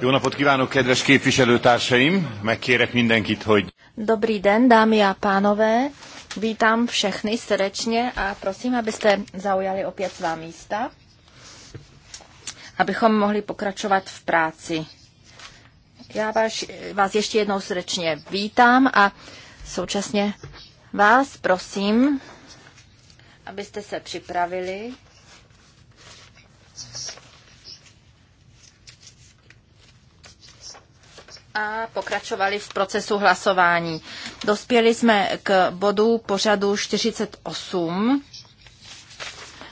Jó napot kívánok, kedves képviselőtársaim! Megkérek mindenkit, hogy... Dobrý den, dámy a pánové. Vítám všechny srdečně a prosím, abyste zaujali opět svá místa abychom mohli pokračovat v práci. Já vás, vás ještě jednou srdečně vítám a současně vás prosím, abyste se připravili a pokračovali v procesu hlasování. Dospěli jsme k bodu pořadu 48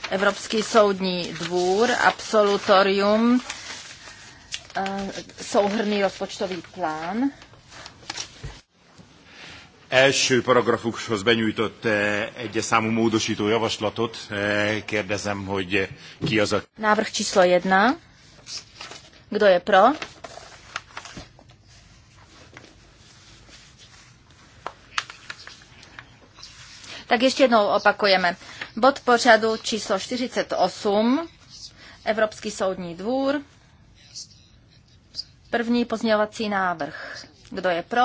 Evropský soudní dvůr, absolutorium, eh, souhrný rozpočtový plán. Első paragrafushoz benyújtott eh, egyes számú módosító javaslatot. Eh, kérdezem, hogy ki az a... Návrh číslo jedna. Kdo je pro? Tak ještě jednou opakujeme. Bod pořadu číslo 48, Evropský soudní dvůr. První pozměňovací návrh. Kdo je pro?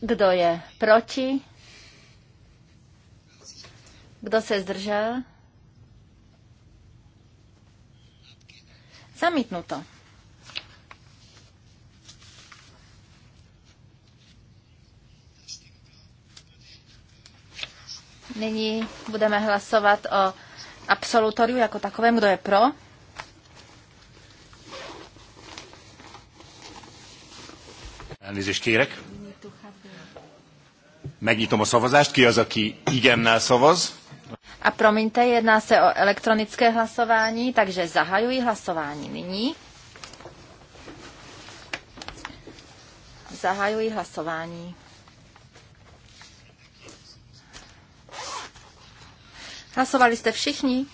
Kdo je proti? Kdo se zdržel? Zamítnuto. Nyní budeme hlasovat o absolutoriu jako takovém. Kdo je pro? Elnézést kérek. Megnyitom a szavazást. Ki az, aki igennel szavaz? A promiňte, jedná se o elektronické hlasování, takže zahajuji hlasování nyní. Zahajuji hlasování. Hlasovali jste všichni?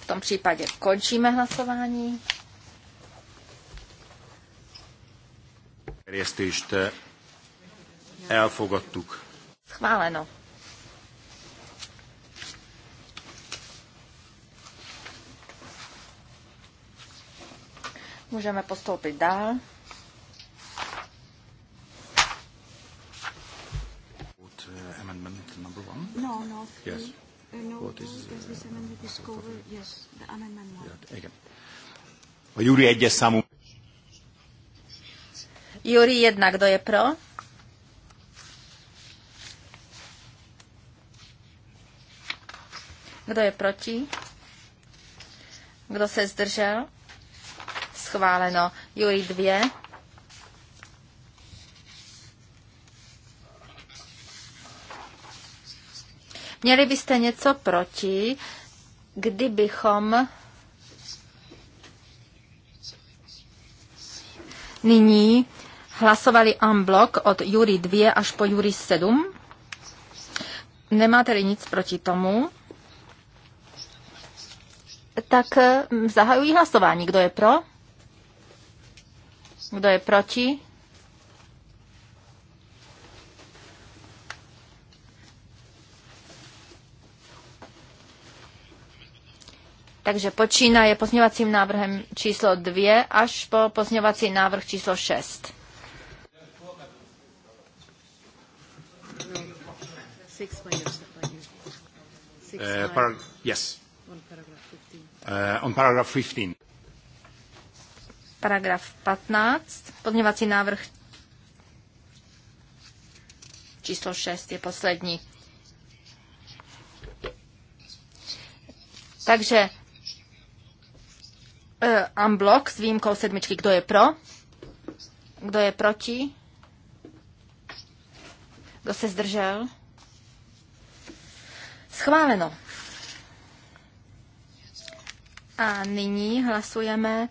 V tom případě končíme hlasování. Résztést eh, elfogadtuk. Schváleno. Můžeme postoupit dál. No, no. Yes. Uh, no, What is, no, uh, this Yes, the amendment again. A Jury egyes számú. Jury jedna, kdo je pro? Kdo je proti? Kdo se zdržel? Schváleno. Juri dvě. Měli byste něco proti, kdybychom nyní hlasovali en blok od Jury 2 až po Jury 7? Nemáte-li nic proti tomu? Tak eh, zahajují hlasování. Kdo je pro? Kdo je proti? Takže počínaje pozměňovacím návrhem číslo 2 až po pozměňovací návrh číslo 6. Eh, yes. Eh, on paragraph 15. Paragraf 15. Podměvací návrh číslo 6 je poslední. Takže Eh, unblock s výjimkou sedmičky. Kdo je pro? Kdo je proti? Kdo se zdržel? Schváleno. A nyní hlasujeme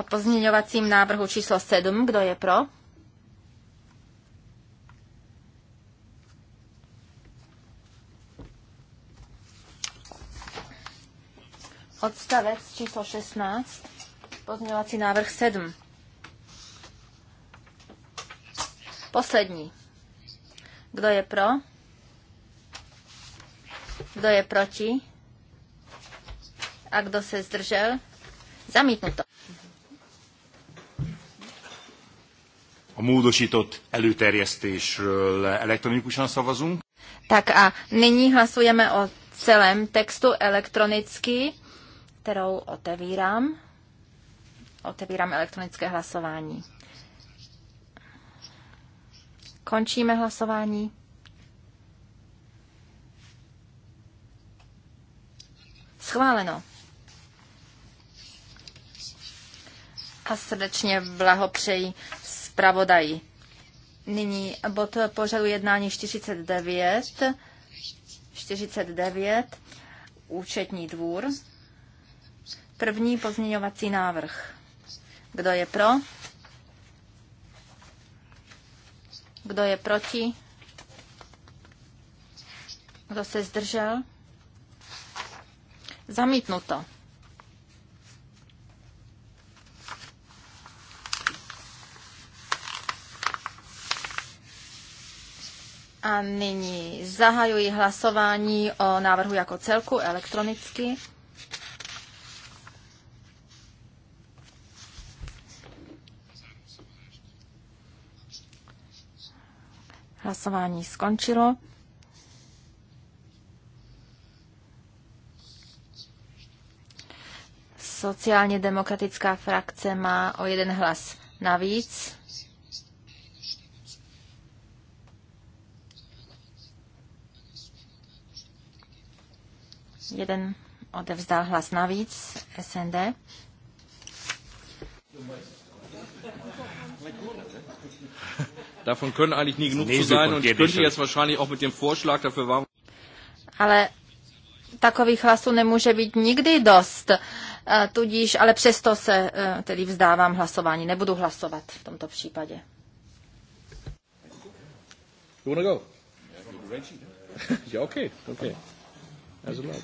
o pozměňovacím návrhu číslo 7. Kdo je pro? Odstavec číslo 16. Pozměňovací návrh 7. Poslední. Kdo je pro? Kdo je proti? A kdo se zdržel? Zamítnuto. A módosított előterjesztésről elektronikusan szavazunk. Tak a nyní hlasujeme o celém textu elektronicky, kterou otevírám. Otevírám elektronické hlasování. Končíme hlasování. Schváleno. A srdečně blahopřeji zpravodaji. Nyní bod pořadu jednání 49. 49. Účetní dvůr. První pozměňovací návrh. Kdo je pro? Kdo je proti? Kdo se zdržel? Zamítnuto. A nyní zahajuji hlasování o návrhu jako celku elektronicky. Hlasování skončilo. Sociálně demokratická frakce má o jeden hlas navíc. Jeden odevzdal hlas navíc, SND. Davon können eigentlich nie genug zu sein und ich könnte jetzt wahrscheinlich auch mit dem Vorschlag dafür warm. Ale takových hlasů nemůže být nikdy dost. E, tudíž, ale přesto se e, tedy vzdávám hlasování. Nebudu hlasovat v tomto případě. You wanna go? Yeah, okay, okay. As allowed.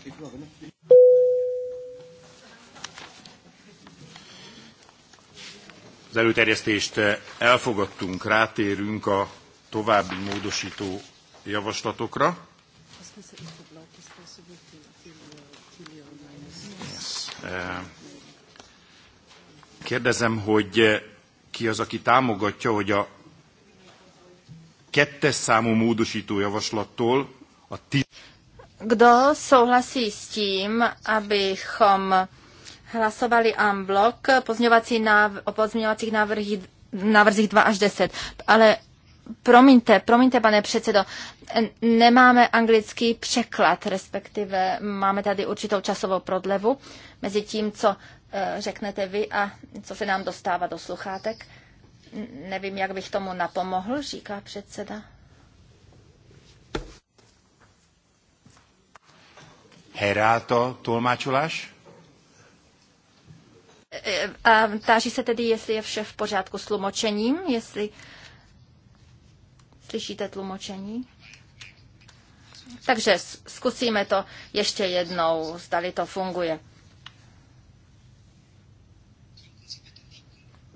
Az előterjesztést eh, elfogadtunk, rátérünk a további módosító javaslatokra. Eh, kérdezem, hogy eh, ki az, aki támogatja, hogy a kettes számú módosító javaslattól a tíz... Kdo souhlasí s tím, abychom hlasovali en blok pozměňovací náv- o pozměňovacích návrhy, návrzích 2 až 10, ale promiňte, promiňte, pane předsedo, nemáme anglický překlad, respektive máme tady určitou časovou prodlevu mezi tím, co eh, řeknete vy a co se nám dostává do sluchátek. Nevím, jak bych tomu napomohl, říká předseda. Heráto, tolmáčuláš? A táží se tedy, jestli je vše v pořádku s tlumočením, jestli slyšíte tlumočení. Takže zkusíme to ještě jednou, zdali to funguje.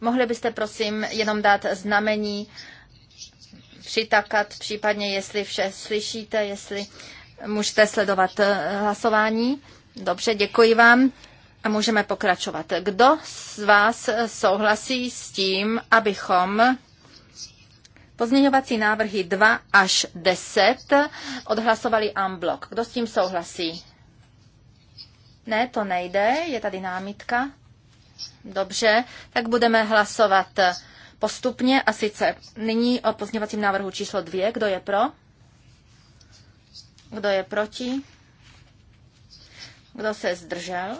Mohli byste prosím jenom dát znamení, přitakat, případně jestli vše slyšíte, jestli můžete sledovat eh, hlasování. Dobře, děkuji vám. Můžeme pokračovat. Kdo z vás souhlasí s tím, abychom pozměňovací návrhy 2 až 10 odhlasovali unblock? Kdo s tím souhlasí? Ne, to nejde, je tady námitka. Dobře, tak budeme hlasovat postupně a sice nyní o pozměňovacím návrhu číslo 2. Kdo je pro? Kdo je proti? Kdo se zdržel?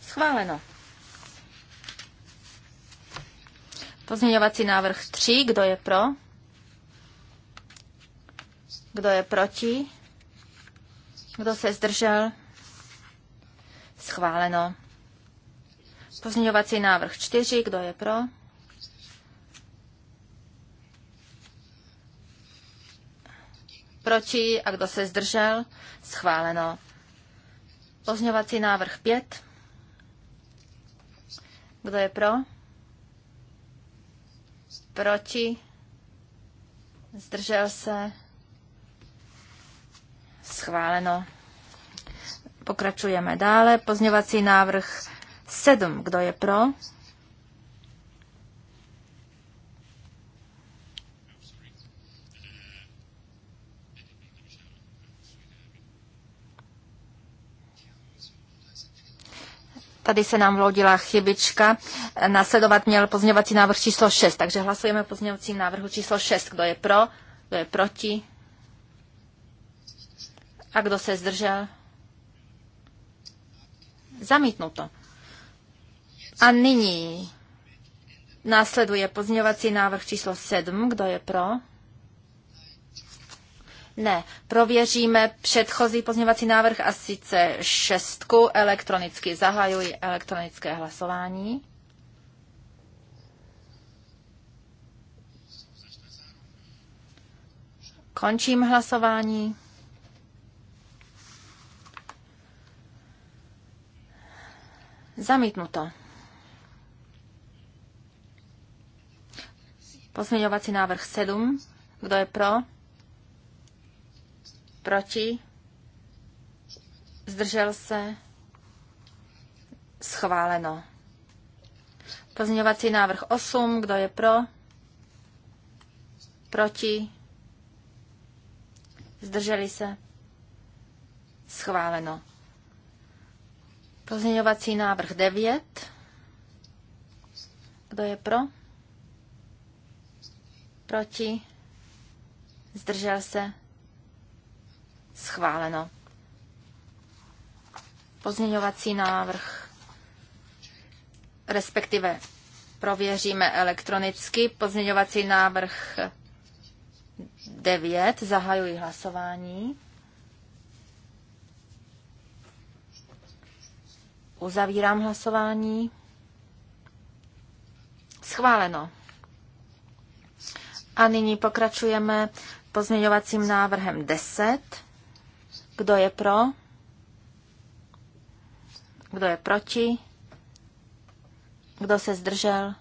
Schváleno. Pozměňovací návrh 3. Kdo je pro? Kdo je proti? Kdo se zdržel? Schváleno. Pozměňovací návrh 4. Kdo je pro? Proti a kdo se zdržel? Schváleno. Pozměňovací návrh 5. Kdo je pro? Proti? Zdržel se? Schváleno. Pokračujeme dále. Pozměvací návrh 7. Kdo je pro? Tady se nám vlodila chybička. Nasledovat měl pozměňovací návrh číslo 6, takže hlasujeme o pozměňovacím návrhu číslo 6. Kdo je pro, kdo je proti a kdo se zdržel? Zamítnuto. A nyní následuje pozměňovací návrh číslo 7. Kdo je pro? Ne, prověříme předchozí pozměňovací návrh a sice šestku elektronicky. Zahajuji elektronické hlasování. Končím hlasování. Zamítnuto. Pozměňovací návrh 7. Kdo je pro? Proti? Zdržel se? Schváleno. Pozměňovací návrh 8. Kdo je pro? Proti? Zdrželi se? Schváleno. Pozměňovací návrh 9. Kdo je pro? Proti? Zdržel se? Schváleno. Pozměňovací návrh, respektive prověříme elektronicky. Pozměňovací návrh 9. Zahajuji hlasování. Uzavírám hlasování. Schváleno. A nyní pokračujeme pozměňovacím návrhem 10. Kdo je pro? Kdo je proti? Kdo se zdržel?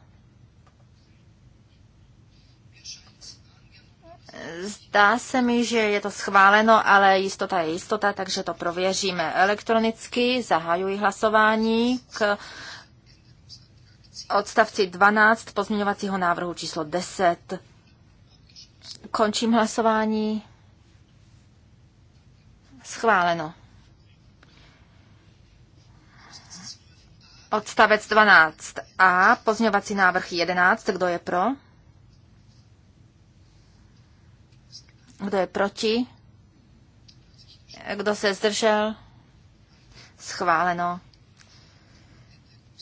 Zdá se mi, že je to schváleno, ale jistota je jistota, takže to prověříme elektronicky. Zahajuji hlasování k odstavci 12 pozměňovacího návrhu číslo 10. Končím hlasování. Schváleno. Odstavec 12a, pozňovací návrh 11, kdo je pro? Kdo je proti? Kdo se zdržel? Schváleno.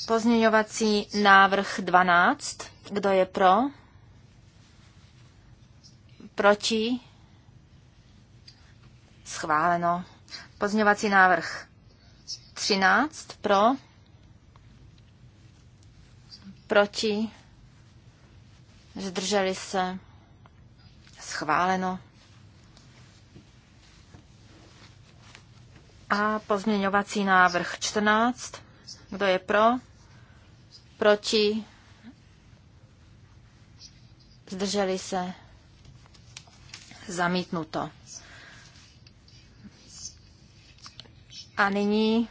Pozměňovací návrh 12. Kdo je pro? Proti? Schváleno. Pozměňovací návrh 13 pro, proti, zdrželi se, schváleno. A pozměňovací návrh 14. Kdo je pro? Proti? Zdrželi se? Zamítnuto. A nyní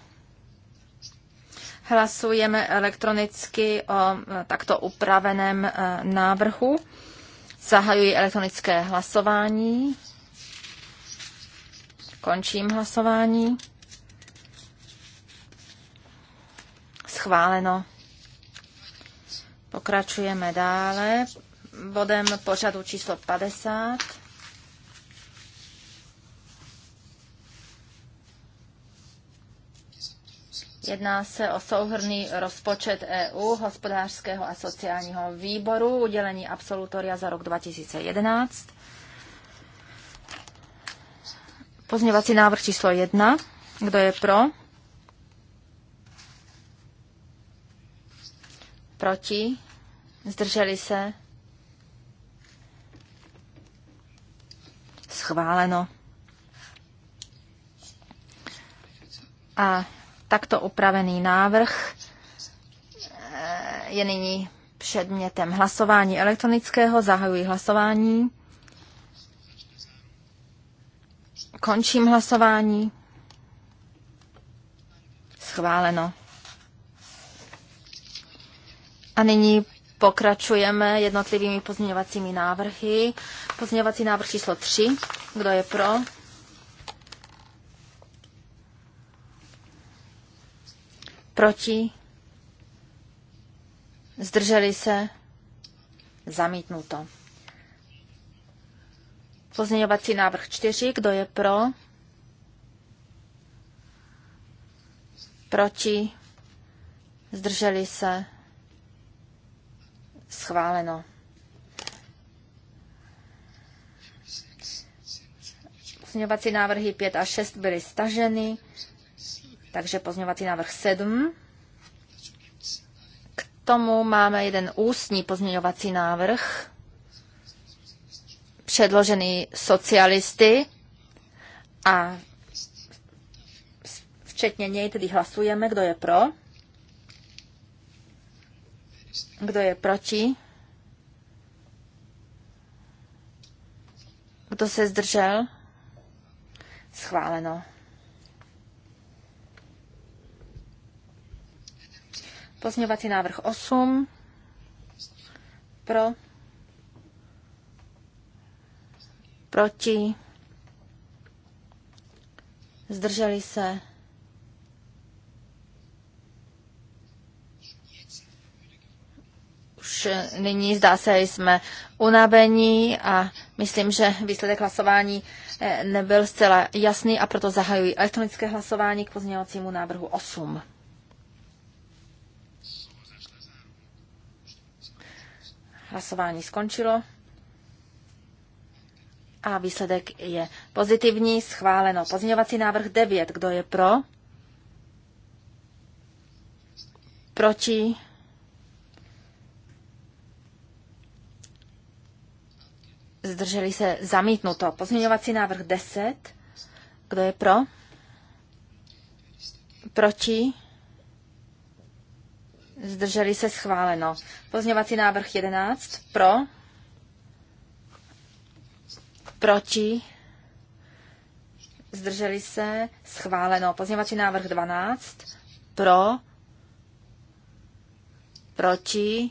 hlasujeme elektronicky o e, takto upraveném e, návrhu. Zahajuji elektronické hlasování. Končím hlasování. Schváleno. Pokračujeme dále bodem pořadu číslo 50. Jedná se o souhrný rozpočet EU, hospodářského a sociálního výboru, udělení absolutoria za rok 2011. Pozměvací návrh číslo 1. Kdo je pro? Proti? Zdrželi se? Schváleno. A Takto upravený návrh eh, je nyní předmětem hlasování elektronického. Zahajuji hlasování. Končím hlasování. Schváleno. A nyní pokračujeme jednotlivými pozměňovacími návrhy. Pozměňovací návrh číslo 3. Kdo je pro? Proti? Zdrželi se? Zamítnuto. Pozměňovací návrh 4. Kdo je pro? Proti? Zdrželi se? Schváleno. Pozměňovací návrhy 5 a 6 byly staženy. Takže pozňovací návrh 7. K tomu máme jeden ústní pozměňovací návrh předložený socialisty a včetně něj tedy hlasujeme, kdo je pro, kdo je proti, kdo se zdržel, schváleno. Pozměňovací návrh 8 pro, proti, zdrželi se. Už nyní zdá se, že jsme unavení a myslím, že výsledek hlasování eh, nebyl zcela jasný a proto zahajuji elektronické hlasování k pozměňovacímu návrhu 8. Hlasování skončilo. A výsledek je pozitivní, schváleno. Pozměňovací návrh 9. Kdo je pro? Proti? Zdrželi se zamítnuto. Pozměňovací návrh 10. Kdo je pro? Proti? Zdrželi se schváleno. Pozměňovací návrh 11. Pro. Proti. Zdrželi se schváleno. Pozměňovací návrh 12. Pro. Proti.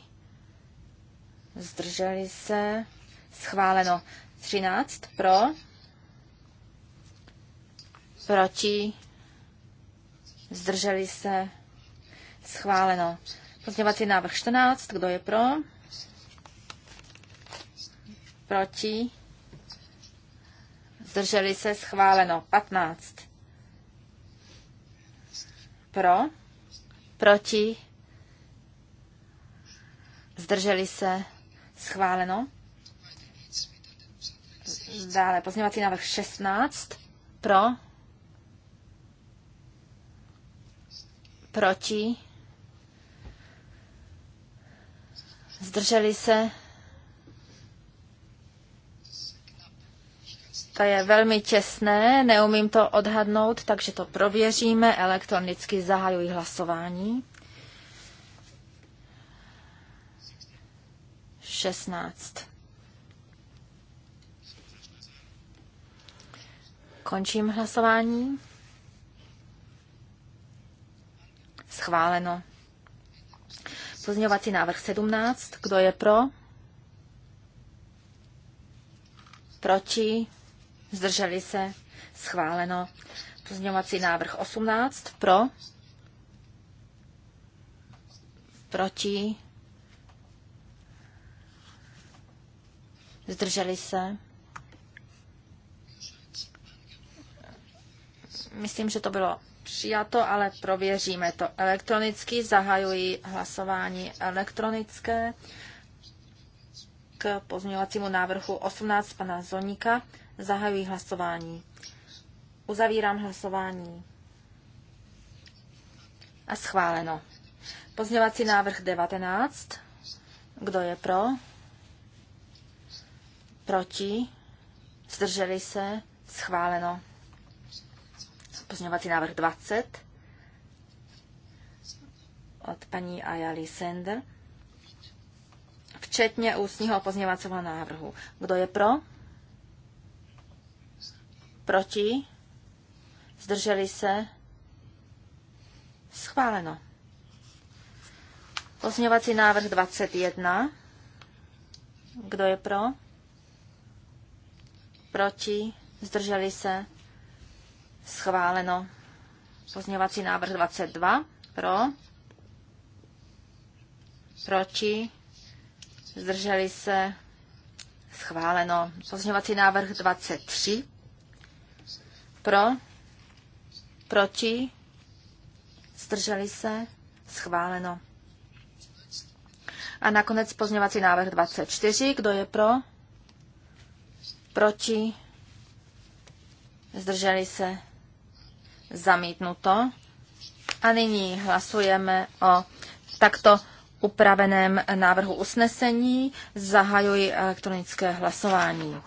Zdrželi se schváleno. 13. Pro. Proti. Zdrželi se Schváleno. Pozměňovací návrh 14. Kdo je pro? Proti? Zdrželi se? Schváleno. 15. Pro? Proti? Zdrželi se? Schváleno. Dále pozměňovací návrh 16. Pro? Proti? Zdrželi se? To je velmi těsné, neumím to odhadnout, takže to prověříme. Elektronicky zahajuji hlasování. 16. Končím hlasování. Schváleno. Pozměňovací návrh 17. Kdo je pro? Proti? Zdrželi se? Schváleno. Pozměňovací návrh 18. Pro? Proti? Zdrželi se? Myslím, že to bylo přijato, ale prověříme to elektronicky. Zahajuji hlasování elektronické k pozměňovacímu návrhu 18 pana Zonika. Zahajuji hlasování. Uzavírám hlasování. A schváleno. Pozměňovací návrh 19. Kdo je pro? Proti? Zdrželi se? Schváleno. Pozměňovací návrh 20 od paní Ayali Sender, včetně ústního pozměňovacího návrhu. Kdo je pro? Proti? Zdrželi se? Schváleno. Pozměňovací návrh 21. Kdo je pro? Proti? Zdrželi se? Schváleno. Pozměňovací návrh 22. Pro. Proti. Zdrželi se. Schváleno. Pozměňovací návrh 23. Pro. Proti. Zdrželi se. Schváleno. A nakonec pozměňovací návrh 24. Kdo je pro? Proti? Zdrželi se? zamítnuto. A nyní hlasujeme o takto upraveném návrhu usnesení. Zahajuji elektronické hlasování.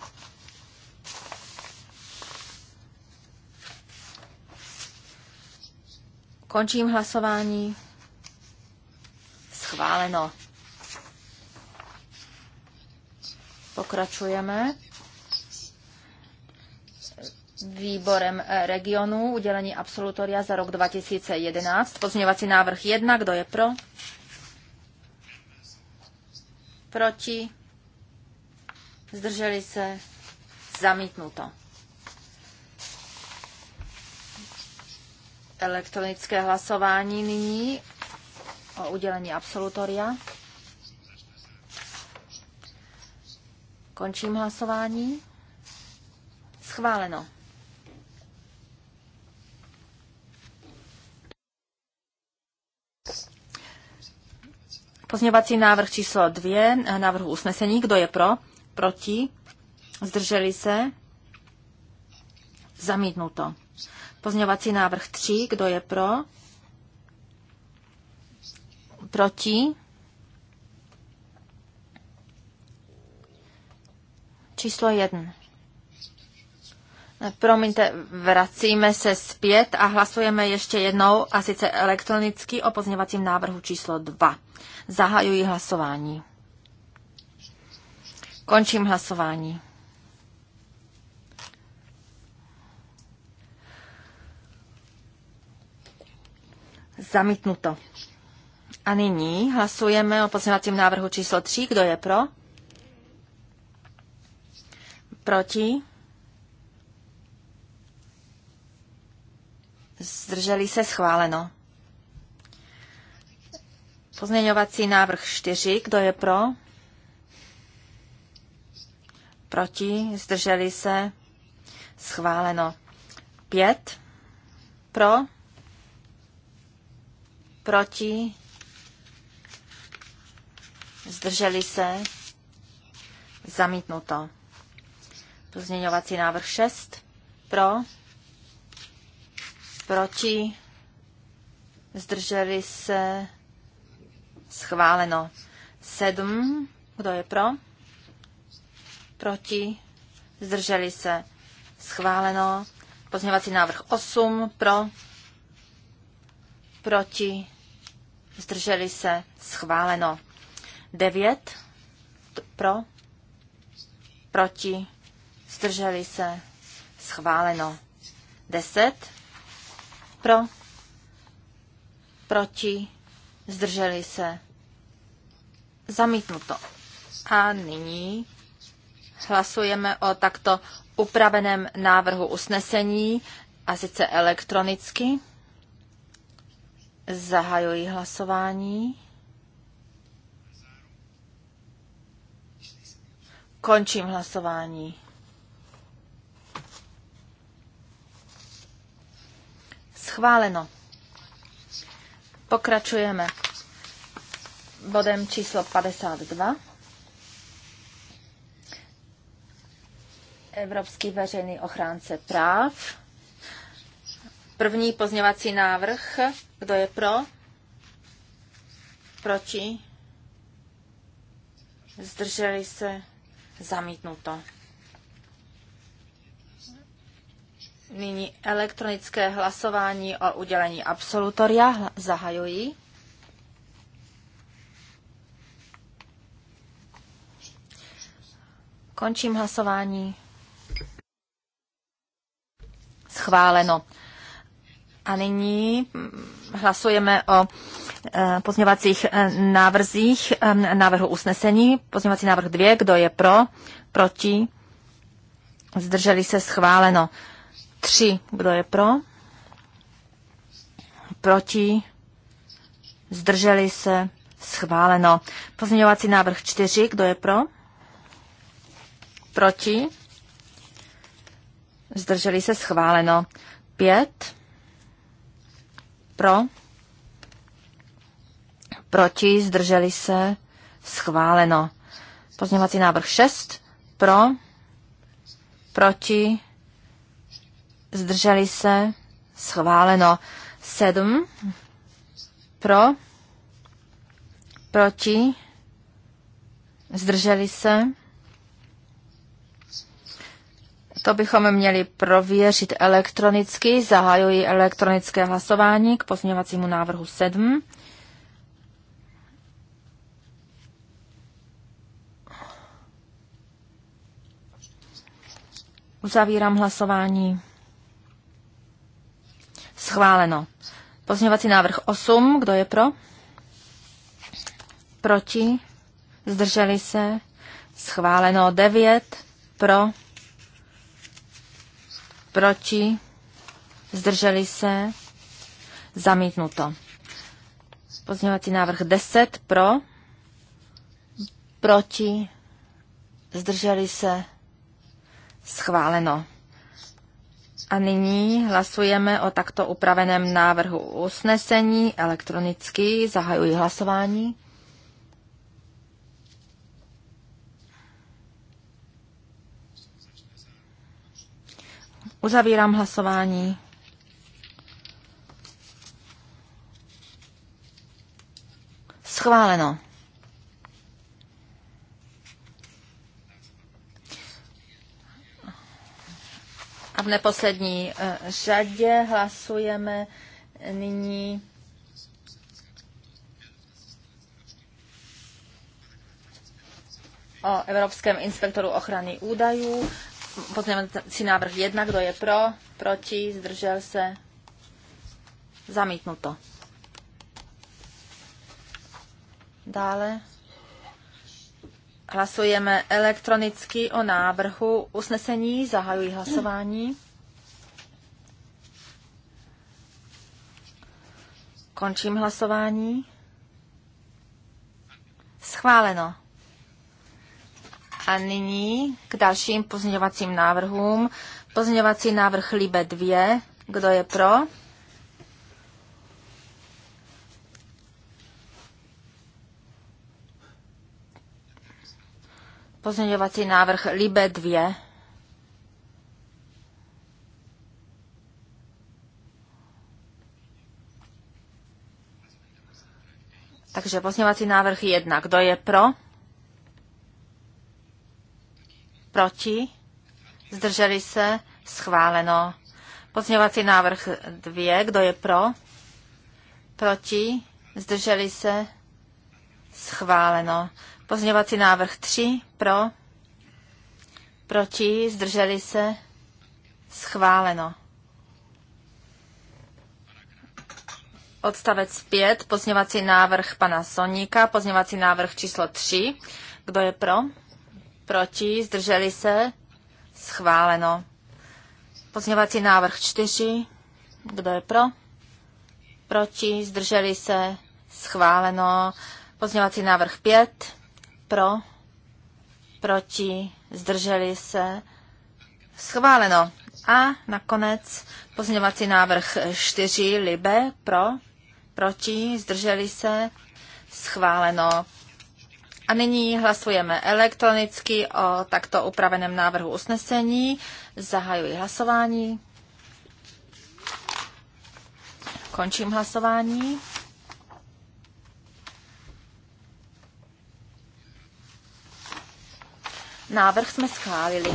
Končím hlasování. Schváleno. Pokračujeme výborem eh, regionu udělení absolutoria za rok 2011. Pozměňovací návrh 1. Kdo je pro? Proti? Zdrželi se? Zamítnuto. Elektronické hlasování nyní o udělení absolutoria. Končím hlasování. Schváleno. Pozměňovací návrh číslo 2, eh, návrh usnesení. Kdo je pro? Proti? Zdrželi se? Zamítnuto. Pozměňovací návrh 3, kdo je pro? Proti? Číslo 1. Promiňte, vracíme se zpět a hlasujeme ještě jednou, a sice elektronicky o pozněvacím návrhu číslo 2. Zahajuji hlasování. Končím hlasování. Zamítnuto. A nyní hlasujeme o pozměňovacím návrhu číslo 3. Kdo je pro? Proti? zdrželi se schváleno. Pozměňovací návrh 4, kdo je pro? Proti, zdrželi se schváleno. 5, pro? Proti, zdrželi se zamítnuto. Pozměňovací návrh 6, pro? proti, zdrželi se, schváleno. Sedm, kdo je pro, proti, zdrželi se, schváleno. Pozměňovací návrh 8, pro, proti, zdrželi se, schváleno. 9, pro, proti, zdrželi se, schváleno. 10, pro? Proti? Zdrželi se? Zamítnuto. A nyní hlasujeme o takto upraveném návrhu usnesení, a sice elektronicky. Zahajuji hlasování. Končím hlasování. Schváleno. Pokračujeme bodem číslo 52. Evropský veřejný ochránce práv. První pozněvací návrh. Kdo je pro? Proti? Zdrželi se? Zamítnuto. Nyní elektronické hlasování o udělení absolutoria zahajuji. Končím hlasování. Schváleno. A nyní mm, hlasujeme o e, pozměvacích e, návrzích e, návrhu usnesení. Pozměvací návrh 2. Kdo je pro? Proti? Zdrželi se schváleno. 3. Kdo je pro? Proti? Zdrželi se? Schváleno. Pozměňovací návrh 4. Kdo je pro? Proti? Zdrželi se? Schváleno. 5. Pro? Proti? Zdrželi se? Schváleno. Pozměňovací návrh 6. Pro? Proti? zdrželi se, schváleno. 7 pro, proti, zdrželi se. To bychom měli prověřit elektronicky. Zahajuji elektronické hlasování k pozměňovacímu návrhu 7. Uzavírám hlasování. Schváleno. Pozměňovací návrh 8. Kdo je pro? Proti? Zdrželi se? Schváleno 9. Pro? Proti? Zdrželi se? Zamítnuto. Pozměňovací návrh 10. Pro? Proti? Zdrželi se? Schváleno. A nyní hlasujeme o takto upraveném návrhu usnesení elektronicky. Zahajuji hlasování. Uzavírám hlasování. Schváleno. A v neposlední eh, řadě hlasujeme nyní o Evropském inspektoru ochrany údajů. Pozměňovací návrh 1, kdo je pro, proti, zdržel se, zamítnuto. Dále Hlasujeme elektronicky o návrhu usnesení. Zahajuji hlasování. Končím hlasování. Schváleno. A nyní k dalším pozměňovacím návrhům. Pozměňovací návrh Libe 2. Kdo je pro? Pozměňovací návrh Libe 2. Takže pozměňovací návrh 1. Kdo je pro? Proti? Zdrželi se? Schváleno. Pozměňovací návrh 2. Kdo je pro? Proti? Zdrželi se? Schváleno. Pozměňovací návrh 3 pro, proti, zdrželi se, schváleno. Odstavec 5, pozměňovací návrh pana Soníka, pozměňovací návrh číslo 3. Kdo je pro? Proti, zdrželi se, schváleno. Pozměňovací návrh 4. Kdo je pro? Proti, zdrželi se, schváleno. Pozměňovací návrh 5 pro, proti, zdrželi se, schváleno. A nakonec pozměňovací návrh 4 Libe pro, proti, zdrželi se, schváleno. A nyní hlasujeme elektronicky o takto upraveném návrhu usnesení. Zahajuji hlasování. Končím hlasování. Návrh jsme schválili.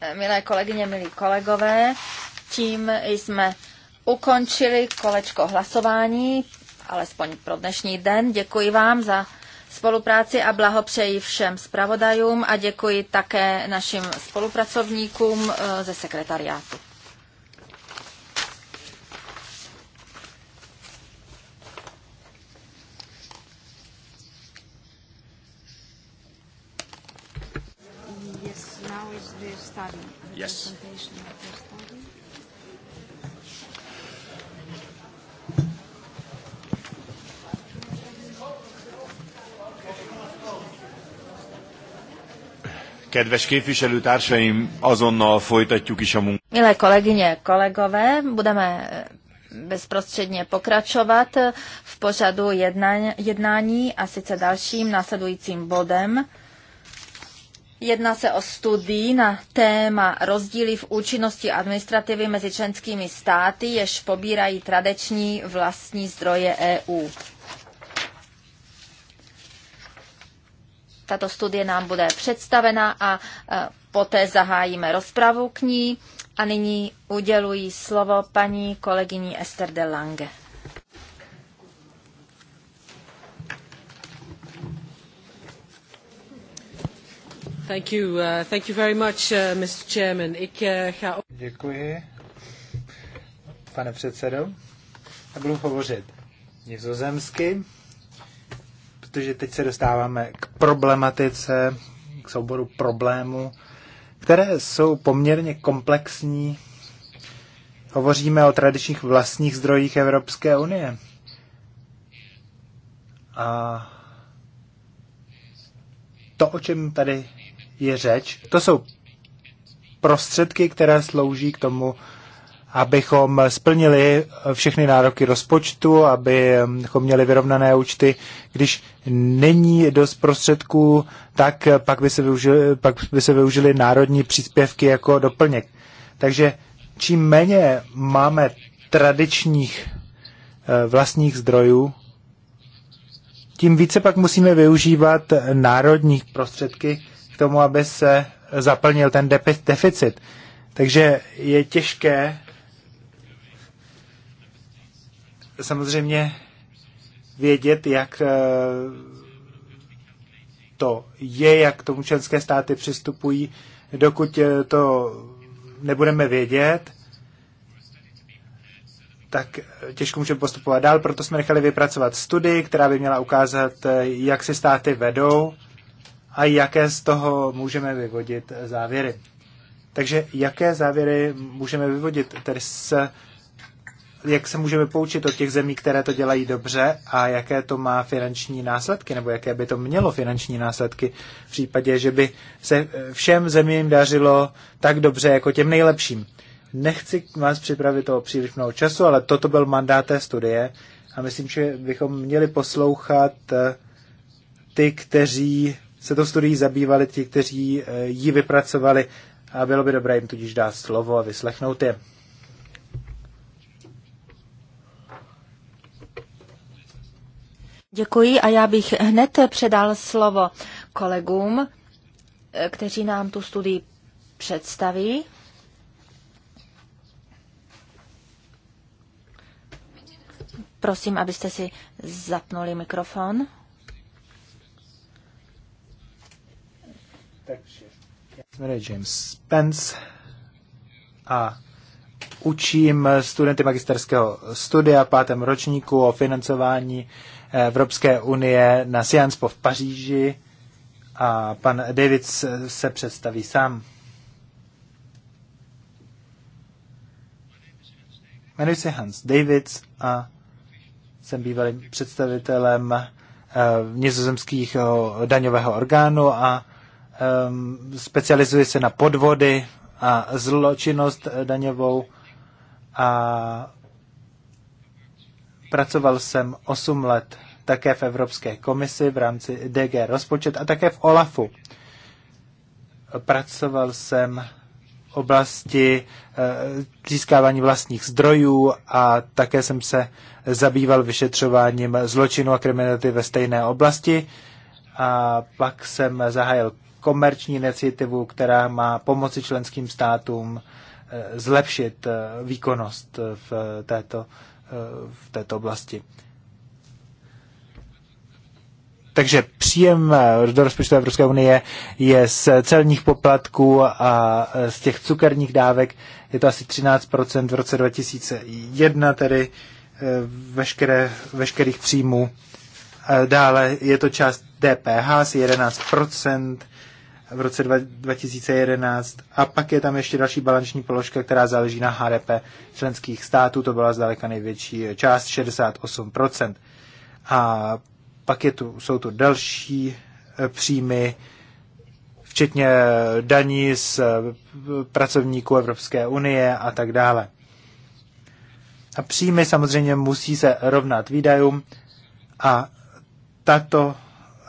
Eh, milé kolegyně, milí kolegové, tím jsme ukončili kolečko hlasování, alespoň pro dnešní den. Děkuji vám za spolupráci a blahopřeji všem zpravodajům a děkuji také našim spolupracovníkům eh, ze sekretariátu. study. yes. Kedves képviselőtársaim, azonnal folytatjuk is a munkát. Milé kolegyně, kolegové, budeme eh, bezprostředně pokračovat eh, v pořadu jednání, jednání a sice dalším následujícím bodem. Jedná se o studii na téma rozdíly v účinnosti administrativy mezi členskými státy, jež pobírají tradiční vlastní zdroje EU. Tato studie nám bude představena a e, poté zahájíme rozpravu k ní. A nyní uděluji slovo paní kolegyni Esther de Lange. Thank you, uh, thank you very much, uh, Mr. Chairman. Ik, uh, ga... Děkuji, pane předsedo. Já budu hovořit nizozemsky, protože teď se dostáváme k problematice, k souboru problémů, které jsou poměrně komplexní. Hovoříme o tradičních vlastních zdrojích Evropské unie. A to, o čem tady je řeč. To jsou prostředky, které slouží k tomu, abychom splnili všechny nároky rozpočtu, abychom měli vyrovnané účty. Když není dost prostředků, tak pak by se využili, pak by se využili národní příspěvky jako doplněk. Takže čím méně máme tradičních eh, vlastních zdrojů, tím více pak musíme využívat národních prostředky, tomu, aby se zaplnil ten deficit. Takže je těžké samozřejmě vědět, jak eh, to je, jak tomu členské státy přistupují, dokud eh, to nebudeme vědět, tak eh, těžko můžeme postupovat dál, proto jsme nechali vypracovat studii, která by měla ukázat, jak si státy vedou a jaké z toho můžeme vyvodit závěry. Takže jaké závěry můžeme vyvodit tedy s, jak se můžeme poučit od těch zemí, které to dělají dobře a jaké to má finanční následky, nebo jaké by to mělo finanční následky v případě, že by se všem zemím dařilo tak dobře jako těm nejlepším. Nechci vás připravit o příliš mnoho času, ale toto byl mandát té studie a myslím, že bychom měli poslouchat eh, ty, kteří se to studií zabývali ti, kteří eh, ji vypracovali a bylo by dobré jim tudíž dát slovo a vyslechnout je. Děkuji a já bych hned předal slovo kolegům, eh, kteří nám tu studii představí. Prosím, abyste si zapnuli mikrofon. Takže jmenuji James Spence a učím studenty magisterského studia v pátém ročníku o financování Evropské unie na Sciences Po v Paříži a pan David se představí sám. Jmenuji se Hans Davids a jsem bývalým představitelem eh, nizozemských daňového orgánu a Ehm, specializuje se na podvody a zločinnost daňovou a pracoval jsem 8 let také v Evropské komisi v rámci DG rozpočet a také v OLAFu. Pracoval jsem v oblasti eh, získávání vlastních zdrojů a také jsem se zabýval vyšetřováním zločinu a kriminality ve stejné oblasti. A pak jsem zahájil komerční iniciativu, která má pomoci členským státům eh, zlepšit eh, výkonnost eh, v této, v této oblasti. Takže příjem do rozpočtu Evropské unie je z celních poplatků a z těch cukerních dávek. Je to asi 13% v roce 2001, tedy veškeré, veškerých příjmů. Dále je to část DPH asi 11%, v roce 2011 a pak je tam ještě další balanční položka, která záleží na HDP členských států, to byla zdaleka největší část, 68%. A pak je tu, jsou tu další e, příjmy, včetně daní z e, pracovníků Evropské unie a tak dále. A příjmy samozřejmě musí se rovnat výdajům a tato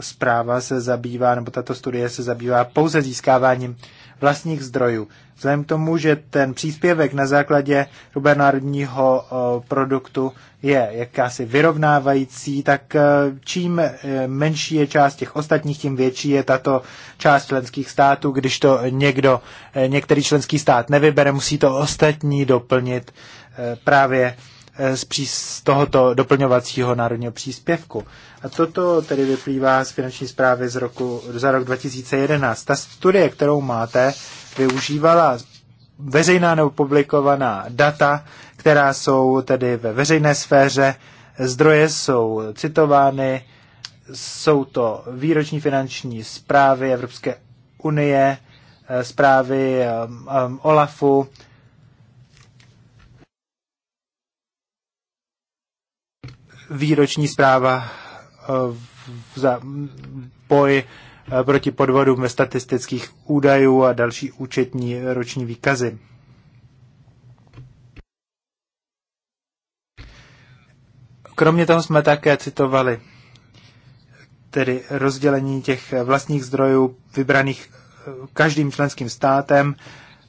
zpráva se zabývá, nebo tato studie se zabývá pouze získáváním vlastních zdrojů. Vzhledem k tomu, že ten příspěvek na základě hrubého národního eh, produktu je jakási vyrovnávající, tak eh, čím eh, menší je část těch ostatních, tím větší je tato část členských států. Když to někdo, některý členský stát nevybere, musí to ostatní doplnit právě z tohoto doplňovacího národního příspěvku. A toto tedy vyplývá z finanční zprávy z roku, za rok 2011. Ta studie, kterou máte, využívala veřejná nebo publikovaná data, která jsou tedy ve veřejné sféře, zdroje jsou citovány, jsou to výroční finanční zprávy Evropské unie, zprávy um, um, OLAFu, výroční zpráva za boj eh, proti podvodům ve statistických údajů a další účetní roční výkazy. Kromě toho jsme také citovali tedy rozdělení těch vlastních zdrojů vybraných eh, každým členským státem.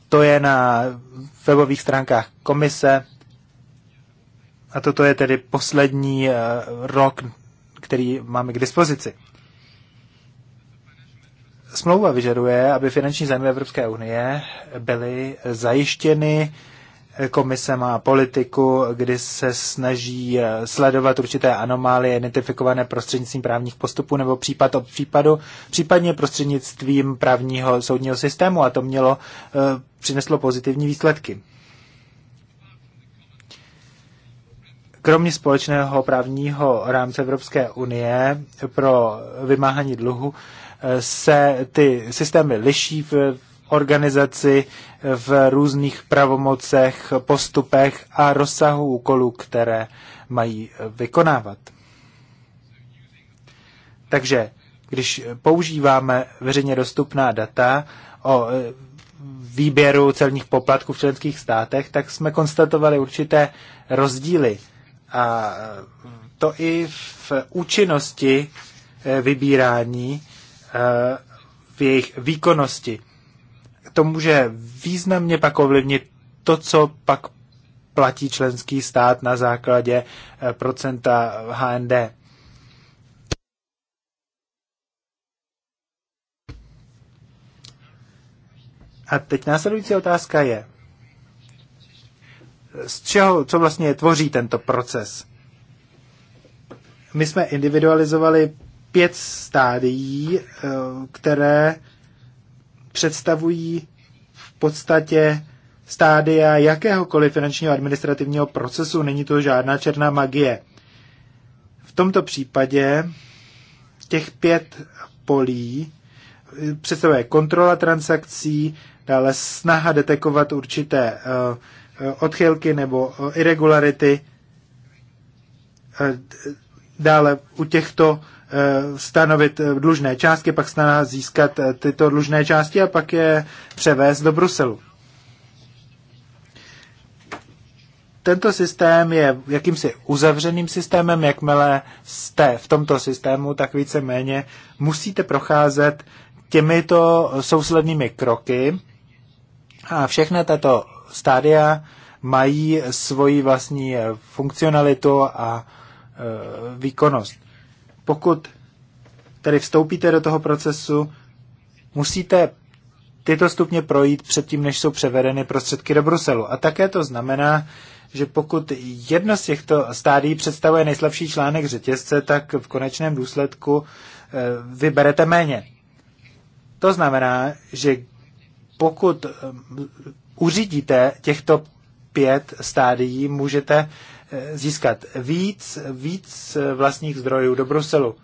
To je na webových stránkách komise. A toto je tedy poslední eh, rok který máme k dispozici. Smlouva vyžaduje, aby finanční zájmy Evropské unie byly zajištěny. Komise má politiku, kdy se snaží sledovat určité anomálie identifikované prostřednictvím právních postupů nebo případ od případu, případně prostřednictvím právního soudního systému a to mělo, eh, přineslo pozitivní výsledky. Kromě společného právního rámce Evropské unie pro vymáhání dluhu eh, se ty systémy liší v organizaci, v různých pravomocech, postupech a rozsahu úkolů, které mají eh, vykonávat. Takže když používáme veřejně dostupná data o eh, výběru celních poplatků v členských státech, tak jsme konstatovali určité rozdíly a to i v účinnosti eh, vybírání, eh, v jejich výkonnosti. To může významně pak ovlivnit to, co pak platí členský stát na základě eh, procenta HND. A teď následující otázka je, z čeho, co vlastně tvoří tento proces. My jsme individualizovali pět stádií, eh, které představují v podstatě stádia jakéhokoliv finančního administrativního procesu. Není to žádná černá magie. V tomto případě těch pět polí eh, představuje kontrola transakcí, dále snaha detekovat určité uh, Eh, odchylky nebo eh, irregularity. Eh, dále u těchto stanovit dlužné částky, pak snaha získat tyto dlužné části a pak je převést do Bruselu. Tento systém je jakýmsi uzavřeným systémem, jakmile jste v tomto systému, tak více-méně musíte procházet těmito souslednými kroky a všechny tato stádia mají svoji vlastní eh, funkcionalitu a eh, výkonnost. Pokud tedy vstoupíte do toho procesu, musíte tyto stupně projít předtím, než jsou převedeny prostředky do Bruselu. A také to znamená, že pokud jedno z těchto stádií představuje nejslabší článek řetězce, tak v konečném důsledku eh, vyberete méně. To znamená, že pokud uřídíte těchto pět stádií, můžete eh, získat víc, víc eh, vlastních zdrojů do Bruselu.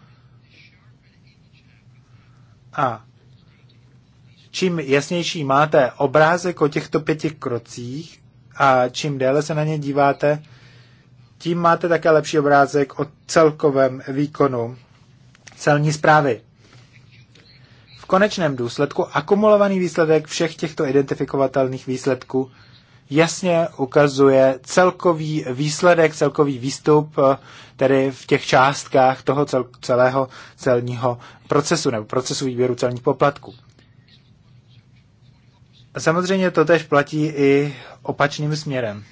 A čím jasnější máte obrázek o těchto pěti krocích a čím déle se na ně díváte, tím máte také lepší obrázek o celkovém výkonu celní zprávy konečném důsledku akumulovaný výsledek všech těchto identifikovatelných výsledků jasně ukazuje celkový výsledek, celkový výstup, eh, tedy v těch částkách toho cel, celého celního procesu nebo procesu výběru celních poplatků. Samozřejmě to tež platí i opačným směrem.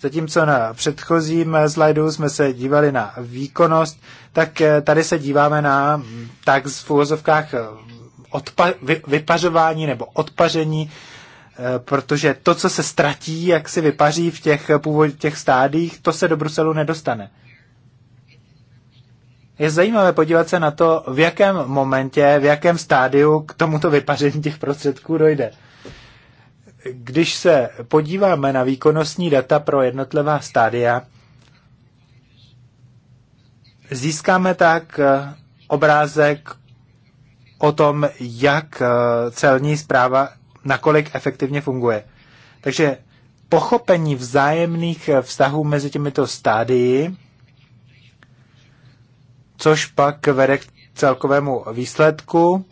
Zatímco na předchozím slajdu jsme se dívali na výkonnost, tak eh, tady se díváme na mm, tak v úvozovkách eh, odpa- vy- vypařování nebo odpaření, eh, protože to, co se ztratí, jak si vypaří v těch, původ, těch stádích, to se do Bruselu nedostane. Je zajímavé podívat se na to, v jakém momentě, v jakém stádiu k tomuto vypaření těch prostředků dojde když se podíváme na výkonnostní data pro jednotlivá stádia, získáme tak eh, obrázek o tom, jak eh, celní zpráva nakolik efektivně funguje. Takže pochopení vzájemných eh, vztahů mezi těmito stádii, což pak vede k celkovému výsledku,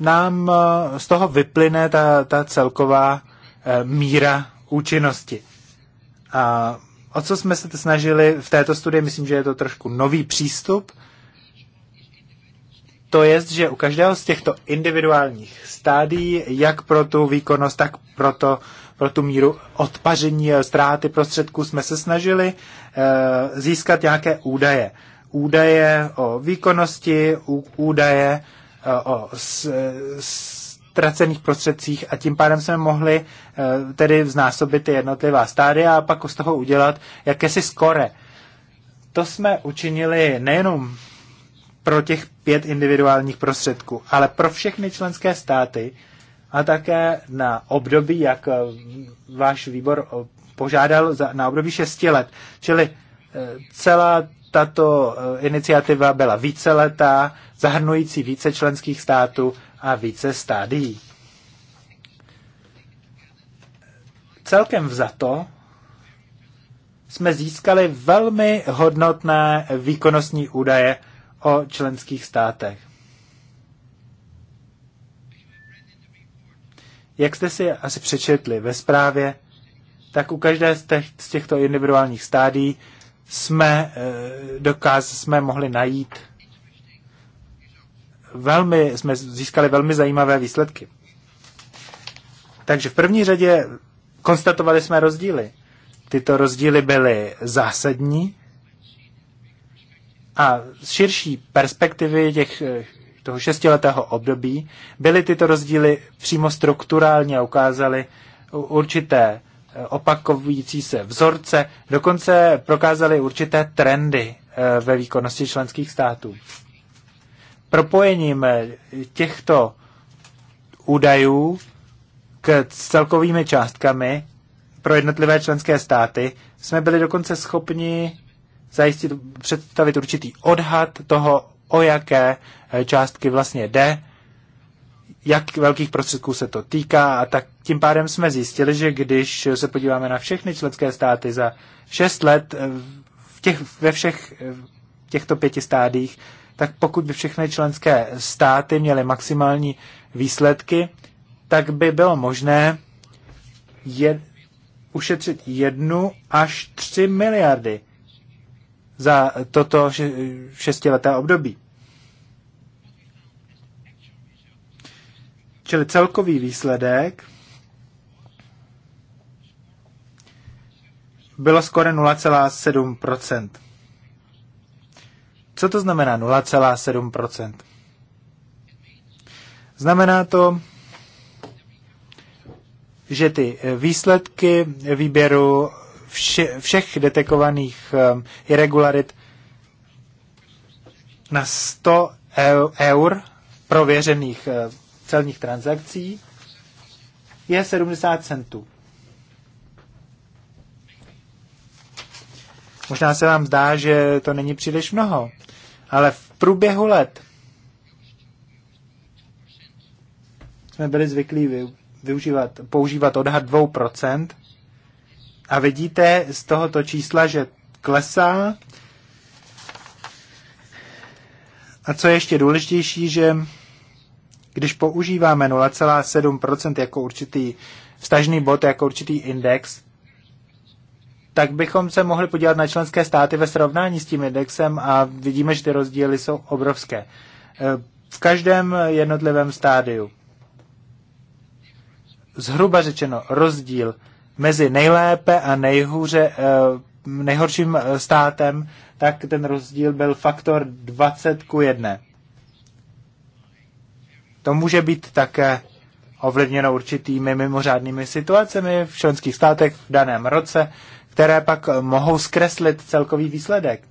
nám eh, z toho vyplyne ta, ta celková eh, míra účinnosti. A o co jsme se snažili v této studii, myslím, že je to trošku nový přístup, to je, že u každého z těchto individuálních stádií, jak pro tu výkonnost, tak pro, to, pro tu míru odpaření eh, ztráty prostředků, jsme se snažili získat nějaké údaje. Údaje o výkonnosti, údaje Eh, o ztracených prostředcích a tím pádem jsme mohli eh, tedy vznásobit ty jednotlivá stádia a pak z toho udělat jakési skore. To jsme učinili nejenom pro těch pět individuálních prostředků, ale pro všechny členské státy a také na období, jak eh, váš výbor požádal, na období šesti let. Čili celá tato eh, iniciativa byla víceletá, zahrnující více členských států a více stádií. Celkem vzato jsme získali velmi hodnotné výkonnostní údaje o členských státech. Jak jste si asi přečetli ve zprávě, tak u každé z, těch, z těchto individuálních stádí jsme, eh, dokáz, jsme mohli najít velmi, jsme získali velmi zajímavé výsledky. Takže v první řadě konstatovali jsme rozdíly. Tyto rozdíly byly zásadní a z širší perspektivy těch, eh, toho šestiletého období byly tyto rozdíly přímo strukturálně ukázaly určité opakující se vzorce, dokonce prokázaly určité trendy eh, ve výkonnosti členských států. Propojením eh, těchto údajů k celkovými částkami pro jednotlivé členské státy jsme byli dokonce schopni zajistit, představit určitý odhad toho, o jaké eh, částky vlastně jde jak velkých prostředků se to týká a tak tím pádem jsme zjistili, že když se podíváme na všechny členské státy za 6 let eh, v těch, ve všech eh, těchto pěti stádích, tak pokud by všechny členské státy měly maximální výsledky, tak by bylo možné je, ušetřit jednu až tři miliardy za toto šestileté období. Čili celkový výsledek bylo skoro 0,7%. Co to znamená 0,7%? Znamená to, že ty výsledky výběru vše, všech detekovaných um, irregularit na 100 e, eur prověřených eh, celních transakcí je 70 centů. Možná se vám zdá, že to není příliš mnoho, ale v průběhu let jsme byli zvyklí využívat, používat odhad 2%. A vidíte z tohoto čísla, že klesá. A co je ještě důležitější, že když používáme 0,7% jako určitý vstažný bod, jako určitý index, tak bychom se mohli podívat na členské státy ve srovnání s tím indexem a vidíme, že ty rozdíly jsou obrovské. E, v každém jednotlivém stádiu. Zhruba řečeno, rozdíl mezi nejlépe a nejhůře, e, nejhorším e, státem, tak ten rozdíl byl faktor 20 ku 1. To může být také ovlivněno určitými mimořádnými situacemi v členských státech v daném roce, které pak mohou zkreslit celkový výsledek.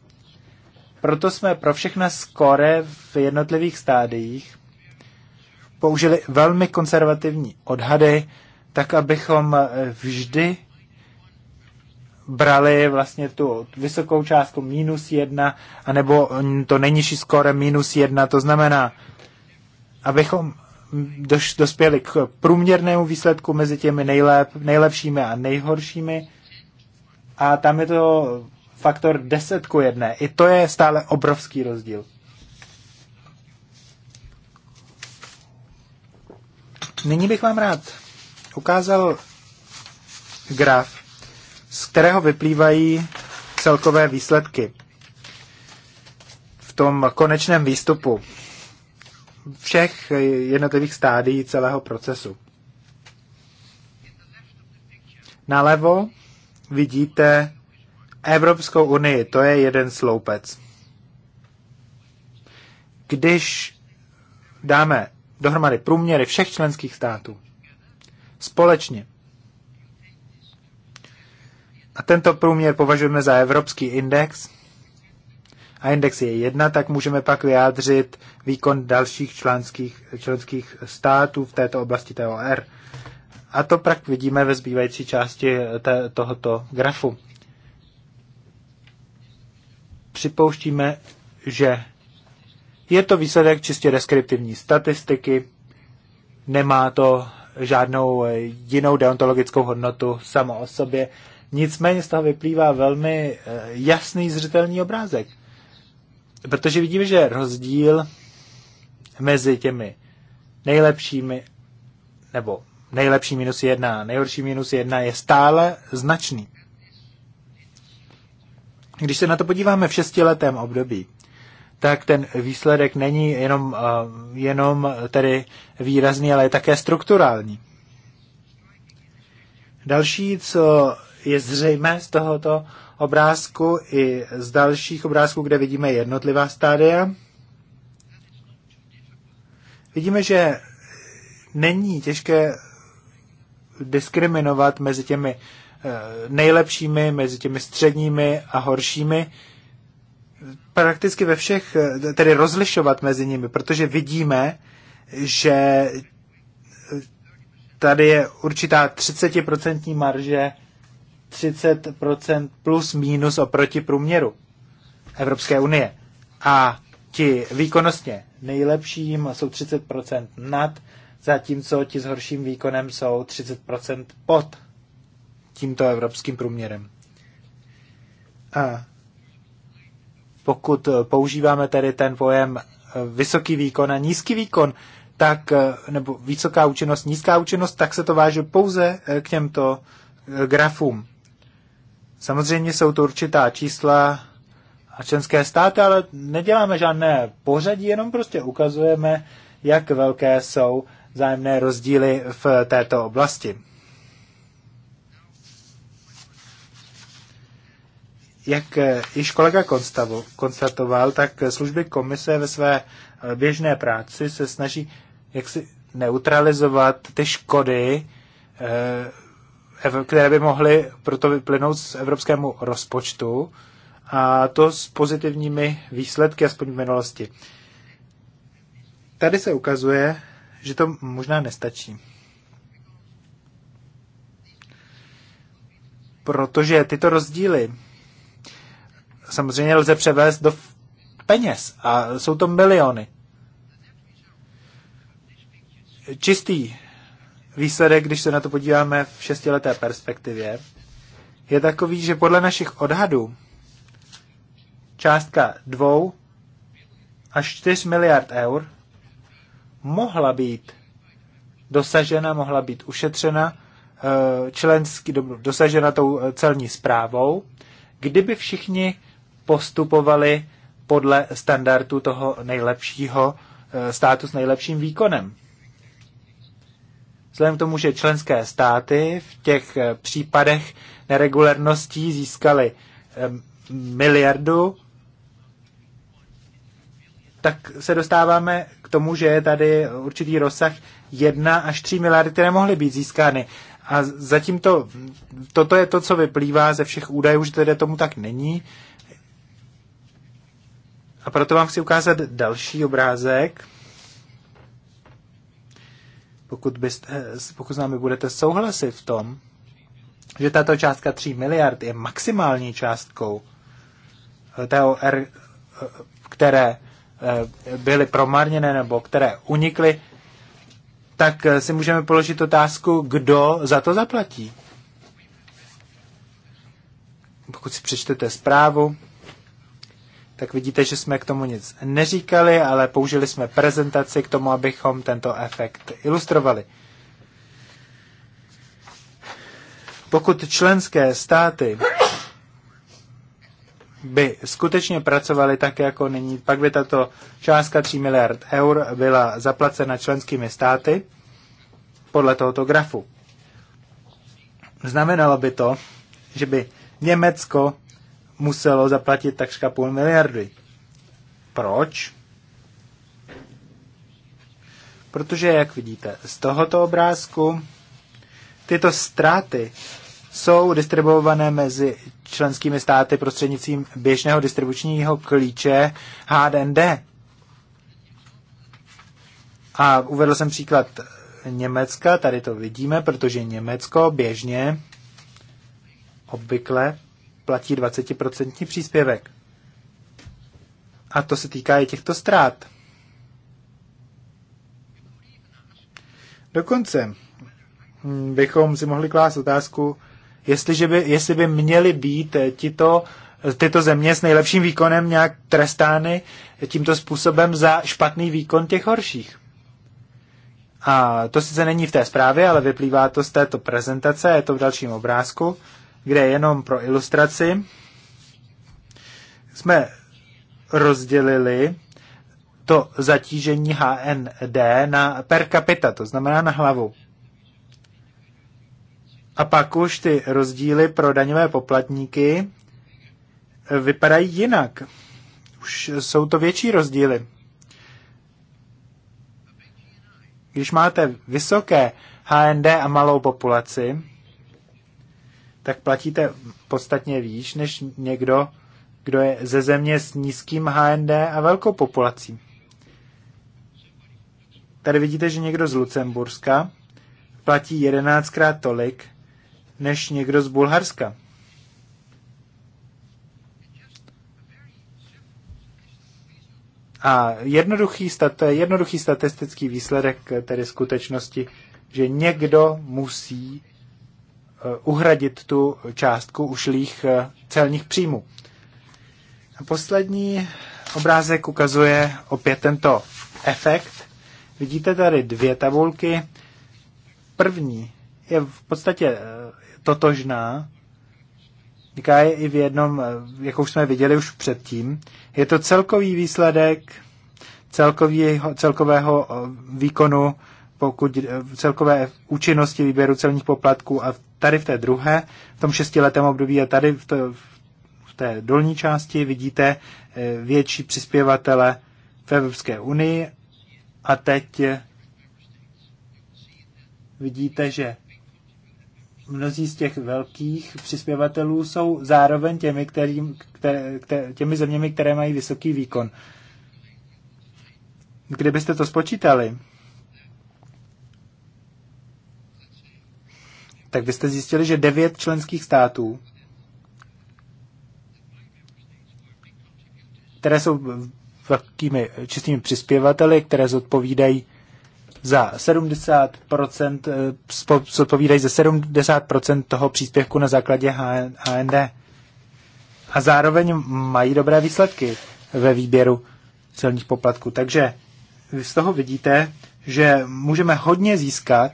Proto jsme pro všechna skore v jednotlivých stádiích použili velmi konzervativní odhady, tak abychom vždy brali vlastně tu vysokou částku minus jedna, anebo to nejnižší skore minus jedna, to znamená abychom doš, dospěli k průměrnému výsledku mezi těmi nejlep, nejlepšími a nejhoršími. A tam je to faktor 10 ku 1. I to je stále obrovský rozdíl. Nyní bych vám rád ukázal graf, z kterého vyplývají celkové výsledky v tom konečném výstupu všech jednotlivých stádií celého procesu. Nalevo vidíte Evropskou unii, to je jeden sloupec. Když dáme dohromady průměry všech členských států společně a tento průměr považujeme za evropský index, a index je jedna, tak můžeme pak vyjádřit výkon dalších členských, členských států v této oblasti TOR. A to pak vidíme ve zbývající části eh, te, tohoto grafu. Připouštíme, že je to výsledek čistě deskriptivní statistiky, nemá to žádnou eh, jinou deontologickou hodnotu samo o sobě. Nicméně z toho vyplývá velmi eh, jasný, zřetelný obrázek protože vidíme, že rozdíl mezi těmi nejlepšími nebo nejlepší minus jedna a nejhorší minus jedna je stále značný. Když se na to podíváme v šestiletém období, tak ten výsledek není jenom, eh, jenom tedy výrazný, ale je také strukturální. Další, co je zřejmé z tohoto obrázku i z dalších obrázků, kde vidíme jednotlivá stádia. Vidíme, že není těžké diskriminovat mezi těmi eh, nejlepšími, mezi těmi středními a horšími, prakticky ve všech, eh, tedy rozlišovat mezi nimi, protože vidíme, že eh, tady je určitá 30% marže 30% plus minus oproti průměru Evropské unie. A ti výkonnostně nejlepším jsou 30% nad, zatímco ti s horším výkonem jsou 30% pod tímto evropským průměrem. A pokud používáme tedy ten pojem eh, vysoký výkon a nízký výkon, tak, eh, nebo vysoká účinnost, nízká účinnost, tak se to váže pouze eh, k těmto grafům. Samozřejmě jsou to určitá čísla a členské státy, ale neděláme žádné pořadí, jenom prostě ukazujeme, jak velké jsou zájemné rozdíly v této oblasti. Jak již kolega konstatoval, tak služby komise ve své eh, běžné práci se snaží jaksi neutralizovat ty škody eh, které by mohly proto vyplynout z evropskému rozpočtu a to s pozitivními výsledky, aspoň v minulosti. Tady se ukazuje, že to možná nestačí. Protože tyto rozdíly samozřejmě lze převést do peněz a jsou to miliony. Čistý výsledek, když se na to podíváme v šestileté perspektivě, je takový, že podle našich odhadů částka 2 až 4 miliard eur mohla být dosažena, mohla být ušetřena eh, členský, dosažena tou eh, celní zprávou, kdyby všichni postupovali podle standardu toho nejlepšího eh, státu s nejlepším výkonem. Vzhledem k tomu, že členské státy v těch eh, případech neregulérností získaly eh, miliardu, tak se dostáváme k tomu, že je tady určitý rozsah 1 až 3 miliardy, které mohly být získány. A zatím to, toto je to, co vyplývá ze všech údajů, že tedy tomu tak není. A proto vám chci ukázat další obrázek pokud, byste, pokud s námi budete souhlasit v tom, že tato částka 3 miliard je maximální částkou eh, TOR, eh, které eh, byly promarněné nebo které unikly, tak si můžeme položit otázku, kdo za to zaplatí. Pokud si přečtete zprávu, tak vidíte, že jsme k tomu nic neříkali, ale použili jsme prezentaci k tomu, abychom tento efekt ilustrovali. Pokud členské státy by skutečně pracovali tak, jako nyní, pak by tato částka 3 miliard eur byla zaplacena členskými státy podle tohoto grafu. Znamenalo by to, že by Německo muselo zaplatit takřka půl miliardy. Proč? Protože, jak vidíte z tohoto obrázku, tyto ztráty jsou distribuované mezi členskými státy prostřednictvím běžného distribučního klíče HDND. A uvedl jsem příklad Německa, tady to vidíme, protože Německo běžně, obvykle, platí 20% příspěvek. A to se týká i těchto ztrát. Dokonce hm, bychom si mohli klást otázku, jestliže by, jestli by měly být eh, tito, tyto země s nejlepším výkonem nějak trestány tímto způsobem za špatný výkon těch horších. A to sice není v té zprávě, ale vyplývá to z této prezentace, je to v dalším obrázku kde jenom pro ilustraci jsme rozdělili to zatížení HND na per capita, to znamená na hlavu. A pak už ty rozdíly pro daňové poplatníky vypadají jinak. Už jsou to větší rozdíly. Když máte vysoké HND a malou populaci, tak platíte podstatně výš než někdo, kdo je ze země s nízkým HND a velkou populací. Tady vidíte, že někdo z Lucemburska platí jedenáctkrát tolik než někdo z Bulharska. A jednoduchý, je jednoduchý statistický výsledek tedy skutečnosti, že někdo musí Eh, uhradit tu částku ušlých eh, celních příjmů. A poslední obrázek ukazuje opět tento efekt. Vidíte tady dvě tabulky. První je v podstatě eh, totožná, říká je i v jednom, jakou jsme viděli už předtím. Je to celkový výsledek celkového, celkového výkonu pokud celkové účinnosti výběru celních poplatků a tady v té druhé, v tom šestiletém období a tady v, to, v té dolní části vidíte eh, větší přispěvatele v Evropské unii a teď eh, vidíte, že mnozí z těch velkých přispěvatelů jsou zároveň těmi, kterým, které, které, těmi zeměmi, které mají vysoký výkon. Kdybyste to spočítali, tak byste zjistili, že devět členských států, které jsou velkými čistými přispěvateli, které zodpovídají za 70%, eh, zodpovídají za 70% toho příspěvku na základě HND. A zároveň mají dobré výsledky ve výběru celních poplatků. Takže z toho vidíte, že můžeme hodně získat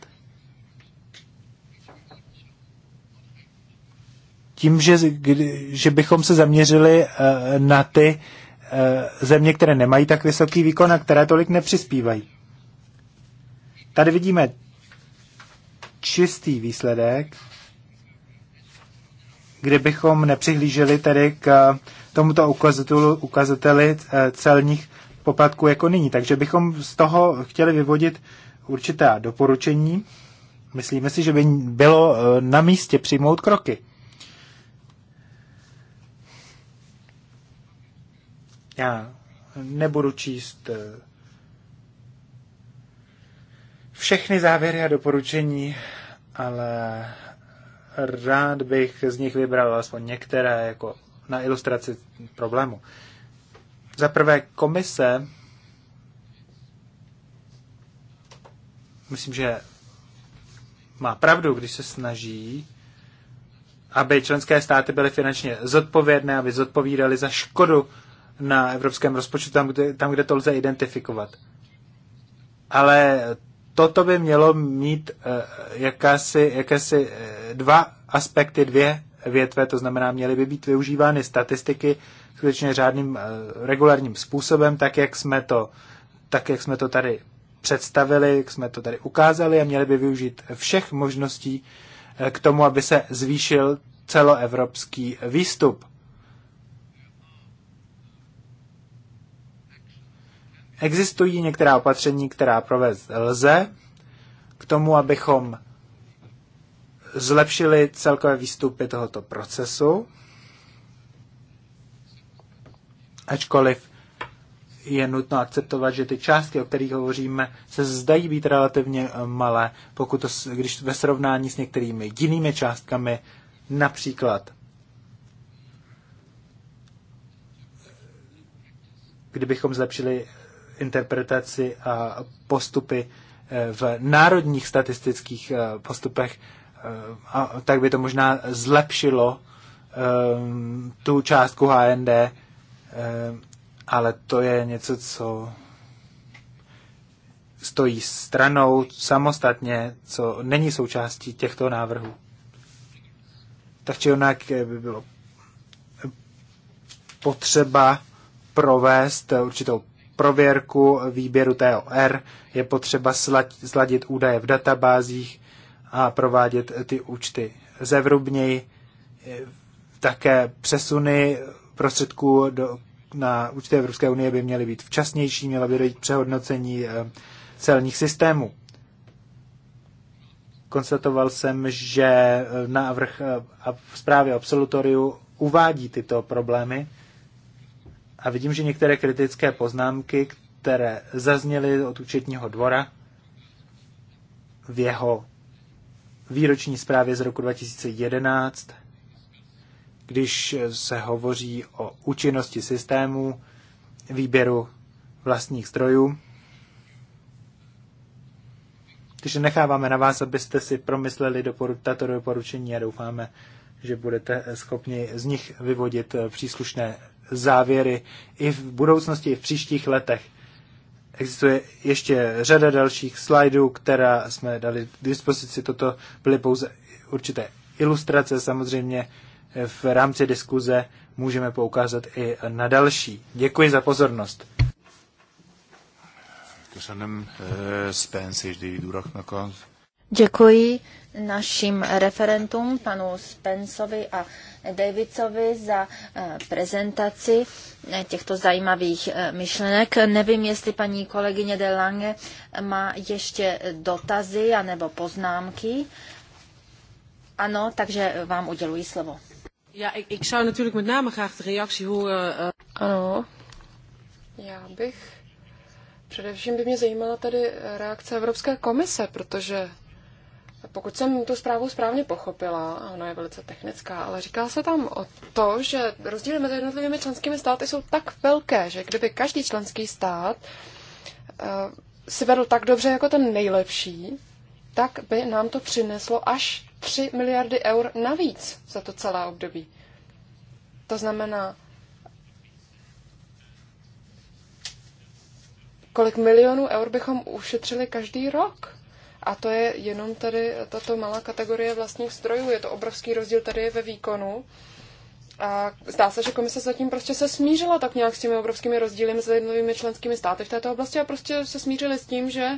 tím, že, že bychom se zaměřili eh, na ty eh, země, které nemají tak vysoký výkon a které tolik nepřispívají. Tady vidíme čistý výsledek, kdybychom nepřihlíželi tedy k eh, tomuto ukazatelu, ukazateli celních poplatků jako nyní. Takže bychom z toho chtěli vyvodit určitá doporučení. Myslíme si, že by bylo na místě přijmout kroky. Já nebudu číst eh, všechny závěry a doporučení, ale rád bych z nich vybral alespoň některé jako na ilustraci problému. Za prvé, komise, myslím, že má pravdu, když se snaží, aby členské státy byly finančně zodpovědné, aby zodpovídali za škodu, na evropském rozpočtu, tam kde, tam, kde to lze identifikovat. Ale toto by mělo mít eh, jakási, jakési eh, dva aspekty, dvě větve, to znamená, měly by být využívány statistiky skutečně řádným eh, regulárním způsobem, tak jak jsme to, tak jak jsme to tady představili, jak jsme to tady ukázali a měli by využít všech možností k tomu, aby se zvýšil celoevropský výstup. Existují některá opatření, která provést lze k tomu, abychom zlepšili celkové výstupy tohoto procesu, ačkoliv je nutno akceptovat, že ty částky, o kterých hovoříme, se zdají být relativně eh, malé, pokud to, když ve srovnání s některými jinými částkami, například kdybychom zlepšili interpretaci a postupy eh, v národních statistických eh, postupech, eh, a tak by to možná zlepšilo tu částku HND, ale to je něco, co stojí stranou samostatně, co není součástí těchto návrhů. Tak či onak by bylo potřeba provést určitou prověrku výběru TOR, je potřeba sladit údaje v databázích a provádět ty účty zevrubněji, také přesuny prostředků do, na účty Evropské unie by měly být včasnější, měla by dojít přehodnocení eh, celních systémů. Konstatoval jsem, že eh, návrh eh, a v zprávě absolutoriu uvádí tyto problémy a vidím, že některé kritické poznámky, které zazněly od účetního dvora v jeho výroční zprávě z roku 2011, když se hovoří o účinnosti systému, výběru vlastních strojů. Takže necháváme na vás, abyste si promysleli doporu- tato doporučení a doufáme, že budete schopni z nich vyvodit příslušné závěry i v budoucnosti, i v příštích letech. Existuje ještě řada dalších slajdů, která jsme dali k dispozici. Toto byly pouze určité ilustrace. Samozřejmě v rámci diskuze můžeme poukázat i na další. Děkuji za pozornost. Köszönöm eh, Spence és David uraknak az Děkuji našim referentům, panu Spensovi a Davidovi za eh, prezentaci těchto zajímavých eh, myšlenek. Nevím, jestli paní kolegyně de Lange má ještě dotazy anebo poznámky. Ano, takže vám uděluji slovo. Já, ik, ik zou natuurlijk met name graag de reactie horen. Uh... Ano, já bych. Především by mě zajímala tady reakce Evropské komise, protože pokud jsem tu zprávu správně pochopila, a ona je velice technická, ale říká se tam o to, že rozdíly mezi jednotlivými členskými státy jsou tak velké, že kdyby každý členský stát eh, si vedl tak dobře jako ten nejlepší, tak by nám to přineslo až 3 miliardy eur navíc za to celé období. To znamená, kolik milionů eur bychom ušetřili každý rok. A to je jenom tady tato malá kategorie vlastních strojů. Je to obrovský rozdíl tady ve výkonu. A zdá se, že komise zatím prostě se smířila tak nějak s těmi obrovskými rozdíly mezi jednotlivými členskými státy v této oblasti a prostě se smířili s tím, že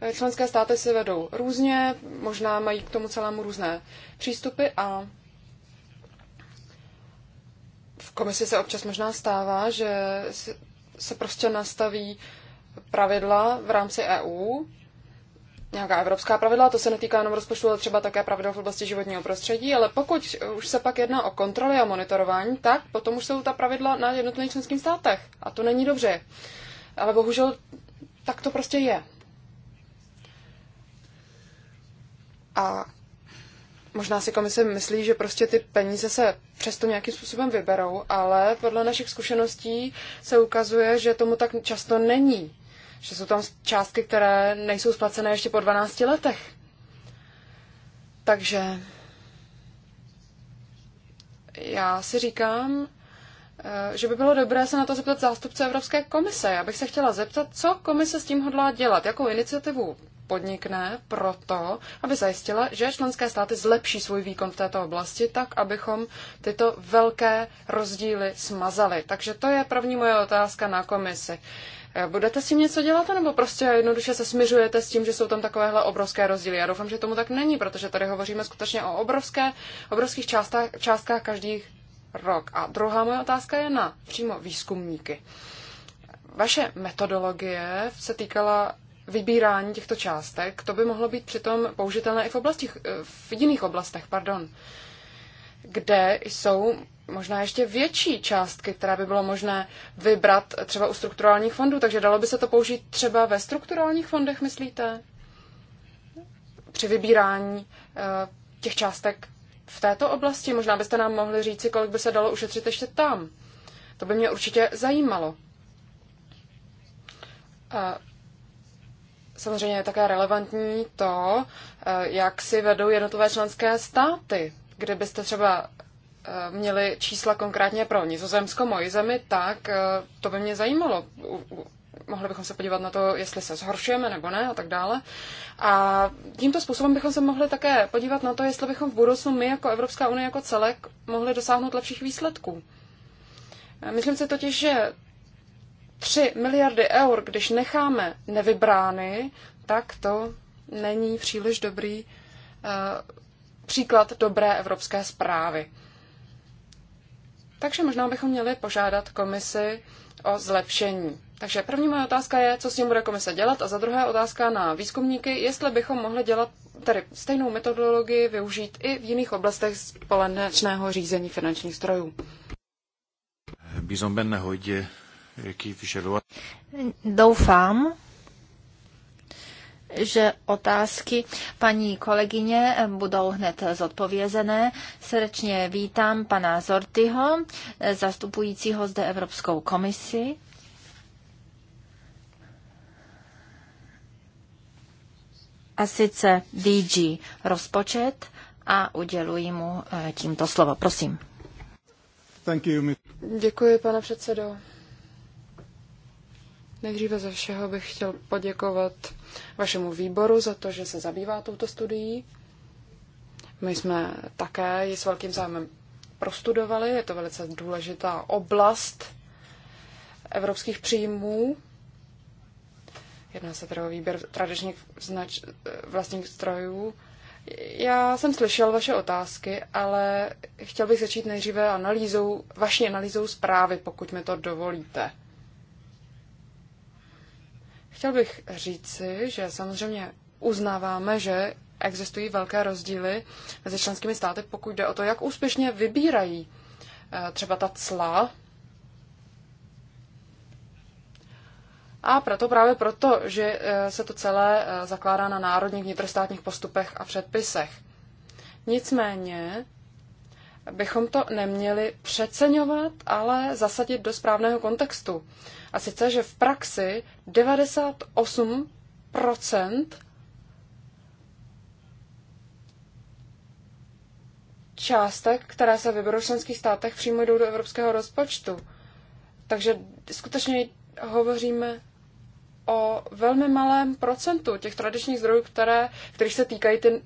eh, členské státy si vedou různě, možná mají k tomu celému různé přístupy a v komisi se občas možná stává, že se prostě nastaví pravidla v rámci EU nějaká evropská pravidla, to se netýká jenom rozpočtu, ale třeba také pravidel v oblasti životního prostředí, ale pokud už se pak jedná o kontroly a monitorování, tak potom už jsou ta pravidla na jednotlivých členských státech. A to není dobře. Ale bohužel tak to prostě je. A možná si komise myslí, že prostě ty peníze se přesto nějakým způsobem vyberou, ale podle našich zkušeností se ukazuje, že tomu tak často není že jsou tam částky, které nejsou splacené ještě po 12 letech. Takže já si říkám, eh, že by bylo dobré se na to zeptat zástupce Evropské komise. Já bych se chtěla zeptat, co komise s tím hodlá dělat, jakou iniciativu podnikne proto, aby zajistila, že členské státy zlepší svůj výkon v této oblasti, tak abychom tyto velké rozdíly smazali. Takže to je první moje otázka na komisi. Eh, budete s tím něco dělat, nebo prostě jednoduše se smiřujete s tím, že jsou tam takovéhle obrovské rozdíly? Já doufám, že tomu tak není, protože tady hovoříme skutečně o obrovské, obrovských částách, částkách každých rok. A druhá moje otázka je na přímo výzkumníky. Vaše metodologie se týkala vybírání těchto částek, to by mohlo být přitom použitelné i v, oblastích, eh, v jiných oblastech, pardon, kde jsou možná ještě větší částky, které by bylo možné vybrat třeba u strukturálních fondů. Takže dalo by se to použít třeba ve strukturálních fondech, myslíte? Při vybírání eh, těch částek v této oblasti? Možná byste nám mohli říci, kolik by se dalo ušetřit ještě tam. To by mě určitě zajímalo. A eh, samozřejmě je také relevantní to, eh, jak si vedou jednotlivé členské státy. Kdybyste třeba Eh, měli čísla konkrétně pro Nizozemsko, moji zemi, tak eh, to by mě zajímalo. Mohli bychom se podívat na to, jestli se zhoršujeme nebo ne a tak dále. A tímto způsobem bychom se mohli také podívat na to, jestli bychom v budoucnu my jako Evropská unie jako celek mohli dosáhnout lepších výsledků. Eh, myslím si totiž, že 3 miliardy eur, když necháme nevybrány, tak to není příliš dobrý uh, příklad dobré evropské zprávy. Takže možná bychom měli požádat komisi o zlepšení. Takže první moje otázka je, co s tím bude komise dělat a za druhé otázka na výzkumníky, jestli bychom mohli dělat tedy stejnou metodologii využít i v jiných oblastech společného řízení finančních strojů. Doufám, že otázky paní kolegyně budou hned zodpovězené. Srdečně vítám pana Zortyho, zastupujícího zde Evropskou komisi. A sice DG rozpočet a uděluji mu eh, tímto slovo. Prosím. Děkuji, pane předsedo. Nejdříve ze všeho bych chtěl poděkovat vašemu výboru za to, že se zabývá touto studií. My jsme také ji s velkým zájmem prostudovali. Je to velice důležitá oblast evropských příjmů. Jedná se tedy o výběr tradičních znač, vlastních strojů. Já jsem slyšel vaše otázky, ale chtěl bych začít nejdříve analýzou, vaší analýzou zprávy, pokud mi to dovolíte. Chtěl bych říci, že samozřejmě uznáváme, že existují velké rozdíly mezi členskými státy, pokud jde o to, jak úspěšně vybírají eh, třeba ta cla. A proto právě proto, že eh, se to celé eh, zakládá na národních vnitrostátních postupech a předpisech. Nicméně bychom to neměli přeceňovat, ale zasadit do správného kontextu. A sice, že v praxi 98 částek, které se vyberou v členských státech, přímo jdou do evropského rozpočtu. Takže skutečně hovoříme o velmi malém procentu těch tradičních zdrojů, které, kterých se týkají ty uh,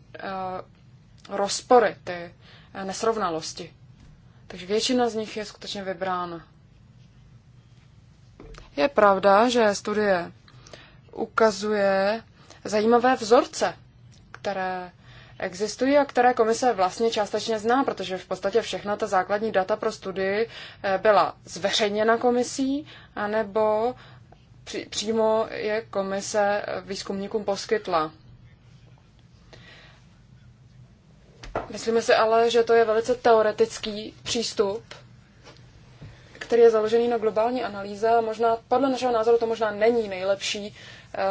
rozpory, ty uh, nesrovnalosti. Takže většina z nich je skutečně vybrána. Je pravda, že studie ukazuje zajímavé vzorce, které existují a které komise vlastně částečně zná, protože v podstatě všechna ta základní data pro studii eh, byla zveřejněna komisí, anebo při, přímo je komise výzkumníkům poskytla. Myslíme si ale, že to je velice teoretický přístup který je založený na globální analýze a možná, podle našeho názoru to možná není nejlepší eh,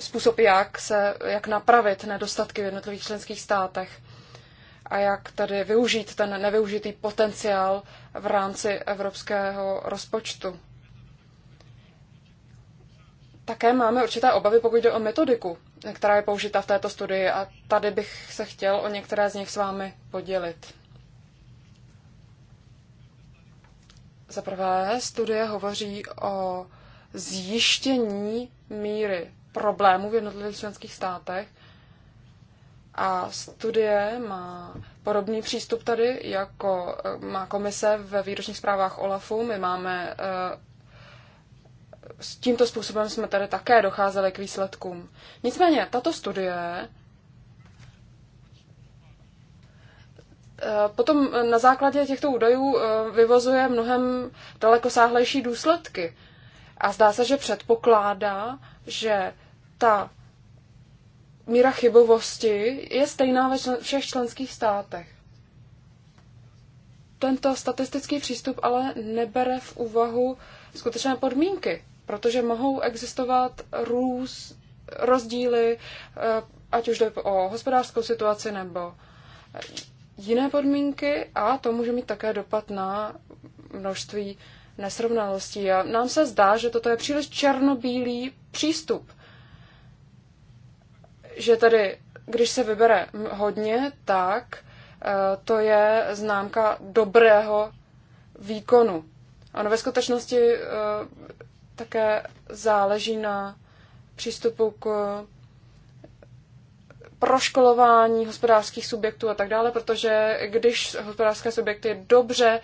způsob, jak, se, jak napravit nedostatky v jednotlivých členských státech a jak tady využít ten nevyužitý potenciál v rámci evropského rozpočtu. Také máme určité obavy, pokud jde o metodiku, která je použita v této studii a tady bych se chtěl o některé z nich s vámi podělit. Za prvé, studie hovoří o zjištění míry problémů v jednotlivých členských státech a studie má podobný přístup tady, jako eh, má komise ve výročních zprávách OLAFu. My máme eh, s tímto způsobem jsme tady také docházeli k výsledkům. Nicméně, tato studie Eh, potom na základě těchto údajů eh, vyvozuje mnohem dalekosáhlejší důsledky. A zdá se, že předpokládá, že ta míra chybovosti je stejná ve všech členských státech. Tento statistický přístup ale nebere v úvahu skutečné podmínky, protože mohou existovat růz, rozdíly, eh, ať už jde o hospodářskou situaci nebo jiné podmínky a to může mít také dopad na množství nesrovnalostí. A nám se zdá, že toto je příliš černobílý přístup. Že tedy, když se vybere hodně, tak eh, to je známka dobrého výkonu. Ono ve skutečnosti eh, také záleží na přístupu k proškolování hospodářských subjektů a tak dále, protože když hospodářské subjekty dobře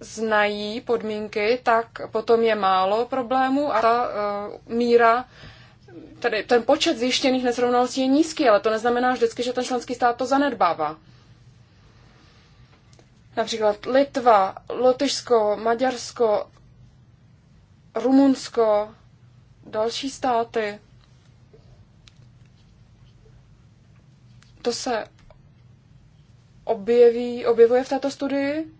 znají podmínky, tak potom je málo problémů a ta uh, míra, tedy ten počet zjištěných nesrovnalostí je nízký, ale to neznamená vždycky, že ten členský stát to zanedbává. Například Litva, Lotyšsko, Maďarsko, Rumunsko, další státy to se objeví, objevuje v této studii.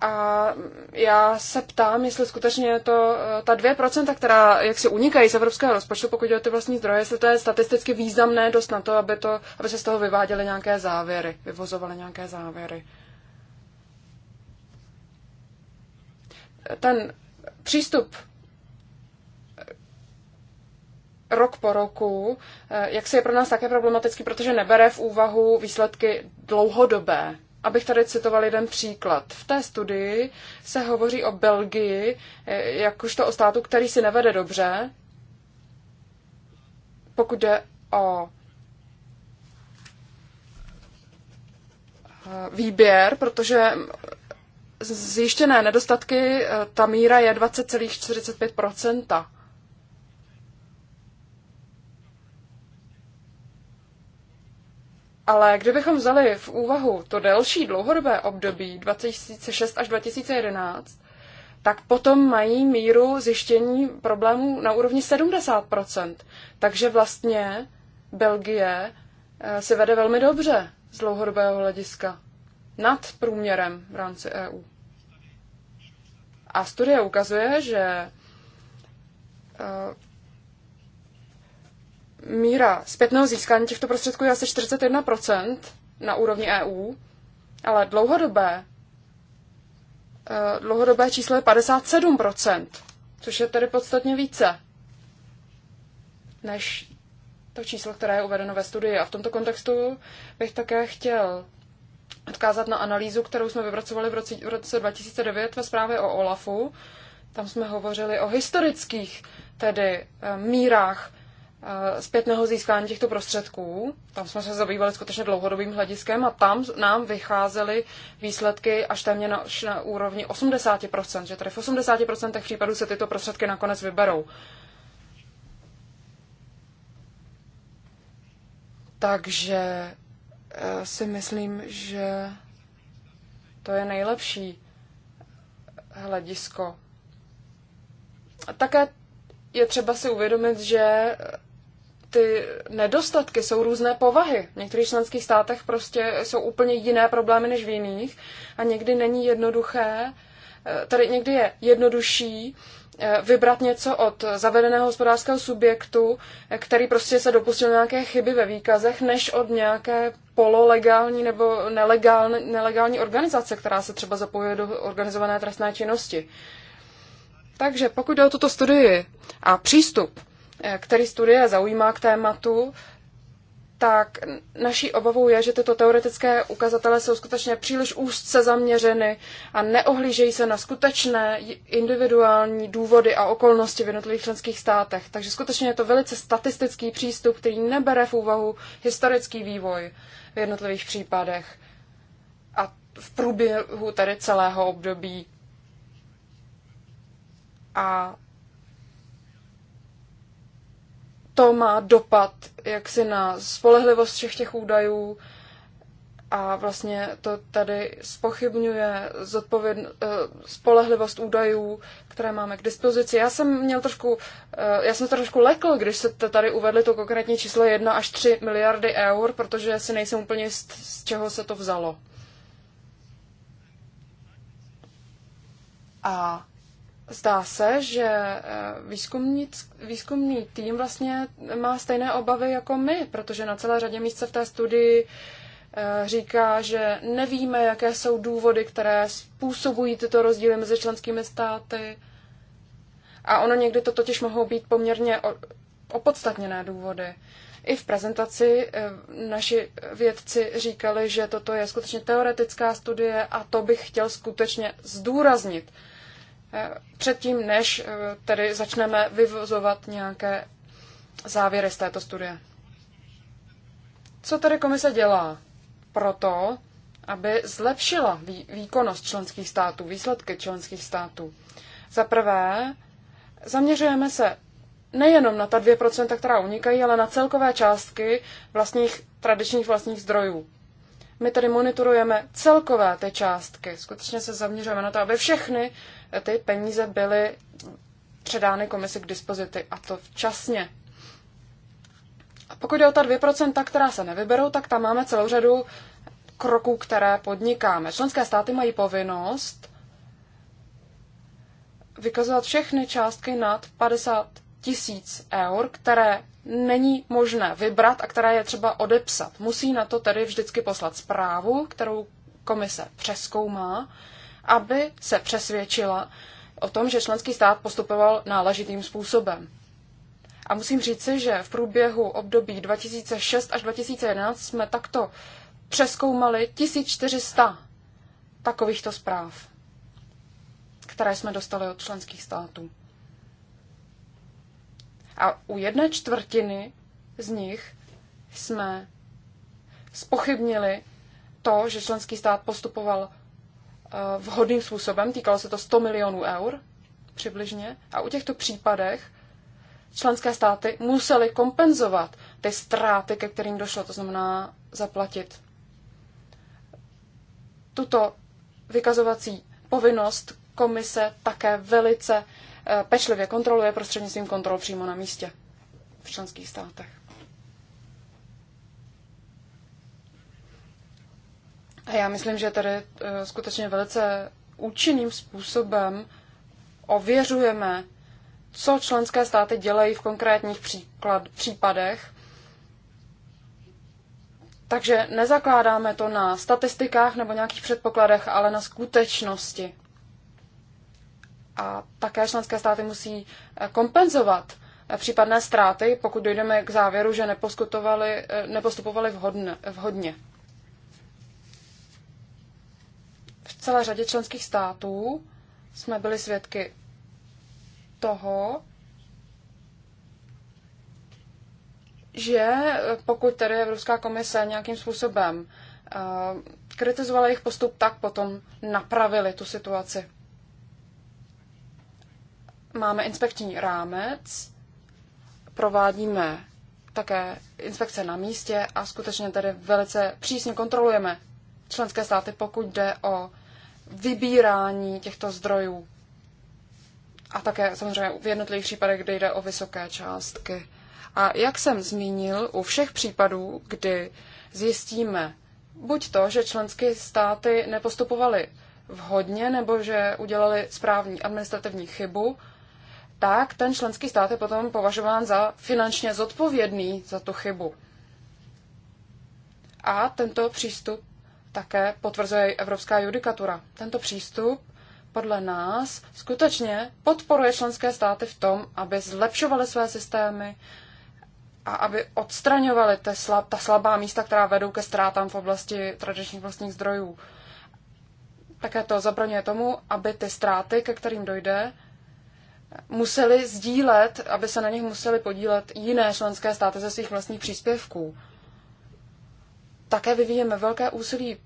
A já se ptám, jestli skutečně to, eh, ta 2%, která jak si unikají z evropského rozpočtu, pokud jde o ty vlastní zdroje, jestli to je statisticky významné dost na to, aby, to, aby se z toho vyváděly nějaké závěry, vyvozovaly nějaké závěry. Ten přístup rok po roku, eh, jak se je pro nás také problematický, protože nebere v úvahu výsledky dlouhodobé. Abych tady citoval jeden příklad. V té studii se hovoří o Belgii eh, jakožto o státu, který si nevede dobře, pokud jde o eh, výběr, protože zjištěné nedostatky, ta míra je 20,45%. Ale kdybychom vzali v úvahu to delší dlouhodobé období 2006 až 2011, tak potom mají míru zjištění problémů na úrovni 70 Takže vlastně Belgie eh, se vede velmi dobře z dlouhodobého hlediska. Nad průměrem v rámci EU. A studie ukazuje, že eh, míra zpětného získání těchto prostředků je asi 41% na úrovni EU, ale dlouhodobé, eh, dlouhodobé číslo je 57%, což je tedy podstatně více než to číslo, které je uvedeno ve studii. A v tomto kontextu bych také chtěl odkázat na analýzu, kterou jsme vypracovali v roce, 2009 ve zprávě o OLAFu. Tam jsme hovořili o historických tedy eh, mírách Eh, zpětného získání těchto prostředků. Tam jsme se zabývali skutečně dlouhodobým hlediskem a tam nám vycházely výsledky až téměř na, na úrovni 80%, že tady v 80% případů se tyto prostředky nakonec vyberou. Takže eh, si myslím, že to je nejlepší hledisko. také je třeba si uvědomit, že ty nedostatky jsou různé povahy. V některých členských státech prostě jsou úplně jiné problémy než v jiných a někdy není jednoduché, eh, tady někdy je jednodušší eh, vybrat něco od zavedeného hospodářského subjektu, eh, který prostě se dopustil nějaké chyby ve výkazech, než od nějaké pololegální nebo nelegální, nelegální organizace, která se třeba zapojuje do organizované trestné činnosti. Takže pokud jde o tuto studii a přístup Eh, který studie zaujímá k tématu, tak naší obavou je, že tyto teoretické ukazatele jsou skutečně příliš úzce zaměřeny a neohlížejí se na skutečné individuální důvody a okolnosti v jednotlivých členských státech. Takže skutečně je to velice statistický přístup, který nebere v úvahu historický vývoj v jednotlivých případech a v průběhu tady celého období. A to má dopad jaksi na spolehlivost všech těch údajů a vlastně to tady spochybňuje zodpověd, eh, spolehlivost údajů, které máme k dispozici. Já jsem měl trošku, eh, já jsem trošku lekl, když se tady uvedli to konkrétní číslo 1 až 3 miliardy eur, protože si nejsem úplně jist, z čeho se to vzalo. A Zdá se, že eh, výzkumný tým vlastně má stejné obavy jako my, protože na celé řadě míst se v té studii eh, říká, že nevíme, jaké jsou důvody, které způsobují tyto rozdíly mezi členskými státy. A ono někdy to totiž mohou být poměrně opodstatněné důvody. I v prezentaci eh, naši vědci říkali, že toto je skutečně teoretická studie a to bych chtěl skutečně zdůraznit Eh, předtím, než eh, tedy začneme vyvozovat nějaké závěry z této studie. Co tedy komise dělá proto, aby zlepšila výkonnost členských států, výsledky členských států? Za prvé, zaměřujeme se nejenom na ta 2%, která unikají, ale na celkové částky vlastních, tradičních vlastních zdrojů. My tedy monitorujeme celkové ty částky. Skutečně se zaměřujeme na to, aby všechny ty peníze byly předány komisi k dispozici a to včasně. A pokud je o ta 2%, která se nevyberou, tak tam máme celou řadu kroků, které podnikáme. Členské státy mají povinnost vykazovat všechny částky nad 50 tisíc eur, které není možné vybrat a které je třeba odepsat. Musí na to tedy vždycky poslat zprávu, kterou komise přeskoumá aby se přesvědčila o tom, že členský stát postupoval náležitým způsobem. A musím říci, že v průběhu období 2006 až 2011 jsme takto přeskoumali 1400 takovýchto zpráv, které jsme dostali od členských států. A u jedné čtvrtiny z nich jsme spochybnili to, že členský stát postupoval Eh, vhodným způsobem, týkalo se to 100 milionů eur přibližně, a u těchto případech členské státy musely kompenzovat ty ztráty, ke kterým došlo, to znamená zaplatit tuto vykazovací povinnost komise také velice eh, pečlivě kontroluje prostřednictvím kontrol přímo na místě v členských státech. A já myslím, že tady eh, skutečně velice účinným způsobem ověřujeme, co členské státy dělají v konkrétních příklad, případech. Takže nezakládáme to na statistikách nebo nějakých předpokladech, ale na skutečnosti. A také členské státy musí eh, kompenzovat eh, případné ztráty, pokud dojdeme k závěru, že nepostupovali vhodne, vhodně. celé řadě členských států jsme byli svědky toho, že pokud tedy Evropská komise nějakým způsobem eh, kritizovala jejich postup, tak potom napravili tu situaci. Máme inspekční rámec, provádíme také inspekce na místě a skutečně tedy velice přísně kontrolujeme členské státy, pokud jde o vybírání těchto zdrojů. A také samozřejmě v jednotlivých případech, kdy jde o vysoké částky. A jak jsem zmínil, u všech případů, kdy zjistíme buď to, že členské státy nepostupovaly vhodně nebo že udělali správní administrativní chybu, tak ten členský stát je potom považován za finančně zodpovědný za tu chybu. A tento přístup také potvrzuje Evropská judikatura. Tento přístup podle nás skutečně podporuje členské státy v tom, aby zlepšovaly své systémy a aby odstraňovaly ta, slab, ta slabá místa, která vedou ke ztrátám v oblasti tradičních vlastních zdrojů. Také to zabraňuje tomu, aby ty ztráty, ke kterým dojde, museli sdílet, aby se na nich museli podílet jiné členské státy ze svých vlastních příspěvků. Také vyvíjíme velké úsilí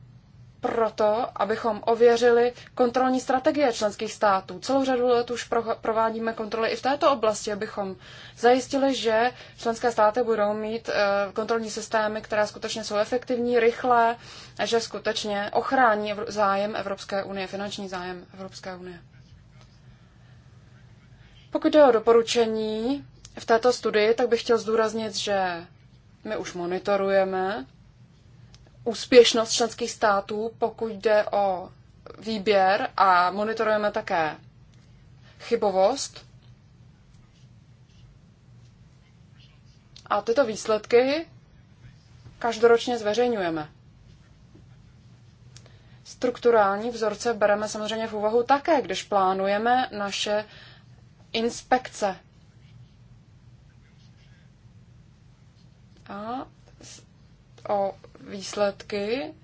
proto, abychom ověřili kontrolní strategie členských států. Celou řadu let už provádíme kontroly i v této oblasti, abychom zajistili, že členské státy budou mít eh, kontrolní systémy, které skutečně jsou efektivní, rychlé a že skutečně ochrání zájem Evropské unie, finanční zájem Evropské unie. Pokud jde o doporučení v této studii, tak bych chtěl zdůraznit, že my už monitorujeme úspěšnost členských států, pokud jde o výběr a monitorujeme také chybovost. A tyto výsledky každoročně zveřejňujeme. Strukturální vzorce bereme samozřejmě v úvahu také, když plánujeme naše inspekce. A o výsledky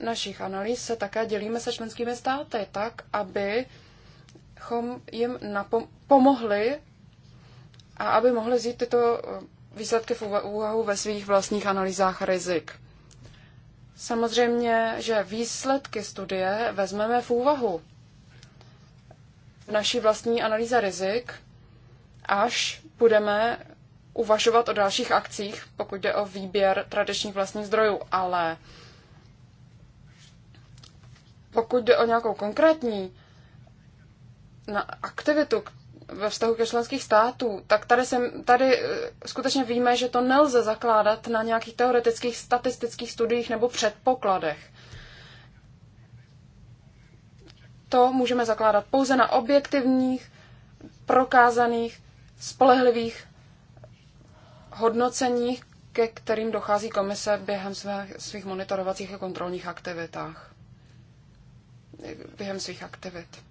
našich analýz se také dělíme se členskými státy, tak, abychom jim pomohli a aby mohli vzít tyto eh, výsledky v úvahu ve svých vlastních analýzách rizik. Samozřejmě, že výsledky studie vezmeme v úvahu v naší vlastní analýze rizik, až budeme uvažovat o dalších akcích, pokud jde o výběr tradičních vlastních zdrojů, ale pokud jde o nějakou konkrétní na aktivitu ve vztahu ke členských států, tak tady, se, tady eh, skutečně víme, že to nelze zakládat na nějakých teoretických statistických studiích nebo předpokladech. To můžeme zakládat pouze na objektivních, prokázaných, spolehlivých hodnoceních, ke kterým dochází komise během svých monitorovacích a kontrolních aktivitách. Během svých aktivit.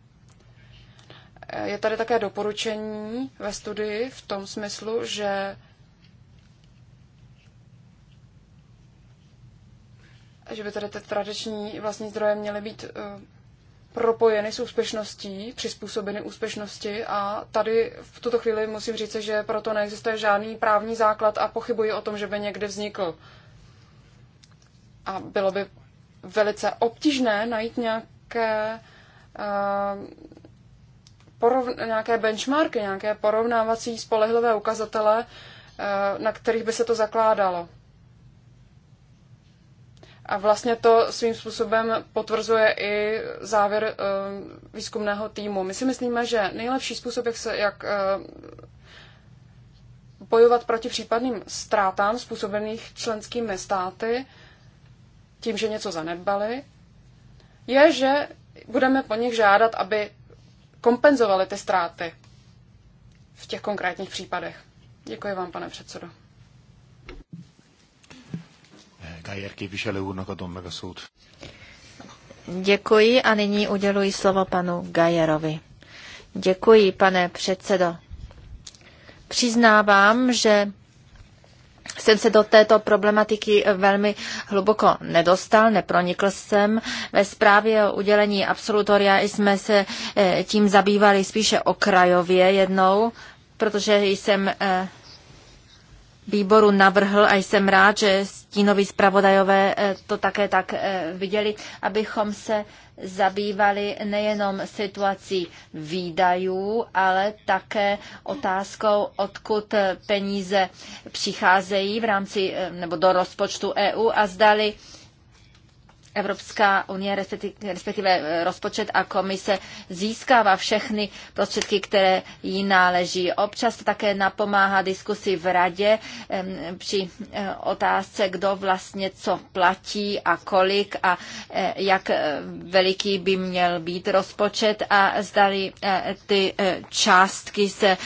Je tady také doporučení ve studii v tom smyslu, že že by tady ty tradiční vlastní zdroje měly být eh, propojeny s úspěšností, přizpůsobeny úspěšnosti a tady v tuto chvíli musím říct, že proto neexistuje žádný právní základ a pochybuji o tom, že by někde vznikl. A bylo by velice obtížné najít nějaké, uh, eh, porov, nějaké benchmarky, nějaké porovnávací spolehlivé ukazatele, uh, na kterých by se to zakládalo. A vlastně to svým způsobem potvrzuje i závěr eh, výzkumného týmu. My si myslíme, že nejlepší způsob, jak, se, jak eh, bojovat proti případným ztrátám způsobených členskými státy tím, že něco zanedbali, je, že budeme po nich žádat, aby kompenzovali ty ztráty v těch konkrétních případech. Děkuji vám, pane předsedo. Děkuji a nyní uděluji slovo panu Gajerovi. Děkuji, pane předsedo. Přiznávám, že jsem se do této problematiky velmi hluboko nedostal, nepronikl jsem. Ve zprávě o udělení absolutoria jsme se eh, tím zabývali spíše okrajově jednou, protože jsem eh, výboru navrhl a jsem rád, že stínoví zpravodajové eh, to také tak eh, viděli, abychom se zabývali nejenom situací výdajů, ale také otázkou, odkud eh, peníze přicházejí v rámci nebo do rozpočtu EU a zdali Evropská unie, respektive eh, rozpočet a komise získává všechny prostředky, které jí náleží. Občas také napomáhá diskusi v radě při eh, otázce, kdo vlastně co platí a kolik a eh, jak veliký by měl být rozpočet a zdali ty částky se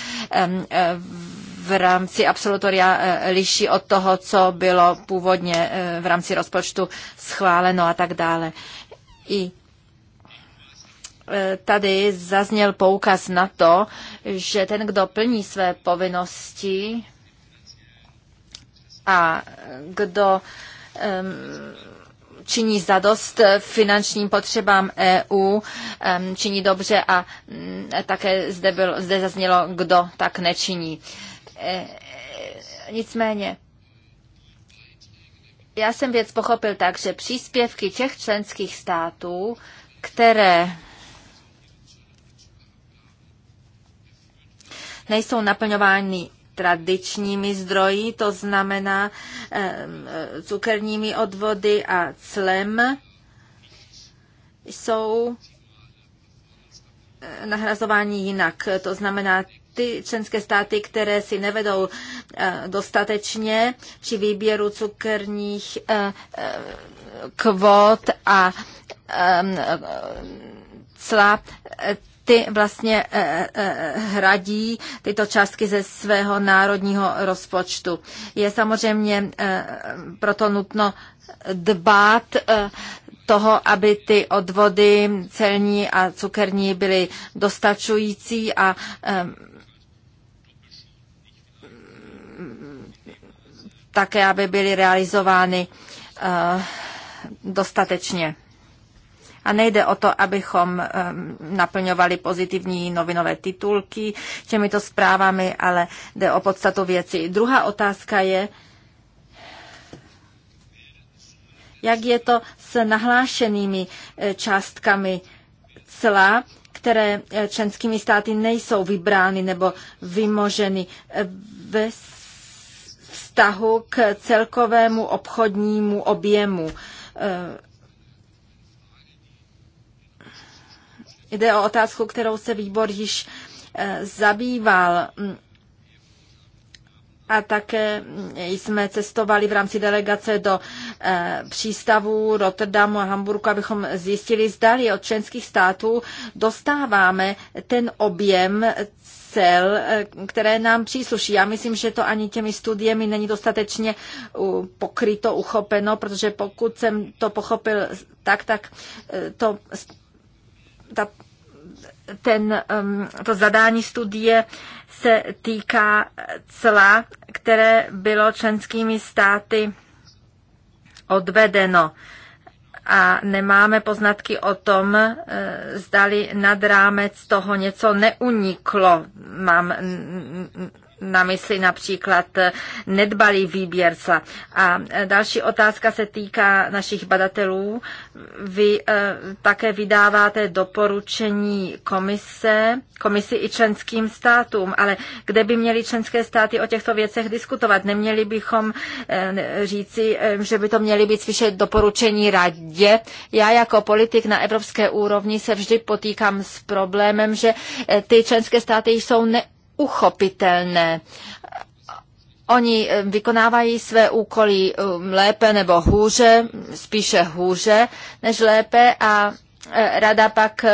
v rámci absolutoria eh, liší od toho, co bylo původně eh, v rámci rozpočtu schváleno a tak dále. I eh, tady zazněl poukaz na to, že ten, kdo plní své povinnosti a kdo činí zadost finančním potřebám EU, činí dobře a mm, také zde, byl, zde zaznělo, kdo tak nečiní. Eh, eh, nicméně já jsem věc pochopil tak, že příspěvky těch členských států, které nejsou naplňovány tradičními zdroji, to znamená eh, cukerními odvody a clem, jsou nahrazování jinak, to znamená ty členské státy, které si nevedou eh, dostatečně při výběru cukerních eh, eh, kvót a ehm, cla, ty vlastně hradí tyto částky ze svého národního rozpočtu. Je samozřejmě proto nutno dbát toho, aby ty odvody celní a cukerní byly dostačující a ehm, také, aby byly realizovány eh, dostatečně. A nejde o to, abychom eh, naplňovali pozitivní novinové titulky těmito zprávami, ale jde o podstatu věci. Druhá otázka je, jak je to s nahlášenými eh, částkami cla, které členskými státy nejsou vybrány nebo vymoženy. Ve vztahu k celkovému obchodnímu objemu. Eh, jde o otázku, kterou se výbor již eh, zabýval a také jsme cestovali v rámci delegace do eh, přístavů Rotterdamu a Hamburku, abychom zjistili, zdali od členských států dostáváme ten objem, cel, eh, které nám přísluší. Já myslím, že to ani těmi studiemi není dostatečně pokryto, uchopeno, protože pokud jsem to pochopil tak, tak eh, to, ta, ten, ehm, to zadání studie se týká cla, které bylo členskými státy odvedeno a nemáme poznatky o tom, eh, zdali nad rámec toho něco neuniklo. Mám na mysli například nedbalý výběr A e, další otázka se týká našich badatelů. Vy e, také vydáváte doporučení komise, komisi i členským státům, ale kde by měly členské státy o těchto věcech diskutovat? Neměli bychom e, říci, že by to měly být spíše doporučení radě. Já jako politik na evropské úrovni se vždy potýkám s problémem, že ty členské státy jsou ne uchopitelné. Oni eh, vykonávají své úkoly eh, lépe nebo hůře, spíše hůře než lépe a eh, Rada pak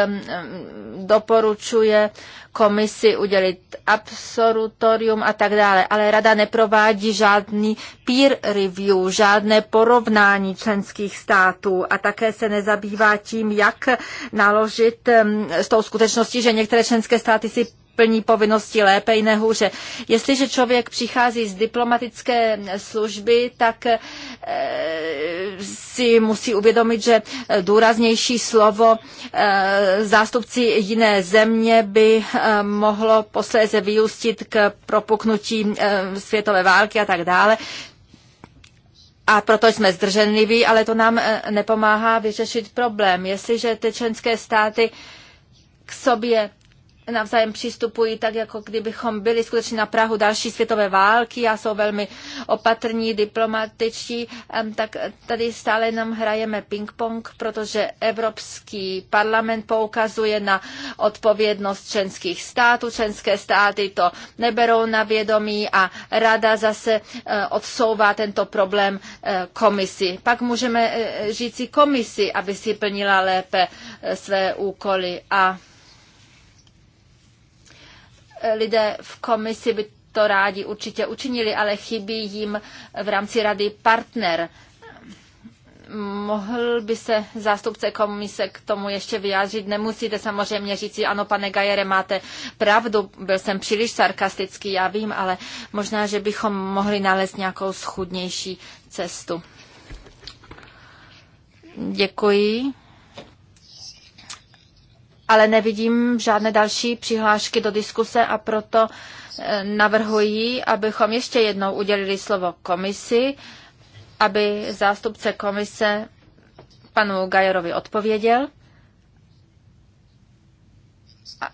doporučuje komisi udělit absolutorium a tak dále, ale rada neprovádí žádný peer review, žádné porovnání členských států a také se nezabývá tím, jak naložit s tou skutečností, že některé členské státy si plní povinnosti lépe, i nehůře. Jestliže člověk přichází z diplomatické služby, tak eh, si musí uvědomit, že důraznější slovo eh, zástupci jiné země by eh, mohlo posléze vyústit k propuknutí světové války a tak dále. A proto jsme zdrženliví, ale to nám nepomáhá vyřešit problém. Jestliže ty členské státy k sobě navzájem přistupují tak, jako kdybychom byli skutečně na Prahu další světové války a jsou velmi opatrní, diplomatičtí, tak tady stále nám hrajeme ping-pong, protože Evropský parlament poukazuje na odpovědnost členských států. Členské státy to neberou na vědomí a rada zase eh, odsouvá tento problém eh, komisi. Pak můžeme eh, říci komisi, aby si plnila lépe své úkoly a lidé v komisi by to rádi určitě učinili, ale chybí jim v rámci rady partner. Mohl by se zástupce komise k tomu ještě vyjádřit? Nemusíte samozřejmě říci, ano, pane Gajere, máte pravdu, byl jsem příliš sarkastický, já vím, ale možná, že bychom mohli nalézt nějakou schudnější cestu. Děkuji ale nevidím žádné další přihlášky do diskuse a proto eh, navrhuji, abychom ještě jednou udělili slovo komisi, aby zástupce komise panu Gajerovi odpověděl. A,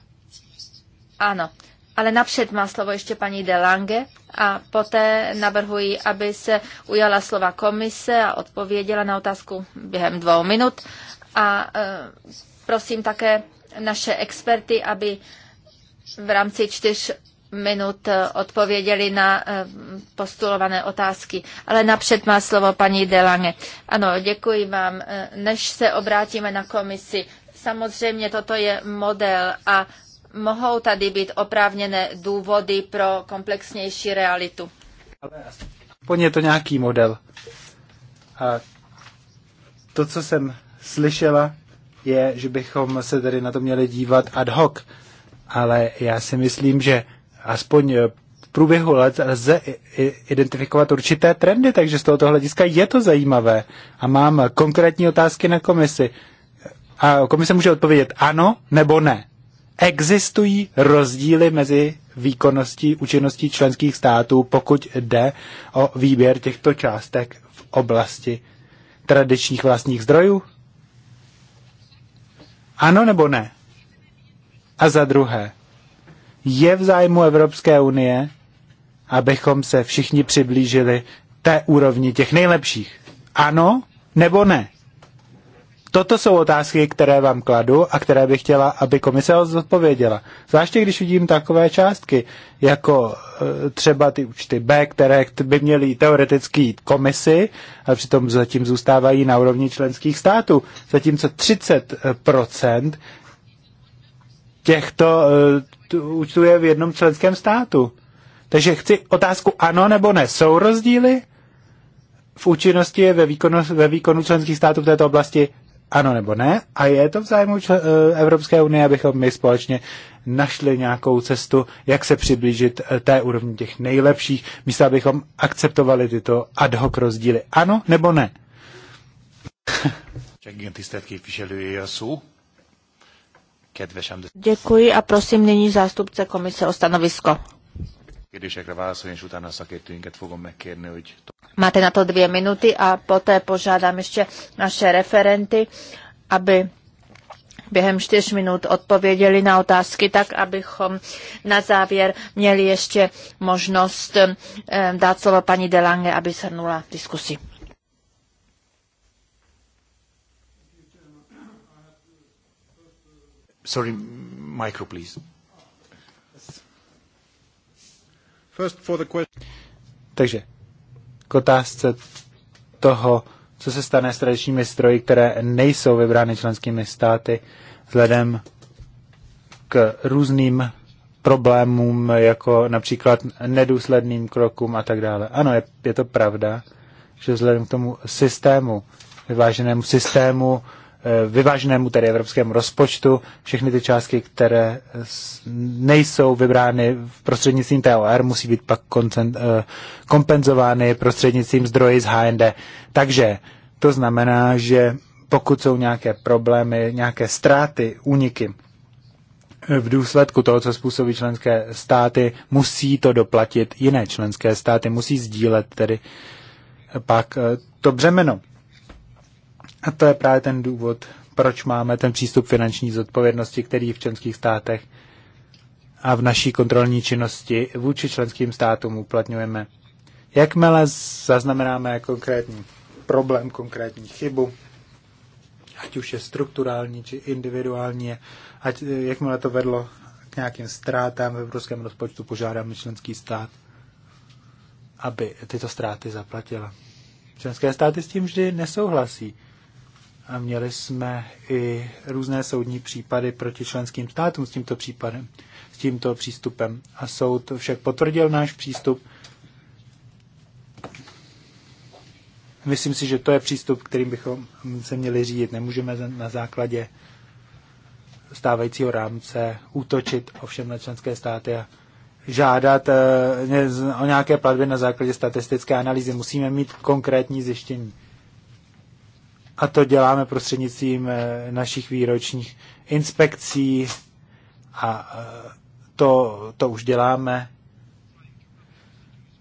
ano, ale napřed má slovo ještě paní Delange a poté navrhuji, aby se ujala slova komise a odpověděla na otázku během dvou minut. A e, prosím také naše experty, aby v rámci čtyř minut eh, odpověděli na eh, postulované otázky. Ale napřed má slovo paní Delange. Ano, děkuji vám. Eh, Než se obrátíme na komisi, samozřejmě toto je model a mohou tady být oprávněné důvody pro komplexnější realitu. Ale aspoň je to nějaký model. A to, co jsem slyšela, je, že bychom se tedy na to měli dívat ad hoc. Ale já si myslím, že aspoň eh, v průběhu let lze identifikovat určité trendy, takže z tohoto hlediska je to zajímavé. A mám konkrétní otázky na komisi. A komise může odpovědět ano nebo ne. Existují rozdíly mezi výkonností, účinností členských států, pokud jde o výběr těchto částek v oblasti tradičních vlastních zdrojů? Ano nebo ne? A za druhé, je v zájmu Evropské unie, abychom se všichni přiblížili té úrovni těch nejlepších? Ano nebo ne? Toto jsou otázky, které vám kladu a které bych chtěla, aby komise zodpověděla. Zvláště když vidím takové částky, jako e, třeba ty účty B, které by měly teoreticky jít komisi, ale přitom zatím zůstávají na úrovni členských států. Zatímco 30% e, těchto e, účtů je v jednom členském státu. Takže chci otázku ano nebo ne. Jsou rozdíly? v účinnosti ve výkonu, ve výkonu členských států v této oblasti ano nebo ne. A je to v zájmu eh, Evropské unie, abychom my společně našli nějakou cestu, jak se přiblížit eh, té úrovni těch nejlepších, místo abychom akceptovali tyto ad hoc rozdíly. Ano nebo ne? Děkuji a prosím nyní zástupce komise o stanovisko. Kérdésekre válaszolni, és utána a szakértőinket fogom megkérni, hogy... Máte na to dvě minuty a poté požádám ještě naše referenty, aby během čtyř minut odpověděli na otázky, tak abychom na závěr měli ještě možnost eh, dát slovo paní Delange, aby shrnula diskusi. Sorry, micro, please. First for the question. Takže k otázce toho, co se stane s tradičními stroji, které nejsou vybrány členskými státy vzhledem k různým problémům, jako například nedůsledným krokům a tak dále. Ano, je, je to pravda, že vzhledem k tomu systému, vyváženému systému Eh, vyváženému tedy evropskému rozpočtu, všechny ty částky, které nejsou vybrány v prostřednictvím TOR, musí být pak eh, kompenzovány prostřednictvím zdroji z HND. Takže to znamená, že pokud jsou nějaké problémy, nějaké ztráty, úniky, eh, v důsledku toho, co způsobí členské státy, musí to doplatit jiné členské státy, musí sdílet tedy pak to břemeno. A to je právě ten důvod, proč máme ten přístup finanční zodpovědnosti, který v členských státech a v naší kontrolní činnosti vůči členským státům uplatňujeme. Jakmile zaznamenáme konkrétní problém, konkrétní chybu, ať už je strukturální či individuální, ať, jakmile to vedlo k nějakým ztrátám v evropském rozpočtu, požádáme členský stát, aby tyto ztráty zaplatila. Členské státy s tím vždy nesouhlasí a měli jsme i různé soudní případy proti členským státům s tímto případem, s tímto přístupem. A soud však potvrdil náš přístup. Myslím si, že to je přístup, kterým bychom se měli řídit. Nemůžeme na základě stávajícího rámce útočit ovšem na členské státy a žádat eh, o nějaké platby na základě statistické analýzy. Musíme mít konkrétní zjištění. A to děláme prostřednictvím eh, našich výročních inspekcí a eh, to, to už děláme.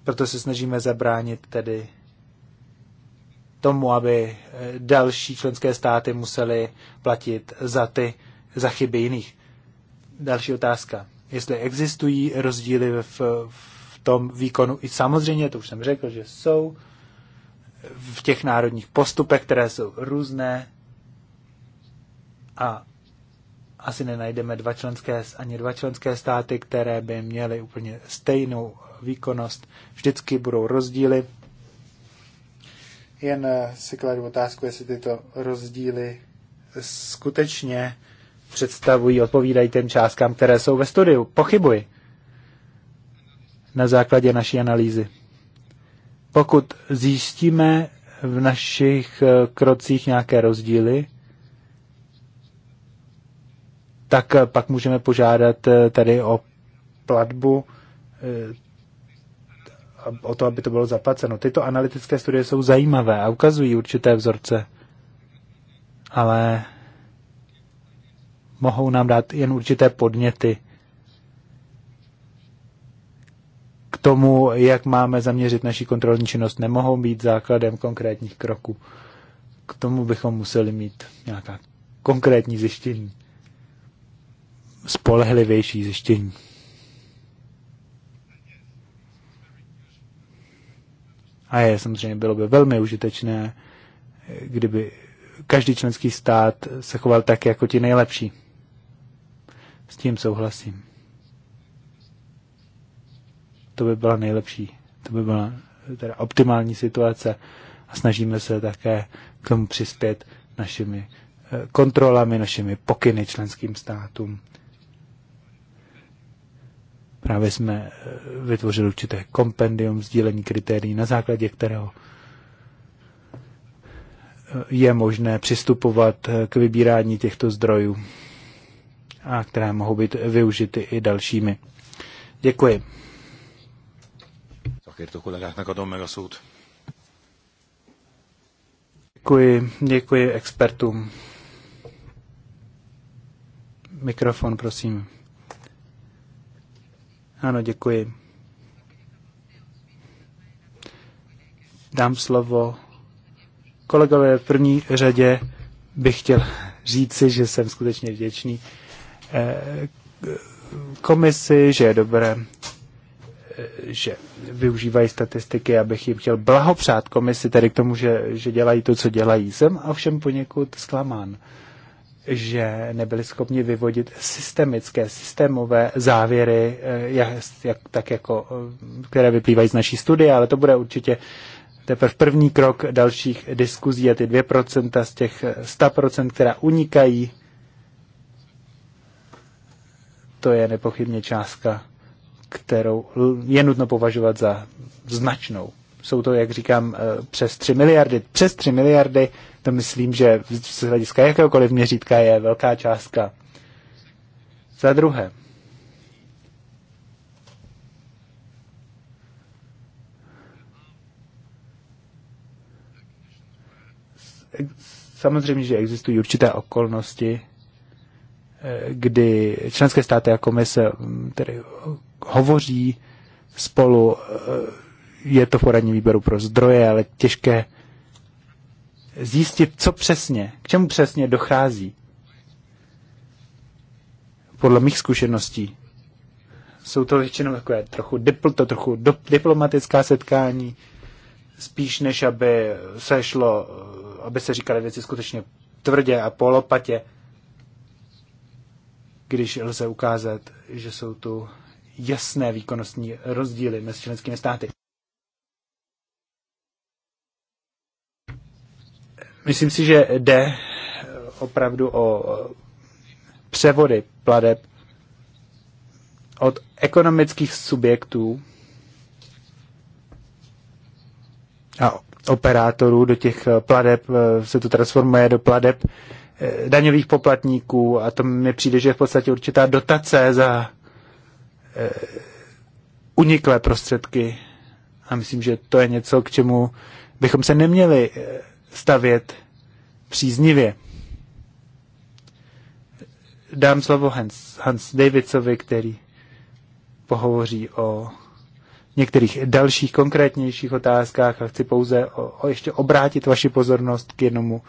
Proto se snažíme zabránit tedy tomu, aby eh, další členské státy musely platit za ty, za chyby jiných. Další otázka. Jestli existují rozdíly v, v tom výkonu, i samozřejmě, to už jsem řekl, že jsou, v těch národních postupech, které jsou různé a asi nenajdeme dva členské, ani dva členské státy, které by měly úplně stejnou výkonnost. Vždycky budou rozdíly. Jen eh, si kladu otázku, jestli tyto rozdíly skutečně představují, odpovídají těm částkám, které jsou ve studiu. Pochybuji na základě naší analýzy. Pokud zjistíme v našich eh, krocích nějaké rozdíly, tak eh, pak můžeme požádat eh, tady o platbu, o to, aby to bylo zaplaceno. Tyto analytické studie jsou zajímavé a ukazují určité vzorce, ale mohou nám dát jen určité podněty tomu, jak máme zaměřit naši kontrolní činnost, nemohou být základem konkrétních kroků. K tomu bychom museli mít nějaká konkrétní zjištění, spolehlivější zjištění. A je, samozřejmě bylo by velmi užitečné, kdyby každý členský stát se choval tak, jako ti nejlepší. S tím souhlasím. To by byla nejlepší, to by byla teda optimální situace a snažíme se také k tomu přispět našimi eh, kontrolami, našimi pokyny členským státům. Právě jsme eh, vytvořili určité kompendium sdílení kritérií, na základě kterého eh, je možné přistupovat k vybírání těchto zdrojů a které mohou být využity i dalšími. Děkuji. Szakértő kollégáknak adom meg a szót. Děkuji, děkuji expertům. Mikrofon, prosím. Ano, děkuji. Dám slovo kolegové v první řadě bych chtěl říci, že jsem skutečně vděčný eh, komisi, že je dobré že využívají statistiky, abych jim chtěl blahopřát komisi tedy k tomu, že, že dělají to, co dělají. Jsem ovšem poněkud zklamán, že nebyli schopni vyvodit systemické, systémové závěry, eh, jak, jak, tak jako, eh, které vyplývají z naší studie, ale to bude určitě teprve první krok dalších diskuzí a ty 2% z těch 100%, eh, která unikají, to je nepochybně částka, kterou je nutno považovat za značnou. Jsou to, jak říkám, eh, přes 3 miliardy. Přes 3 miliardy, to myslím, že z hlediska jakéhokoliv měřítka je velká částka. Za druhé, samozřejmě, že existují určité okolnosti, eh, kdy členské státy a komise tedy hovoří spolu, eh, je to poradní výboru pro zdroje, ale těžké zjistit, co přesně, k čemu přesně dochází. Podle mých zkušeností jsou to většinou takové trochu, dipl, to trochu do, diplomatická setkání, spíš než aby se šlo, eh, aby se říkaly věci skutečně tvrdě a polopatě, když lze ukázat, že jsou tu jasné výkonnostní rozdíly mezi členskými státy. Myslím si, že jde opravdu o převody pladeb od ekonomických subjektů a operátorů do těch pladeb, se to transformuje do pladeb eh, daňových poplatníků a to mi přijde, že je v podstatě určitá dotace za Eh, uniklé prostředky. A myslím, že to je něco, k čemu bychom se neměli eh, stavět příznivě. Dám slovo Hans, Hans Davidsovi, který pohovoří o některých dalších konkrétnějších otázkách a chci pouze o, o ještě obrátit vaši pozornost k jednomu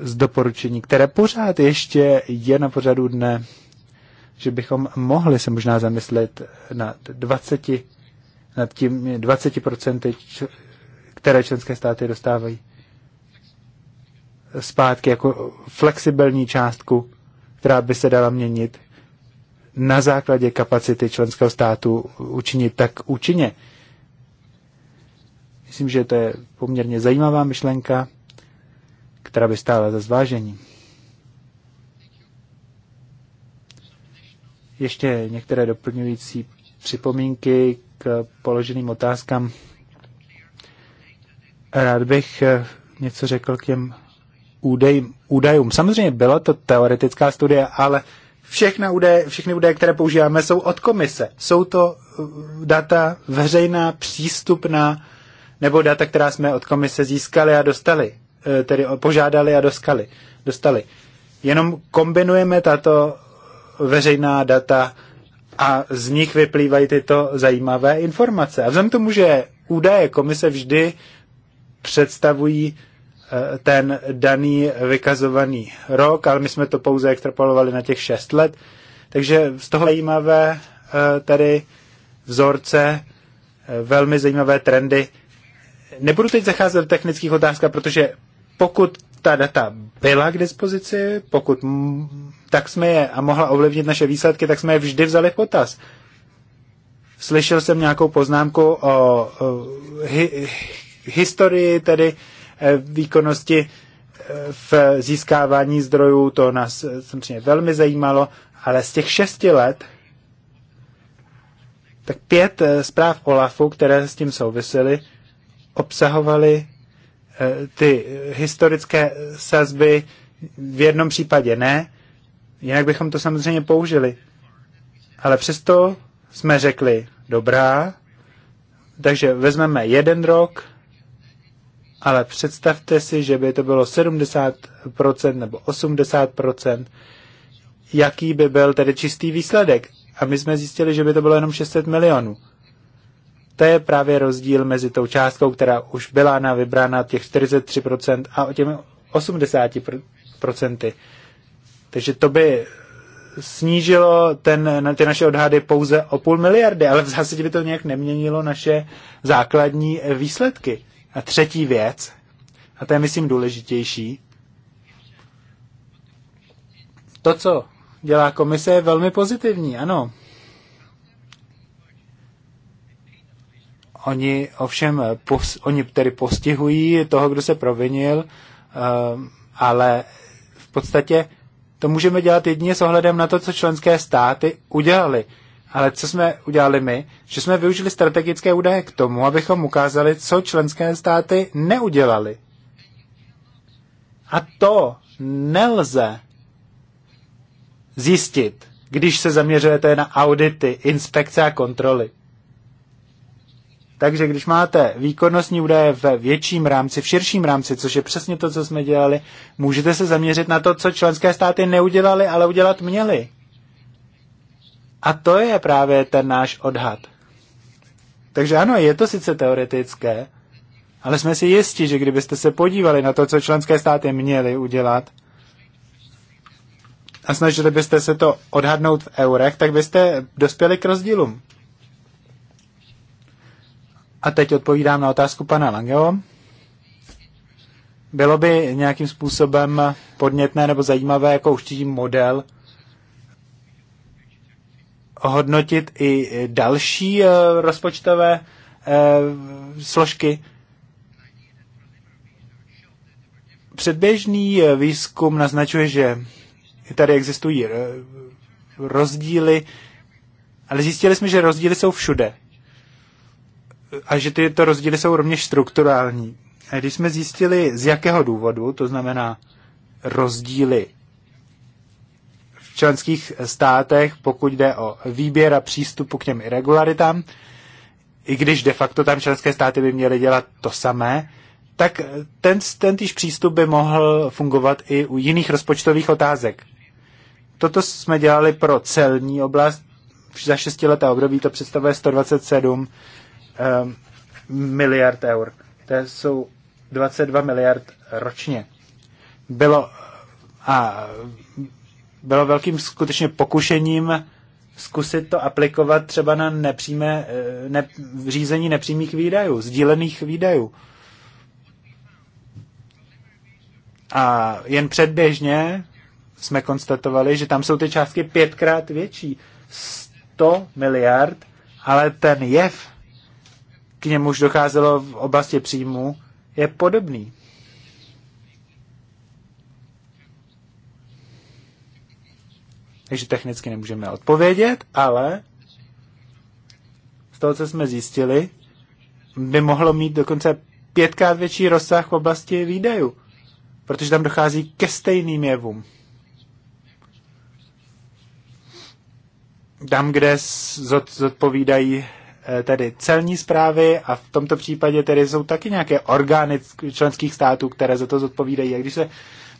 z doporučení, které pořád ještě je na pořadu dne že bychom mohli se možná zamyslet nad 20, nad tím 20%, které členské státy dostávají zpátky jako flexibilní částku, která by se dala měnit na základě kapacity členského státu učinit tak účinně. Myslím, že to je poměrně zajímavá myšlenka, která by stála za zvážení. ještě některé doplňující připomínky k položeným otázkám. Rád bych eh, něco řekl k těm údajům. Samozřejmě byla to teoretická studie, ale všechny údaje, všechny údaje, které používáme, jsou od komise. Jsou to eh, data veřejná, přístupná, nebo data, která jsme od komise získali a dostali, eh, tedy požádali a dostali. dostali. Jenom kombinujeme tato veřejná data a z nich vyplývají tyto zajímavé informace. A vzhledem tomu, že údaje komise vždy představují eh, ten daný vykazovaný rok, ale my jsme to pouze extrapolovali na těch šest let. Takže z toho zajímavé eh, tady vzorce, eh, velmi zajímavé trendy. Nebudu teď zacházet do technických otázek, protože pokud ta data byla k dispozici, pokud tak jsme je a mohla ovlivnit naše výsledky, tak jsme je vždy vzali v potaz. Slyšel jsem nějakou poznámku o, o hi, historii tedy e, výkonnosti e, v získávání zdrojů, to nás e, samozřejmě velmi zajímalo, ale z těch šesti let, tak pět zpráv OLAFu, které s tím souvisely, obsahovaly Eh, ty historické sazby v jednom případě ne, jinak bychom to samozřejmě použili. Ale přesto jsme řekli, dobrá, takže vezmeme jeden rok, ale představte si, že by to bylo 70% nebo 80%, jaký by byl tedy čistý výsledek. A my jsme zjistili, že by to bylo jenom 600 milionů. To je právě rozdíl mezi tou částkou, která už byla na vybrána těch 43% a těmi 80%. Takže to by snížilo ten, na ty naše odhady pouze o půl miliardy, ale v zásadě by to nějak neměnilo naše základní výsledky. A třetí věc, a to je myslím důležitější, to, co dělá komise, je velmi pozitivní, ano. Oni ovšem, pos, oni tedy postihují toho, kdo se provinil, eh, ale v podstatě to můžeme dělat jedině s ohledem na to, co členské státy udělali. Ale co jsme udělali my? Že jsme využili strategické údaje k tomu, abychom ukázali, co členské státy neudělali. A to nelze zjistit, když se zaměřujete na audity, inspekce a kontroly. Takže když máte výkonnostní údaje ve větším rámci, v širším rámci, což je přesně to, co jsme dělali, můžete se zaměřit na to, co členské státy neudělali, ale udělat měli. A to je právě ten náš odhad. Takže ano, je to sice teoretické, ale jsme si jistí, že kdybyste se podívali na to, co členské státy měly udělat, a snažili byste se to odhadnout v eurech, tak byste dospěli k rozdílům. A teď odpovídám na otázku pana Langeho. Bylo by nějakým způsobem podnětné nebo zajímavé jako určitý model hodnotit i další eh, rozpočtové eh, složky. Předběžný eh, výzkum naznačuje, že tady existují rozdíly, ale zjistili jsme, že rozdíly jsou všude a že tyto rozdíly jsou rovněž strukturální. A když jsme zjistili, z jakého důvodu, to znamená rozdíly v členských státech, pokud jde o výběr a přístupu k těm irregularitám, i když de facto tam členské státy by měly dělat to samé, tak ten, ten týž přístup by mohl fungovat i u jiných rozpočtových otázek. Toto jsme dělali pro celní oblast. Za šestileté období to představuje 127 Ehm, miliard eur. To jsou 22 miliard ročně. Bylo, a, bylo velkým skutečně pokušením zkusit to aplikovat třeba na nepřímé, eh, ne, řízení nepřímých výdajů, sdílených výdajů. A jen předběžně jsme konstatovali, že tam jsou ty částky pětkrát větší. 100 miliard, ale ten jev k němuž docházelo v oblasti příjmu, je podobný. Takže technicky nemůžeme odpovědět, ale z toho, co jsme zjistili, by mohlo mít dokonce pětkrát větší rozsah v oblasti výdajů, protože tam dochází ke stejným jevům. Tam, kde zodpovídají Eh, tedy celní zprávy a v tomto případě tedy jsou taky nějaké orgány členských států, které za to zodpovídají. A když se,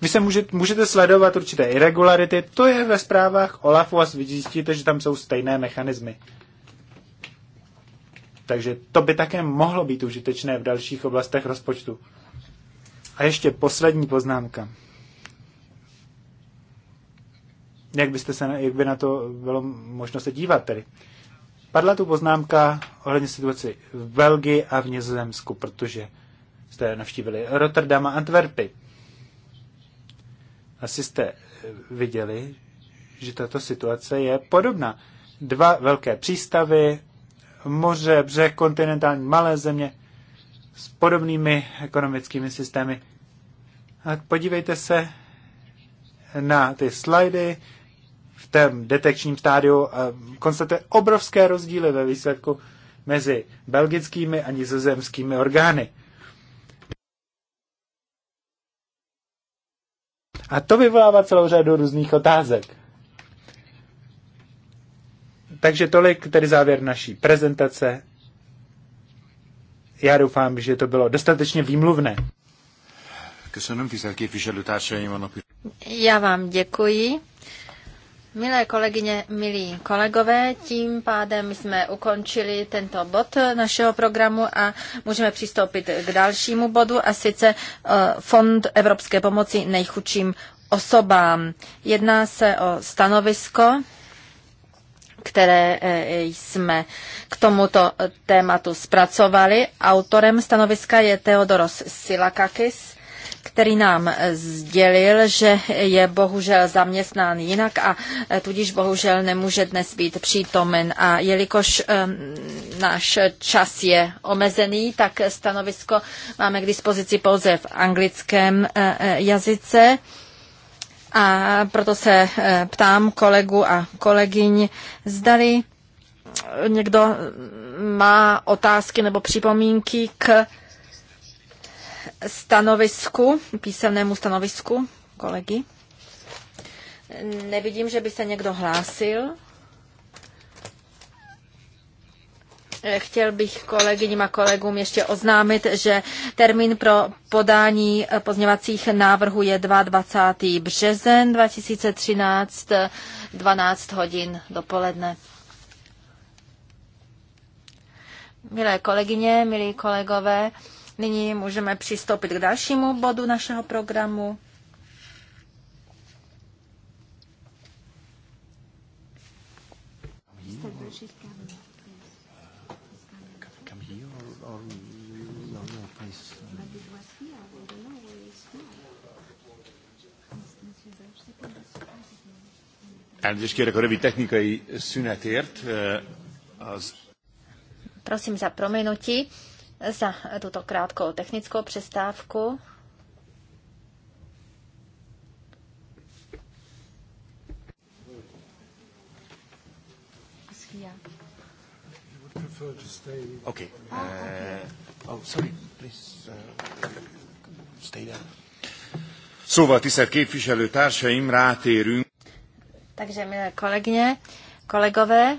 vy se můžete, můžete sledovat určité irregularity, to je ve zprávách OLAFu a zjistíte, že tam jsou stejné mechanismy. Takže to by také mohlo být užitečné v dalších oblastech rozpočtu. A ještě poslední poznámka. Jak, byste se, jak by na to bylo možno se dívat tedy? Uh, Padla tu poznámka ohledně situaci v Belgii a v Nizozemsku, protože jste navštívili Rotterdam a Antwerpy. Asi jste eh, viděli, že tato situace je podobná. Dva velké přístavy, moře, břeh, kontinentální malé země s podobnými ekonomickými systémy. A podívejte se na ty slajdy, v tom detekčním stádiu eh, konstatuje obrovské rozdíly ve výsledku mezi belgickými a nizozemskými orgány. A to vyvolává celou řadu různých otázek. Takže tolik tedy závěr naší prezentace. Já doufám, že to bylo dostatečně výmluvné. Já vám děkuji. Milé kolegyně, milí kolegové, tím pádem jsme ukončili tento bod našeho programu a můžeme přistoupit k dalšímu bodu a sice eh, Fond Evropské pomoci nejchudším osobám. Jedná se o stanovisko, které eh, jsme k tomuto tématu zpracovali. Autorem stanoviska je Theodoros Silakakis který nám sdělil, že je bohužel zaměstnán jinak a tudíž bohužel nemůže dnes být přítomen. A jelikož náš čas je omezený, tak stanovisko máme k dispozici pouze v anglickém e, e, jazyce. A proto se e, ptám kolegu a kolegyň, zdali někdo má otázky nebo připomínky k stanovisku, písemnému stanovisku kolegy. Nevidím, že by se někdo hlásil. Chtěl bych kolegyním a kolegům ještě oznámit, že termín pro podání pozněvacích návrhů je 22. březen 2013, 12 hodin dopoledne. Milé kolegyně, milí kolegové, Nyní můžeme přistoupit k dalšímu bodu našeho programu. No, no, Elnézést kérek a rövid technikai szünetért. Az... Prosím za prominutí za tuto krátkou technickou přestávku. Okay. Uh, oh, sorry, please. Uh, stay there. Szóval, tisztelt képviselő társaim, rátérünk. Takže, milé kolegyně, kolegové,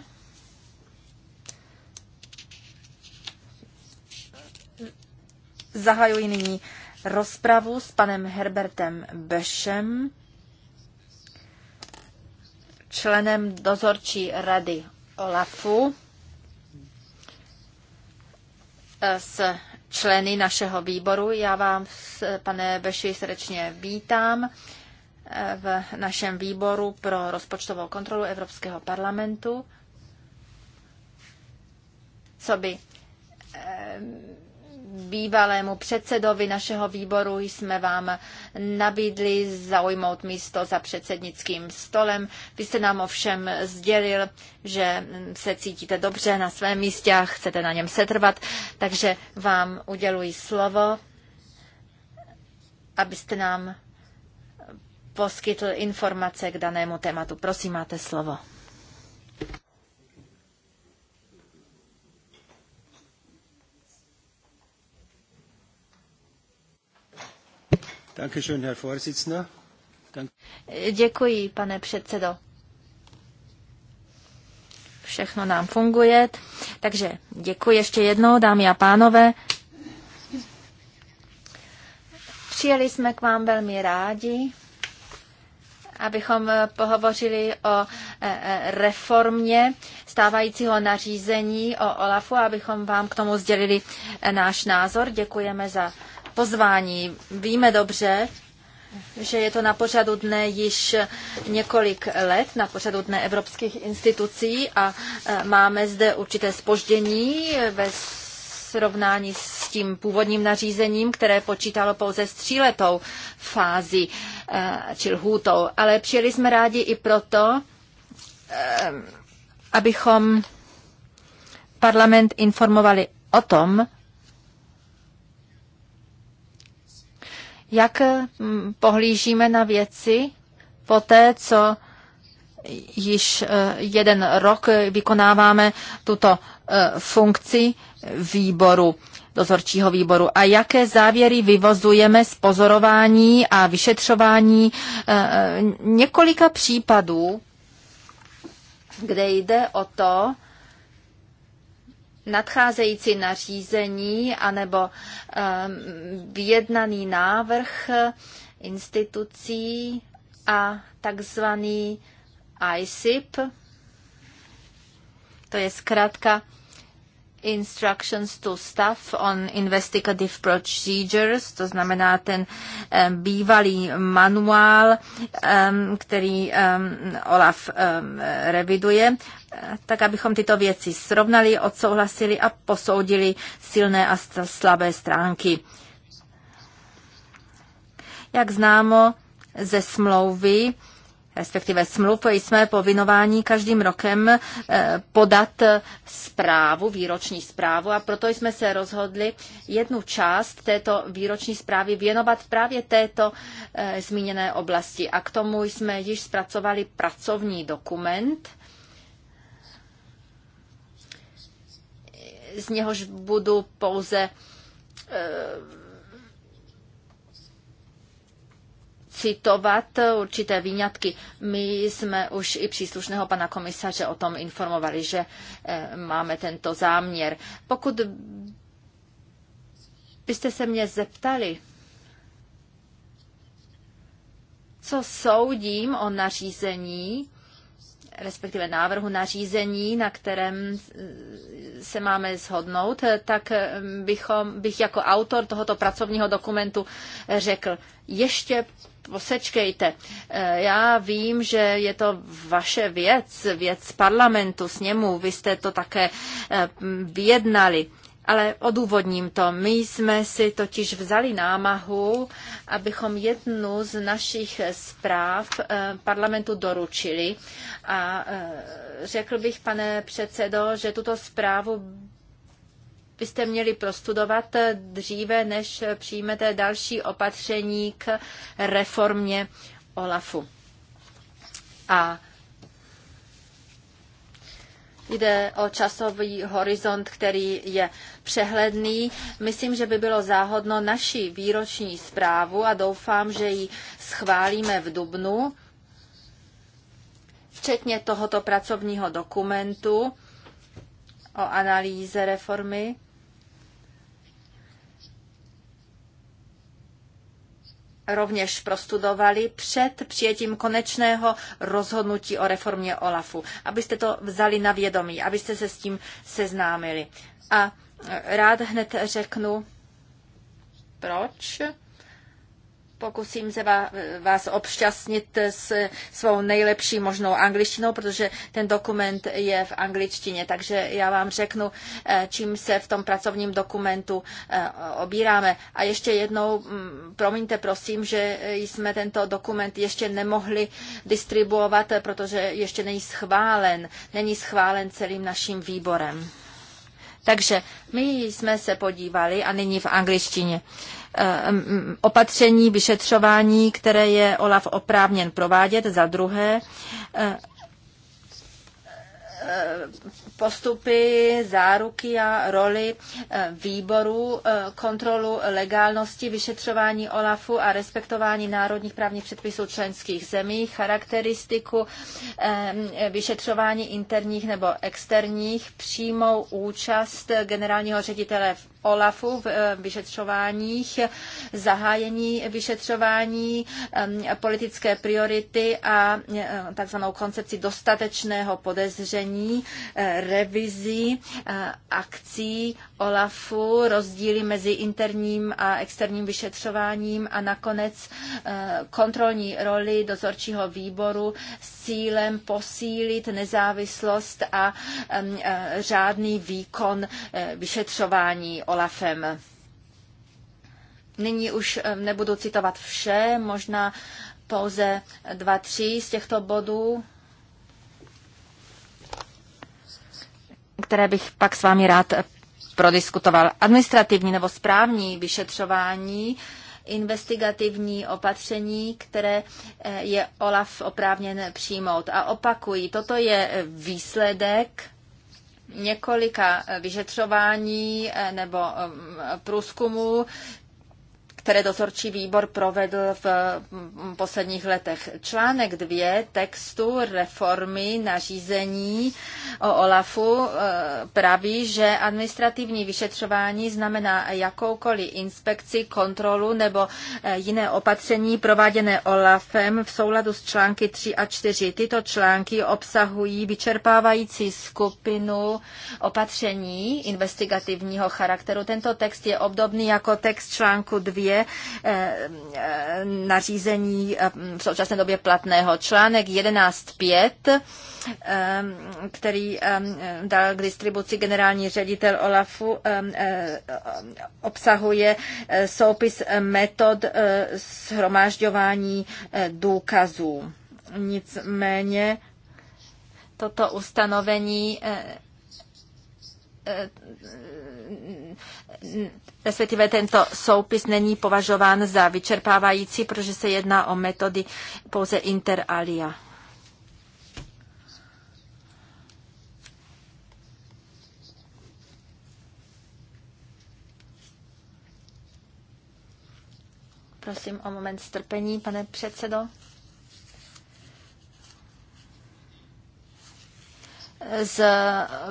Zahajuji nyní rozpravu s panem Herbertem Bešem, členem dozorčí rady OLAFu eh, s členy našeho výboru. Já vám, pane Beši, srdečně vítám eh, v našem výboru pro rozpočtovou kontrolu Evropského parlamentu. Co by eh, bývalému předsedovi našeho výboru jsme vám nabídli zaujmout místo za předsednickým stolem. Vy jste nám ovšem sdělil, že se cítíte dobře na svém místě a chcete na něm setrvat, takže vám uděluji slovo, abyste nám poskytl informace k danému tématu. Prosím, máte slovo. Děkuji, pane předsedo. Všechno nám funguje. Takže děkuji ještě jednou, dámy a pánové. Přijeli jsme k vám velmi rádi, abychom pohovořili o e, e, reformě stávajícího nařízení o OLAFu, abychom vám k tomu sdělili e, náš názor. Děkujeme za pozvání. Víme dobře, že je to na pořadu dne již několik let, na pořadu dne evropských institucí a e, máme zde určité spoždění ve srovnání s tím původním nařízením, které počítalo pouze s tříletou fázi e, či lhůtou. Ale přijeli jsme rádi i proto, e, abychom parlament informovali o tom, jak mm, pohlížíme na věci po té, co již eh, jeden rok vykonáváme tuto eh, funkci výboru, dozorčího výboru a jaké závěry vyvozujeme z pozorování a vyšetřování eh, několika případů, kde jde o to, nadcházející nařízení anebo ehm, vyjednaný návrh eh, institucí a takzvaný ISIP, to je zkrátka instructions to staff on investigative procedures, to znamená ten eh, bývalý manuál, eh, který eh, Olaf reviduje, tak abychom tyto věci srovnali, odsouhlasili a posoudili silné a slabé stránky. Jak známo ze smlouvy, respektive smluv, jsme povinováni každým rokem eh, podat zprávu, výroční zprávu a proto jsme se rozhodli jednu část této výroční zprávy věnovat právě této eh, zmíněné oblasti. A k tomu jsme již zpracovali pracovní dokument, z něhož budu pouze eh, citovat určité výňatky. My jsme už i příslušného pana komisaře o tom informovali, že eh, máme tento záměr. Pokud byste se mě zeptali, co soudím o nařízení, respektive návrhu nařízení, na kterém se máme shodnout, tak bychom, bych jako autor tohoto pracovního dokumentu řekl, ještě posečkejte. Já vím, že je to vaše věc, věc parlamentu, sněmu, vy jste to také eh, vyjednali ale odůvodním to. My jsme si totiž vzali námahu, abychom jednu z našich zpráv eh, parlamentu doručili a eh, řekl bych, pane předsedo, že tuto zprávu byste měli prostudovat dříve, než přijmete další opatření k reformě OLAFu. A Jde o časový horizont, který je přehledný. Myslím, že by bylo záhodno naši výroční zprávu a doufám, že ji schválíme v Dubnu, včetně tohoto pracovního dokumentu o analýze reformy rovněž prostudovali před přijetím konečného rozhodnutí o reformě OLAFu, abyste to vzali na vědomí, abyste se s tím seznámili. A rád hned řeknu, proč Pokusím se vás obšťastnit s svou nejlepší možnou angličtinou, protože ten dokument je v angličtině, takže já vám řeknu, eh, čím se v tom pracovním dokumentu eh, obíráme. A ještě jednou, mm, promiňte prosím, že jsme tento dokument ještě nemohli distribuovat, eh, protože ještě není schválen, není schválen celým naším výborem. Takže my jsme se podívali, a nyní v angličtině, eh, opatření vyšetřování, které je OLAF oprávněn provádět, za druhé eh, postupy, záruky a roli eh, výboru, eh, kontrolu legálnosti, vyšetřování OLAFu a respektování národních právních předpisů členských zemí, charakteristiku eh, vyšetřování interních nebo externích, přímou účast generálního ředitele v OLAFu v eh, vyšetřováních, zahájení vyšetřování, politické priority a eh, takzvanou koncepci dostatečného podezření, eh, revizi akcí OLAFu, rozdíly mezi interním a externím vyšetřováním a nakonec kontrolní roli dozorčího výboru s cílem posílit nezávislost a řádný výkon vyšetřování Olafem. Nyní už eh, nebudu citovat vše, možná pouze dva, tři z těchto bodů, které bych pak s vámi rád prodiskutoval. Administrativní nebo správní vyšetřování, investigativní opatření, které eh, je OLAF oprávněn přijmout. A opakují, toto je eh, výsledek několika eh, vyšetřování eh, nebo eh, průzkumů které dozorčí výbor provedl v mm, posledních letech. Článek 2 textu reformy nařízení o OLAFu e, praví, že administrativní vyšetřování znamená jakoukoliv inspekci, kontrolu nebo e, jiné opatření prováděné OLAFem v souladu s články 3 a 4. Tyto články obsahují vyčerpávající skupinu opatření investigativního charakteru. Tento text je obdobný jako text článku 2 Eh, nařízení eh, v současné době platného. Článek 11.5, eh, který dal k distribuci generální ředitel OLAFu, obsahuje soupis metod shromážďování důkazů. Nicméně toto ustanovení respektive tento soupis není považován za vyčerpávající, protože se jedná o metody pouze inter alia. Prosím o moment strpení, pane předsedo. Z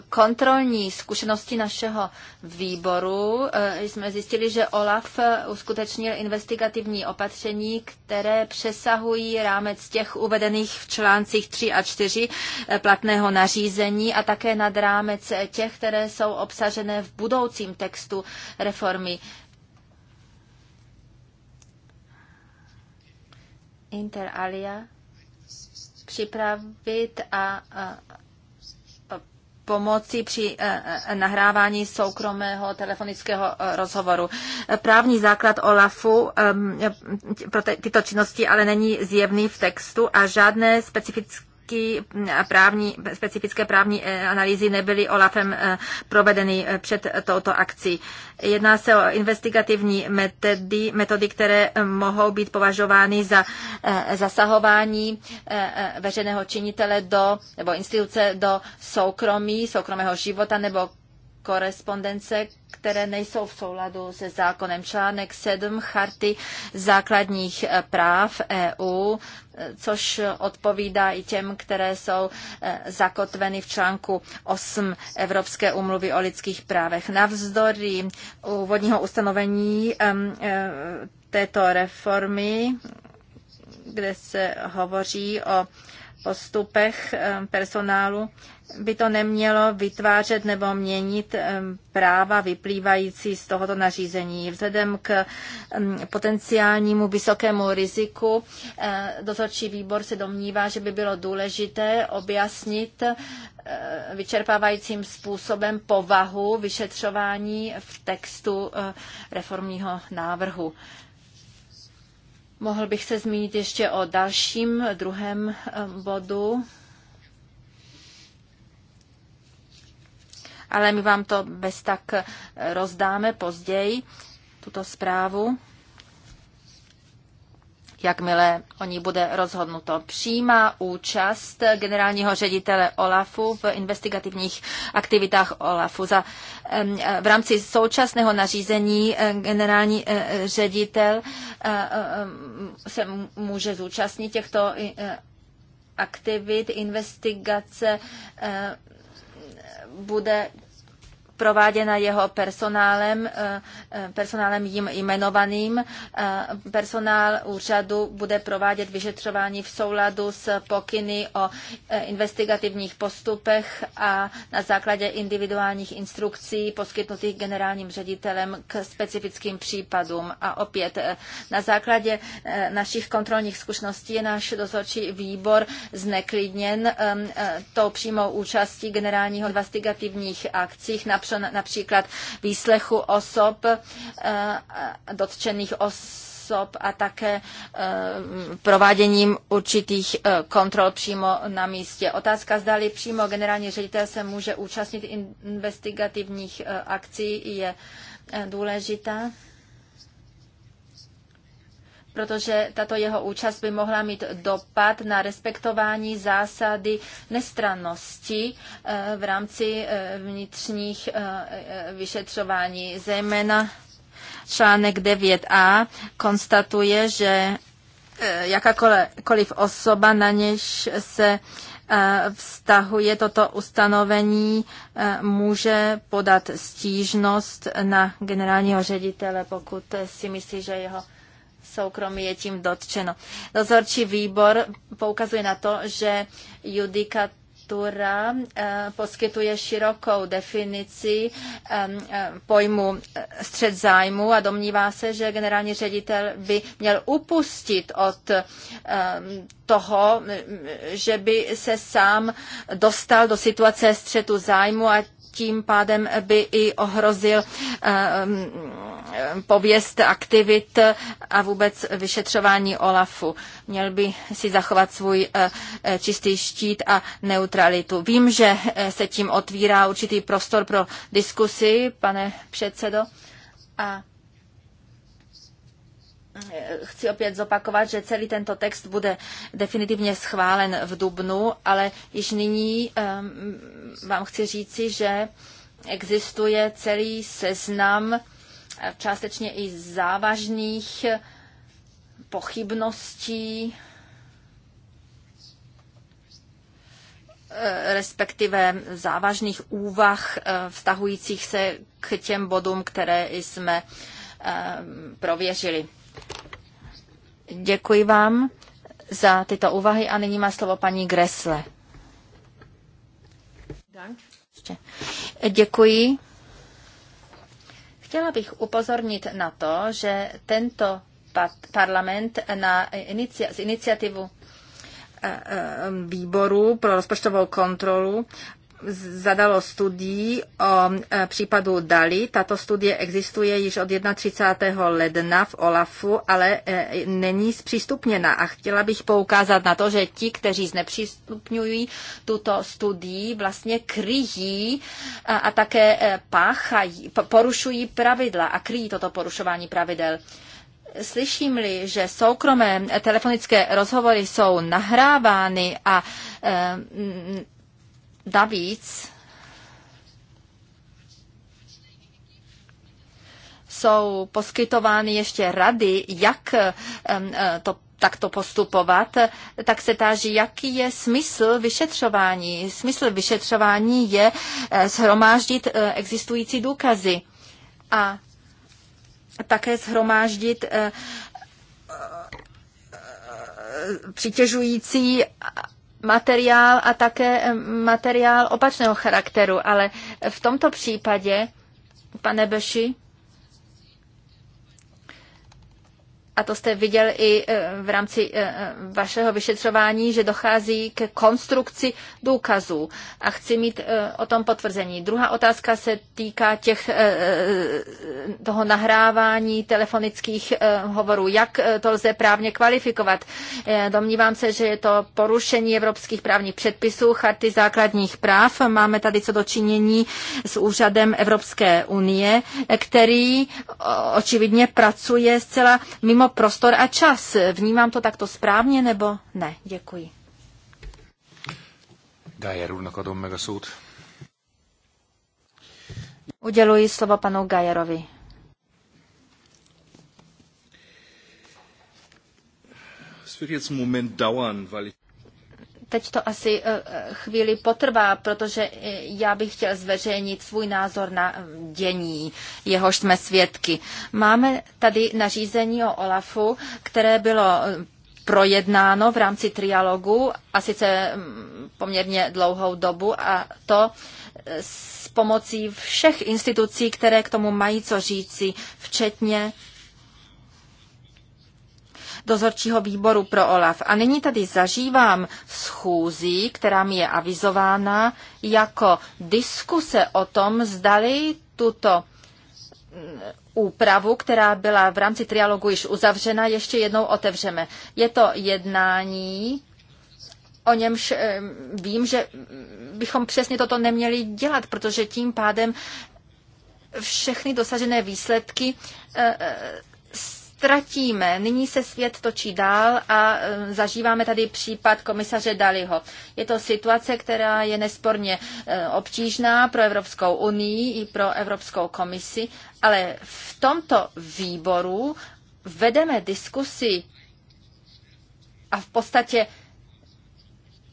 kontrolní zkušenosti našeho výboru eh, jsme zjistili, že OLAF uskutečnil investigativní opatření, které přesahují rámec těch uvedených v článcích 3 a 4 eh, platného nařízení a také nad rámec těch, které jsou obsažené v budoucím textu reformy. Inter alia připravit a, a pomoci při eh, eh, nahrávání soukromého telefonického eh, rozhovoru. Právní základ OLAFu ehm, pro tyto činnosti ale není zjevný v textu a žádné specifické specifický právní, specifické právní eh, analýzy nebyly OLAFem eh, provedeny eh, před touto akcí. Jedná se o investigativní metody, metody které mohou být považovány za zasahování veřejného činitele do, nebo instituce do soukromí, soukromého života nebo korespondence, které nejsou v souladu se zákonem. Článek 7 Charty základních eh, práv EU, eh, což odpovídá i těm, které jsou eh, zakotveny v článku 8 Evropské umluvy o lidských právech. Navzdory úvodního ustanovení této reformy, kde se hovoří o postupech personálu, by to nemělo vytvářet nebo měnit eh, práva vyplývající z tohoto nařízení. Vzhledem k mm, potenciálnímu vysokému riziku eh, dozorčí výbor se domnívá, že by bylo důležité objasnit eh, vyčerpávajícím způsobem povahu vyšetřování v textu reformního návrhu. Mohl bych se zmínit ještě o dalším druhém bodu ale my vám to bez tak eh, rozdáme později, tuto zprávu jakmile o ní bude rozhodnuto. Přímá účast generálního ředitele OLAFu v investigativních aktivitách OLAFu. Za, eh, v rámci současného nařízení eh, generální ředitel se může zúčastnit těchto aktivit, investigace bude prováděna jeho personálem, eh, eh, personálem jim jmenovaným. Eh, personál úřadu bude provádět vyšetřování v souladu s pokyny o investigativních postupech a na základě individuálních instrukcí poskytnutých generálním ředitelem k specifickým případům. A opět na základě našich kontrolních zkušeností je náš dozorčí výbor zneklidněn tou přímou účastí generálního investigativních akcích, například obsah například výslechu osob, eh, dotčených osob, osob a také eh, prováděním určitých eh, kontrol přímo na místě. Otázka, zdali přímo generální ředitel se může účastnit investigativních akcí, je důležitá protože tato jeho účast by mohla mít dopad na respektování zásady nestrannosti eh, v rámci eh, vnitřních eh, vyšetřování. Zejména článek 9a konstatuje, že jakákoliv osoba, na něž se vztahuje toto ustanovení, může podat stížnost na generálního ředitele, pokud si myslí, že jeho soukromí je tím dotčeno. Dozorčí výbor poukazuje na to, že judikat literatura eh, poskytuje širokou definici eh, eh, pojmu střed zájmu a domnívá se, že generální ředitel by měl upustit od toho, že by se sám dostal do situace střetu zájmu a tím pádem by i ohrozil ehm, pověst aktivit a vůbec vyšetřování OLAFu. Měl by si zachovat svůj eh, čistý štít a neutralitu. Vím, že eh, se tím otvírá určitý prostor pro diskusi, pane předsedo, a chci opět zopakovat, že celý tento text bude definitivně schválen v Dubnu, ale již nyní vám chci říci, že existuje celý seznam eh, částečně i závažných pochybností, eh, respektive závažných úvah eh, vztahujících se k těm bodům, které jsme prověřili. Děkuji vám za tyto úvahy a nyní má slovo paní Gresle. Děkuji. Chtěla bych upozornit na to, že tento parlament na inicia- z iniciativu eh, eh, výboru pro rozpočtovou kontrolu zadalo studií o e, případu Dali. Tato studie existuje již od 31. ledna v OLAFu, ale e, není zpřístupněna. A chtěla bych poukázat na to, že ti, kteří znepřístupňují tuto studii, vlastně kryjí a také e, páchají, porušují pravidla a kryjí toto porušování pravidel. Slyším-li, že soukromé telefonické rozhovory jsou nahrávány a David. jsou poskytovány ještě rady, jak e, to takto postupovat, tak se táží, jaký je smysl vyšetřování. Smysl vyšetřování je e, shromáždit e, existující důkazy a také shromáždit přitěžující materiál a také eh, materiál opačného charakteru, ale v tomto případě, pane Beši, a to jste viděl i eh, v rámci eh, vašeho vyšetřování, že dochází k konstrukci důkazů a chci mít eh, o tom potvrzení. Druhá otázka se týká těch, toho nahrávání telefonických hovorů. Jak to lze právně kvalifikovat? Domnívám se, že je to porušení evropských právních předpisů, charty základních práv. Máme tady co dočinění s úřadem Evropské unie, který očividně pracuje zcela mimo prostor a čas. Vnímám to takto správně nebo ne? Děkuji. Gajer úrnak adom Uděluji slovo panu Gajerovi. Es wird jetzt einen Moment dauern, weil ich Teď to asi eh, chvíli potrvá, protože eh, já bych chtěl zveřejnit svůj názor na eh, dění, jehož jsme svědky. Máme tady nařízení o OLAFu, které bylo projednáno v rámci trialogu a sice mm, poměrně dlouhou dobu a to s pomocí všech institucí, které k tomu mají co říci, včetně dozorčího výboru pro OLAF. A nyní tady zažívám schůzí, která mi je avizována, jako diskuse o tom, zdali tuto mm, úpravu, která byla v rámci trialogu již uzavřena, ještě jednou otevřeme. Je to jednání, o němž eh, vím, že bychom přesně toto neměli dělat, protože tím pádem všechny dosažené výsledky eh, eh, ztratíme. Nyní se svět točí dál a e, zažíváme tady případ komisaře Daliho. Je to situace, která je nesporně e, obtížná pro Evropskou unii i pro Evropskou komisi, ale v tomto výboru vedeme diskusi a v podstatě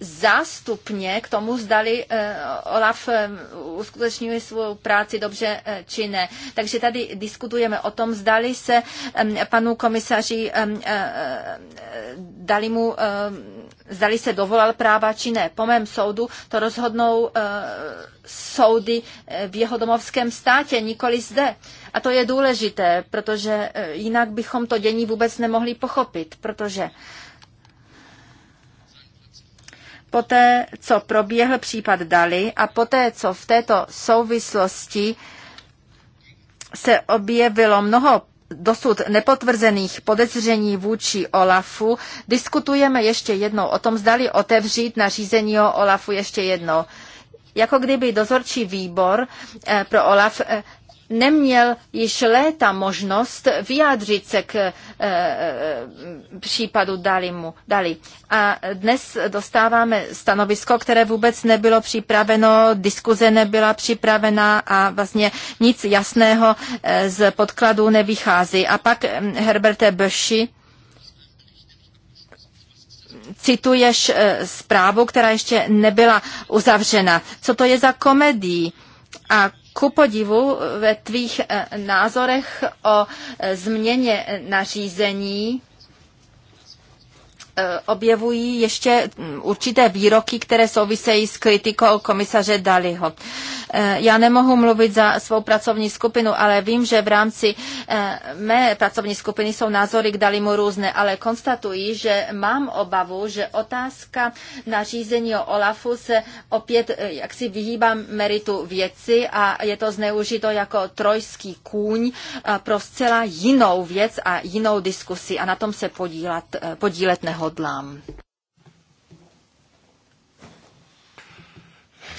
zástupně k tomu, zdali eh, Olaf eh, uskutečňuje svou práci dobře eh, či ne. Takže tady diskutujeme o tom, zdali se ehm, panu komisaři ehm, dali mu, ehm, zdali se dovolal práva či ne. Po mém soudu to rozhodnou soudy v jeho domovském státě, nikoli zde. A to je důležité, protože jinak bychom to dění vůbec nemohli pochopit, protože poté, co proběhl případ Dali a poté, co v této souvislosti se objevilo mnoho dosud nepotvrzených podezření vůči Olafu, diskutujeme ještě jednou o tom, zdali otevřít nařízení o Olafu ještě jednou. Jako kdyby dozorčí výbor eh, pro Olaf eh, neměl již léta možnost vyjádřit se k eh, eh, případu Dalimu, Dali. A dnes dostáváme stanovisko, které vůbec nebylo připraveno, diskuze nebyla připravena a vlastně nic jasného eh, z podkladů nevychází. A pak mm, Herberte Böši, cituješ zprávu, která ještě nebyla uzavřena. Co to je za komedii? A ku podivu ve tvých eh, názorech o eh, změně nařízení Eh, objevují ještě mm, určité výroky, které souvisejí s kritikou komisaře Daliho. Eh, já nemohu mluvit za svou pracovní skupinu, ale vím, že v rámci eh, mé pracovní skupiny jsou názory k Dalimu různé, ale konstatuji, že mám obavu, že otázka nařízení o Olafu se opět jaksi vyhýbá meritu věci a je to zneužito jako trojský kůň pro zcela jinou věc a jinou diskusi a na tom se podílet, podílet nehodí hodlám.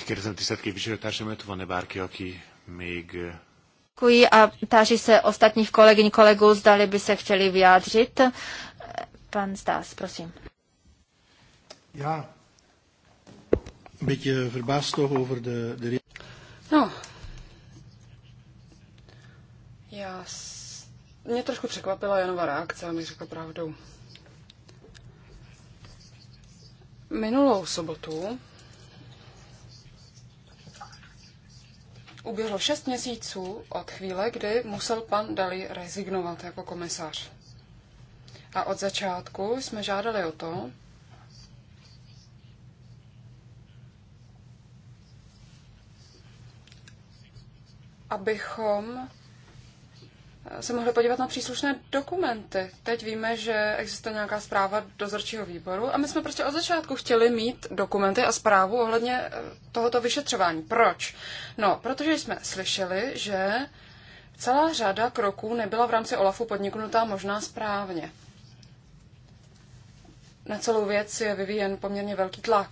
Kérdezem tisztelt képviselőtársamat, van-e bárki, aki még... Eh, Děkuji a táží se ostatních kolegyň kolegů, zdali by se chtěli vyjádřit. Pan Stás, prosím. Já een eh, beetje toho over the, the... No. Já... S... Mě trošku překvapila Janova reakce, mi řekl pravdu. Minulou sobotu uběhlo šest měsíců od chvíle, kdy musel pan Dali rezignovat jako komisař. A od začátku jsme žádali o to, abychom se mohli podívat na příslušné dokumenty. Teď víme, že existuje nějaká zpráva dozorčího výboru a my jsme prostě od začátku chtěli mít dokumenty a zprávu ohledně eh, tohoto vyšetřování. Proč? No, protože jsme slyšeli, že celá řada kroků nebyla v rámci OLAFu podniknutá možná správně. Na celou věc je vyvíjen poměrně velký tlak.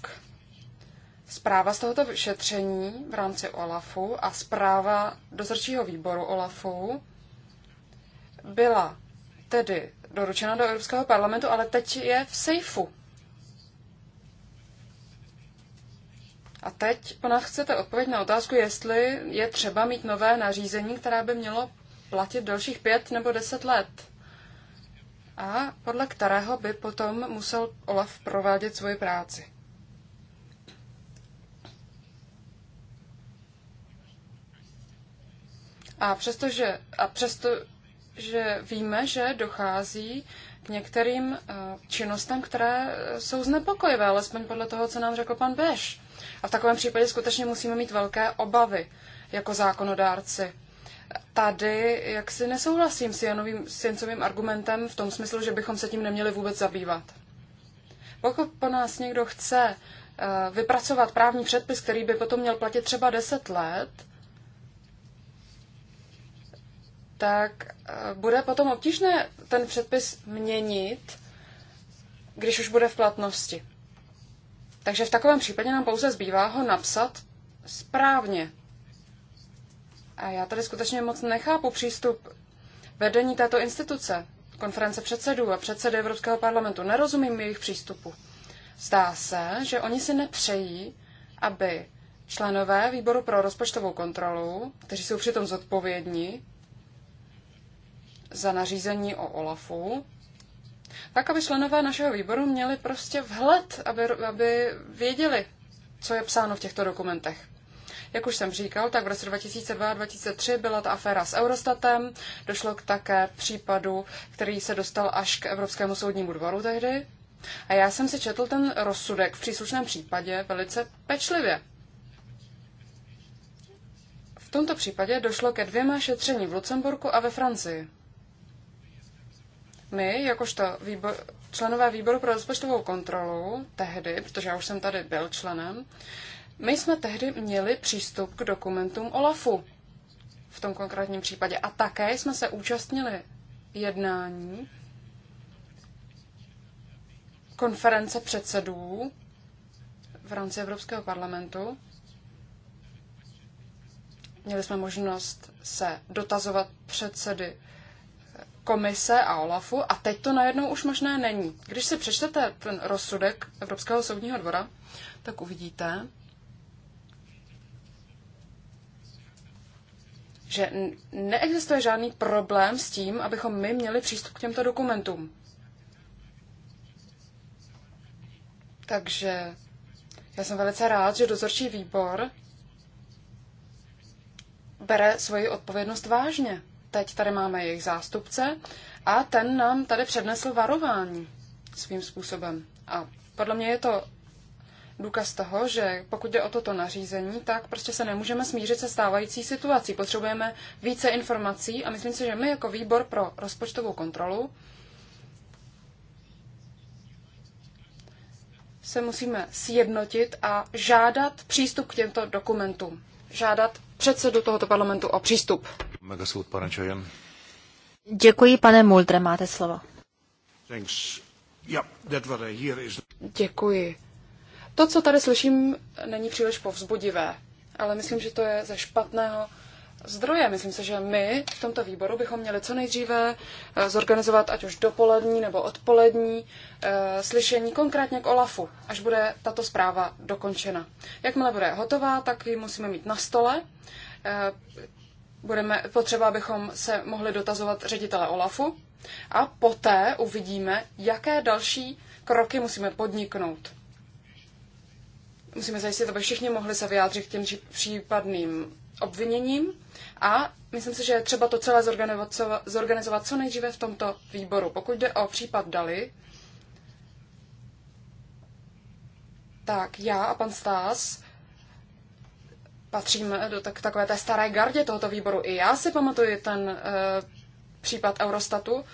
Zpráva z tohoto vyšetření v rámci OLAFu a zpráva dozorčího výboru OLAFu byla tedy doručena do Evropského parlamentu, ale teď je v sejfu. A teď po nás chcete odpověď na otázku, jestli je třeba mít nové nařízení, které by mělo platit dalších pět nebo deset let. A podle kterého by potom musel Olaf provádět svoji práci. A přestože, a přesto, že víme, že dochází k některým eh, činnostem, které eh, jsou znepokojivé, alespoň podle toho, co nám řekl pan Beš. A v takovém případě skutečně musíme mít velké obavy jako zákonodárci. Tady jak si nesouhlasím s Janovým Sincovým argumentem v tom smyslu, že bychom se tím neměli vůbec zabývat. Pokud po nás někdo chce eh, vypracovat právní předpis, který by potom měl platit třeba 10 let, tak eh, bude potom obtížné ten předpis měnit, když už bude v platnosti. Takže v takovém případě nám pouze zbývá ho napsat správně. A já tady skutečně moc nechápu přístup vedení této instituce, konference předsedů a předsedy Evropského parlamentu. Nerozumím jejich přístupu. Zdá se, že oni si nepřejí, aby členové výboru pro rozpočtovou kontrolu, kteří jsou přitom zodpovědní za nařízení o OLAFu, tak aby členové našeho výboru měli prostě vhled, aby, aby věděli, co je psáno v těchto dokumentech. Jak už jsem říkal, tak v roce 2002 a 2003 byla ta aféra s Eurostatem, došlo k také případu, který se dostal až k Evropskému soudnímu dvoru tehdy. A já jsem si četl ten rozsudek v příslušném případě velice pečlivě. V tomto případě došlo ke dvěma šetření v Lucemburku a ve Francii my, jakožto výbor, členové výboru pro rozpočtovou kontrolu, tehdy, protože já už jsem tady byl členem, my jsme tehdy měli přístup k dokumentům OLAFu v tom konkrétním případě. A také jsme se účastnili jednání konference předsedů v rámci Evropského parlamentu. Měli jsme možnost se dotazovat předsedy komise a OLAFu a teď to najednou už možné není. Když si přečtete ten rozsudek Evropského soudního dvora, tak uvidíte, že neexistuje žádný problém s tím, abychom my měli přístup k těmto dokumentům. Takže já jsem velice rád, že dozorčí výbor bere svoji odpovědnost vážně. Teď tady máme jejich zástupce a ten nám tady přednesl varování svým způsobem. A podle mě je to důkaz toho, že pokud jde o toto nařízení, tak prostě se nemůžeme smířit se stávající situací. Potřebujeme více informací a myslím si, že my jako výbor pro rozpočtovou kontrolu se musíme sjednotit a žádat přístup k těmto dokumentům. Žádat předsedu tohoto parlamentu o přístup. Megasud, pane Čajen. Děkuji, pane Muldre, máte slovo. Thanks. Yeah, that what I hear is... Děkuji. To, co tady slyším, není příliš povzbudivé, ale myslím, že to je ze špatného zdroje. Myslím si, že my v tomto výboru bychom měli co nejdříve eh, zorganizovat ať už dopolední nebo odpolední eh, slyšení konkrétně k OLAFu, až bude tato zpráva dokončena. Jakmile bude hotová, tak ji musíme mít na stole. Eh, budeme potřeba, abychom se mohli dotazovat ředitele OLAFu a poté uvidíme, jaké další kroky musíme podniknout. Musíme zajistit, aby všichni mohli se vyjádřit k těm případným obviněním a myslím si, že je třeba to celé zorganizovat co nejdříve v tomto výboru. Pokud jde o případ Dali, tak já a pan Stás patřím do tak, takové té staré gardě tohoto výboru. I já si pamatuju ten uh, případ Eurostatu.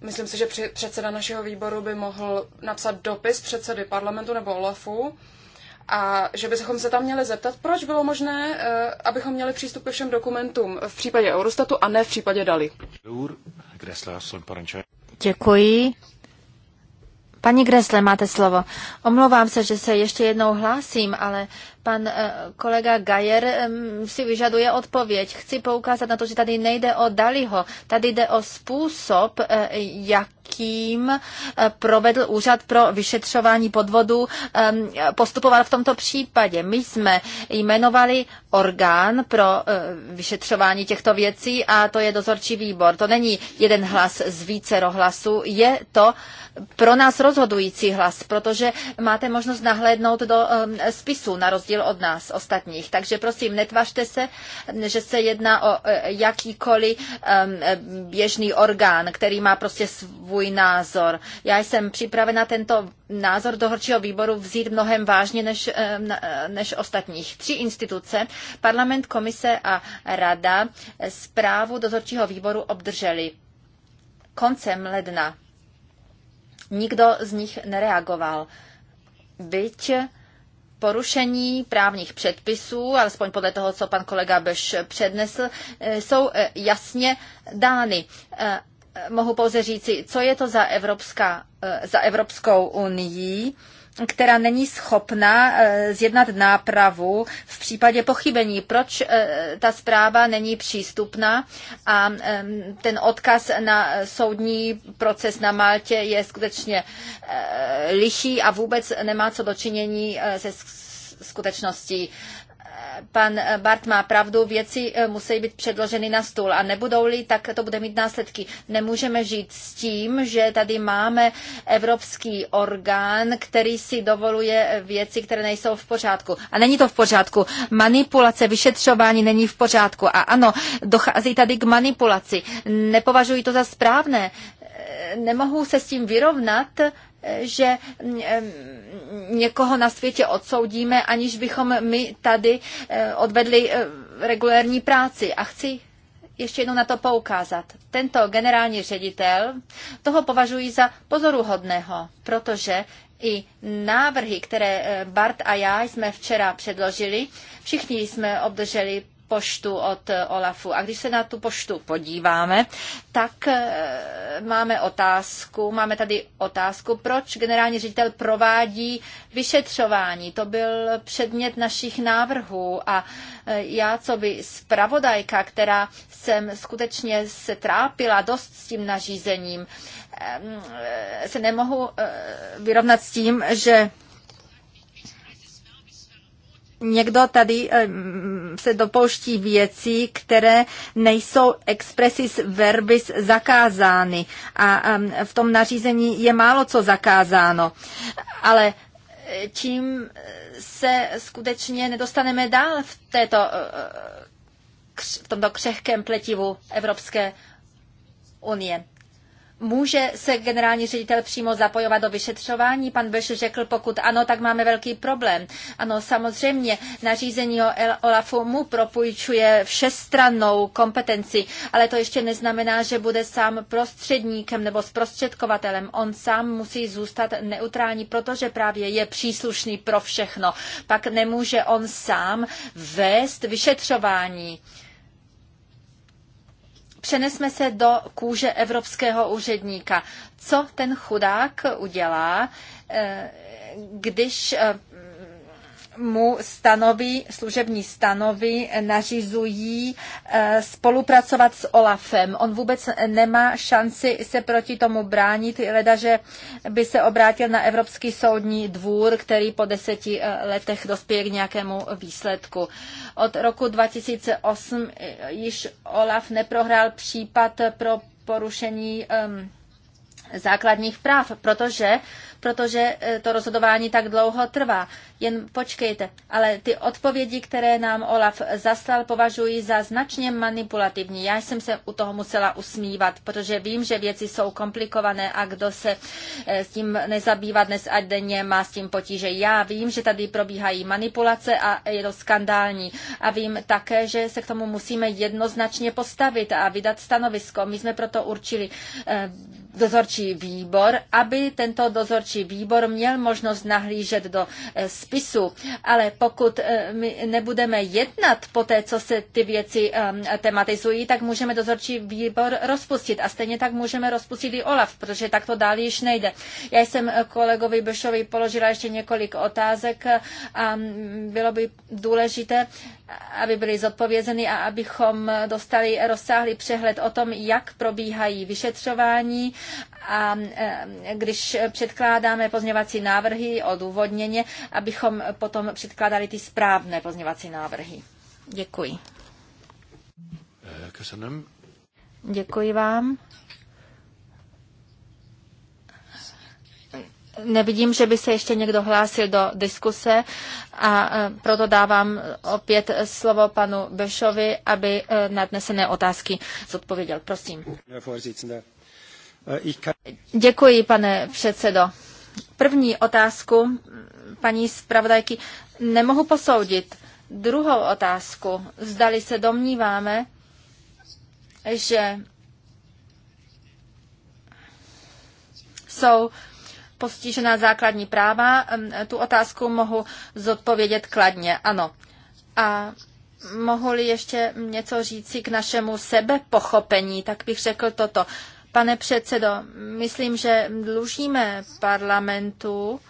Myslím si, že při, předseda našeho výboru by mohl napsat dopis předsedy parlamentu nebo OLAFu a že bychom se tam měli zeptat, proč bylo možné, uh, abychom měli přístup ke všem dokumentům v případě Eurostatu a ne v případě Dali. Děkuji. Paní Gresle, máte slovo. Omlouvám se, že se ještě jednou hlásím, ale Pan eh, kolega Gajer si vyžaduje odpověď. Chci poukázat na to, že tady nejde o Daliho, tady jde o způsob, eh, jakým eh, provedl úřad pro vyšetřování podvodu, postupoval v tomto případě. My jsme jmenovali orgán pro vyšetřování těchto věcí a to je dozorčí výbor. To není jeden hlas z vícero hlasů, je to pro nás rozhodující hlas, protože máte možnost nahlédnout do spisu na rozdíl rozdíl od nás ostatních. Takže prosím, netvažte se, že se jedná o e, jakýkoliv e, běžný orgán, který má prostě svůj názor. Já jsem připravena tento názor dohorčího výboru vzít mnohem vážně než, než ostatních. Tři instituce, parlament, komise a rada, zprávu dozorčího výboru obdrželi koncem ledna. Nikdo z nich nereagoval. Byť porušení právních předpisů, alespoň podle toho, co pan kolega Beš přednesl, eh, jsou eh, jasně dány. Eh, mohu pouze říci, co je to za, evropská, za Evropskou unii, která není schopna eh, zjednat nápravu v případě pochybení. Proč eh, ta zpráva není přístupná a ten odkaz na soudní proces na Maltě je skutečně eh, lichý a vůbec nemá co dočinění se skutečností pan Bart má pravdu, věci eh, musí být předloženy na stůl a nebudou-li, tak to bude mít následky. Nemůžeme žít s tím, že tady máme evropský orgán, který si dovoluje věci, které nejsou v pořádku. A není to v pořádku. Manipulace, vyšetřování není v pořádku. A ano, dochází tady k manipulaci. Nepovažuji to za správné. Eh, nemohu se s tím vyrovnat, že mm, někoho na světě odsoudíme, aniž bychom my tady eh, odvedli eh, regulérní práci. A chci ještě jednou na to poukázat. Tento generální ředitel, toho považuji za pozoruhodného, protože i návrhy, které eh, Bart a já jsme včera předložili, všichni jsme obdrželi poštu od eh, Olafu. A když se na tu poštu podíváme, tak eh, máme otázku, máme tady otázku, proč generální ředitel provádí vyšetřování. To byl předmět našich návrhů a eh, já, co by zpravodajka, která jsem skutečně se trápila dost s tím nařízením, se nemohu vyrovnat s tím, že někdo tady eh, mm, se dopouští věcí, které nejsou expressis verbis zakázány a v tom nařízení je málo co zakázáno. Ale tím eh, eh, se skutečně nedostaneme dál v, této, v tomto křehkém pletivu Evropské unie. Může se generální ředitel přímo zapojovat do vyšetřování? Pan Beš řekl, pokud ano, tak máme velký problém. Ano, samozřejmě, nařízení o Olafu mu propůjčuje všestrannou kompetenci, ale to ještě neznamená, že bude sám prostředníkem nebo zprostředkovatelem. On sám musí zůstat neutrální, protože právě je příslušný pro všechno. Pak nemůže on sám vést vyšetřování přenesme se do kůže evropského úředníka. Co ten chudák udělá, eh, když eh, mu stanoví, služební stanovy nařizují eh, spolupracovat s Olafem. On vůbec nemá šanci se proti tomu bránit, ledaže by se obrátil na Evropský soudní dvůr, který po deseti eh, letech dospěje k nějakému výsledku. Od roku 2008 eh, již Olaf neprohrál případ pro porušení ehm, základních práv, protože protože e, to rozhodování tak dlouho trvá. Jen počkejte, ale ty odpovědi, které nám Olaf zaslal, považuji za značně manipulativní. Já jsem se u toho musela usmívat, protože vím, že věci jsou komplikované a kdo se e, s tím nezabývá dnes a denně, má s tím potíže. Já vím, že tady probíhají manipulace a je to skandální. A vím také, že se k tomu musíme jednoznačně postavit a vydat stanovisko. My jsme proto určili e, dozorčí výbor, aby tento dozorčí či výbor měl možnost nahlížet do eh, spisu, ale pokud eh, my nebudeme jednat po té, co se ty věci eh, tematizují, tak můžeme dozorčí výbor rozpustit a stejně tak můžeme rozpustit i OLAF, protože tak to dál již nejde. Já jsem kolegovi Bešovi položila ještě několik otázek a mm, bylo by důležité, aby byly zodpovězeny a abychom dostali rozsáhlý přehled o tom, jak probíhají vyšetřování a e, když předkládáme pozměňovací návrhy důvodněně, abychom potom předkládali ty správné pozměňovací návrhy. Děkuji. Eh, Děkuji vám. Nevidím, že by se ještě někdo hlásil do diskuse a e, proto dávám opět slovo panu Bešovi, aby e, nadnesené otázky zodpověděl. Prosím. Děkuji, pane předsedo. První otázku paní zpravodajky nemohu posoudit. Druhou otázku. Zdali se domníváme, že jsou postižená základní práva. Tu otázku mohu zodpovědět kladně. Ano. A mohu-li ještě něco říci k našemu sebepochopení, tak bych řekl toto. Pane předsedo, myslím, že dlužíme parlamentu,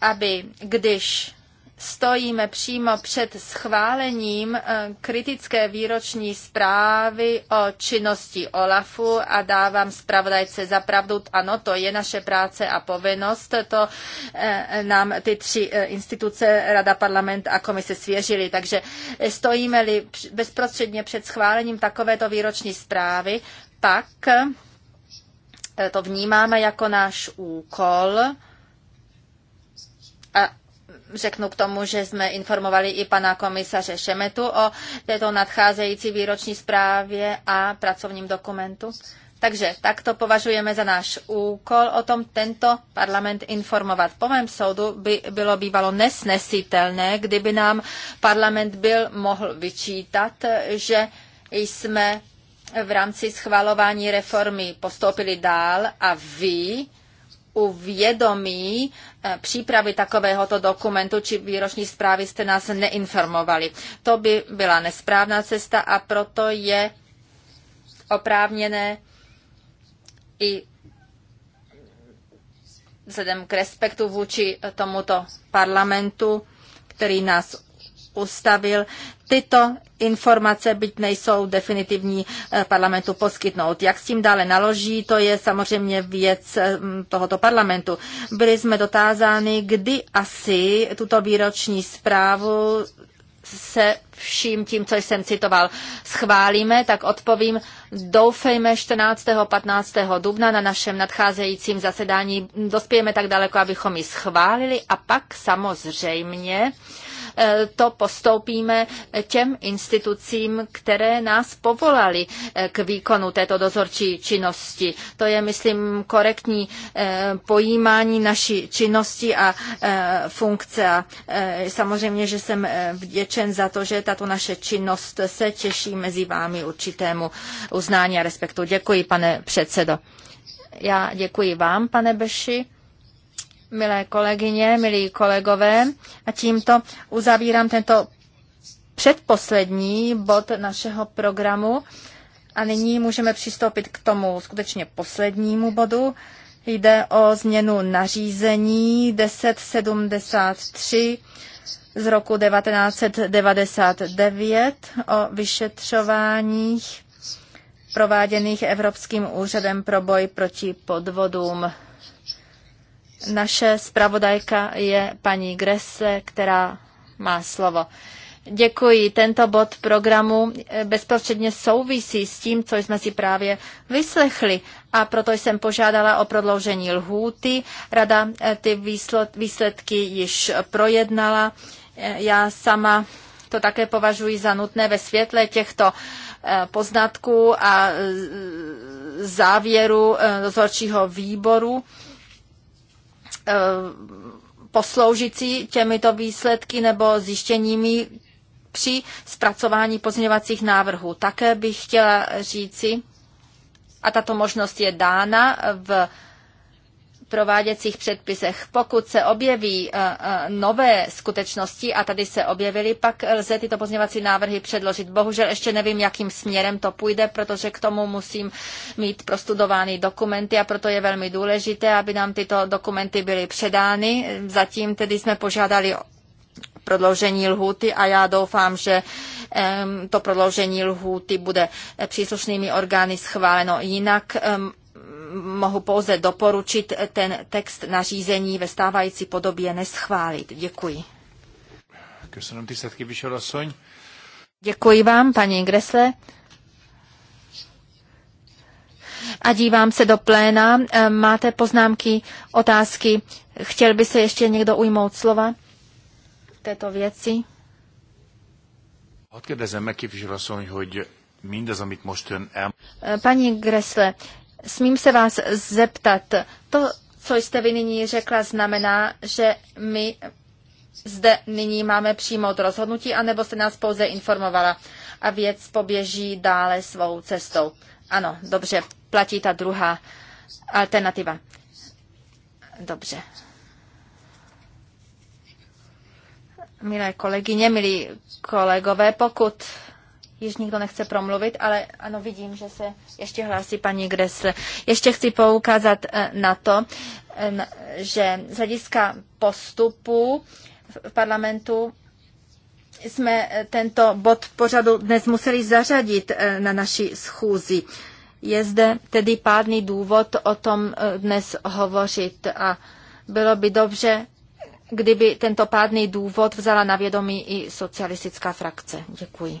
aby když stojíme přímo před schválením eh, kritické výroční zprávy o činnosti OLAFu a dávám zpravodajce za pravdu. Ano, to je naše práce a povinnost. To eh, nám ty tři eh, instituce, Rada, Parlament a Komise svěřili. Takže stojíme-li bezprostředně před schválením takovéto výroční zprávy, pak to vnímáme jako náš úkol a řeknu k tomu, že jsme informovali i pana komisaře Šemetu o této nadcházející výroční zprávě a pracovním dokumentu. Takže tak to považujeme za náš úkol o tom tento parlament informovat. Po mém soudu by bylo bývalo nesnesitelné, kdyby nám parlament byl mohl vyčítat, že jsme v rámci schvalování reformy postoupili dál a vy, uvědomí eh, přípravy takovéhoto dokumentu či výroční zprávy jste nás neinformovali. To by byla nesprávná cesta a proto je oprávněné i vzhledem k respektu vůči tomuto parlamentu, který nás ustavil, tyto informace, byť nejsou definitivní, eh, parlamentu poskytnout. Jak s tím dále naloží, to je samozřejmě věc eh, tohoto parlamentu. Byli jsme dotázáni, kdy asi tuto výroční zprávu se vším tím, co jsem citoval, schválíme, tak odpovím, doufejme 14. 15. dubna na našem nadcházejícím zasedání dospějeme tak daleko, abychom ji schválili a pak samozřejmě Eh, to postoupíme těm institucím, které nás povolali eh, k výkonu této dozorčí činnosti. To je, myslím, korektní eh, pojímání naší činnosti a funkce. A samozřejmě, že jsem vděčen za to, že tato naše činnost se těší mezi vámi určitému uznání a respektu. Děkuji, pane předsedo. Já děkuji vám, pane Beši milé kolegyně, milí kolegové. A tímto uzavírám tento předposlední bod našeho programu. A nyní můžeme přistoupit k tomu skutečně poslednímu bodu. Jde o změnu nařízení 1073 z roku 1999 o vyšetřováních prováděných Evropským úřadem pro boj proti podvodům. Naše zpravodajka je paní Grese, která má slovo. Děkuji. Tento bod programu eh, bezprostředně souvisí s tím, co jsme si právě vyslechli a proto jsem požádala o prodloužení lhůty. Rada eh, ty výsledky již projednala. Eh, já sama to také považuji za nutné ve světle těchto poznatků a závěru dozorčího výboru Eh, posloužící těmito výsledky nebo zjištěními při zpracování pozměňovacích návrhů. Také bych chtěla říci, a tato možnost je dána v prováděcích předpisech. Pokud se objeví eh, eh, nové skutečnosti, a tady se objevily, pak lze tyto pozměňovací návrhy předložit. Bohužel ještě nevím, jakým směrem to půjde, protože k tomu musím mít prostudovány dokumenty a proto je velmi důležité, aby nám tyto dokumenty byly předány. Zatím tedy jsme požádali prodloužení lhůty a já doufám, že to prodloužení lhůty bude příslušnými orgány schváleno. Jinak mohu pouze doporučit ten text nařízení ve stávající podobě neschválit. Děkuji. Děkuji vám, paní Gresle. A dívám se do pléna. Eh, máte poznámky, otázky? Chtěl by se ještě někdo ujmout slova této věci? Eh, paní Gresle, Smím se vás zeptat, to, co jste vy nyní řekla, znamená, že my zde nyní máme přijmout rozhodnutí, anebo jste nás pouze informovala a věc poběží dále svou cestou. Ano, dobře, platí ta druhá alternativa. Dobře. Milé kolegyně, milí kolegové, pokud již nikdo nechce promluvit, ale ano, vidím, že se ještě hlásí paní Gressle. Ještě chci poukázat eh, na to, že z hlediska postupu v parlamentu jsme eh, tento bod pořadu dnes museli zařadit eh, na naší schůzi. Je zde tedy pádný důvod o tom dnes hovořit a bylo by dobře, kdyby tento pádný důvod vzala na vědomí i socialistická frakce. Děkuji.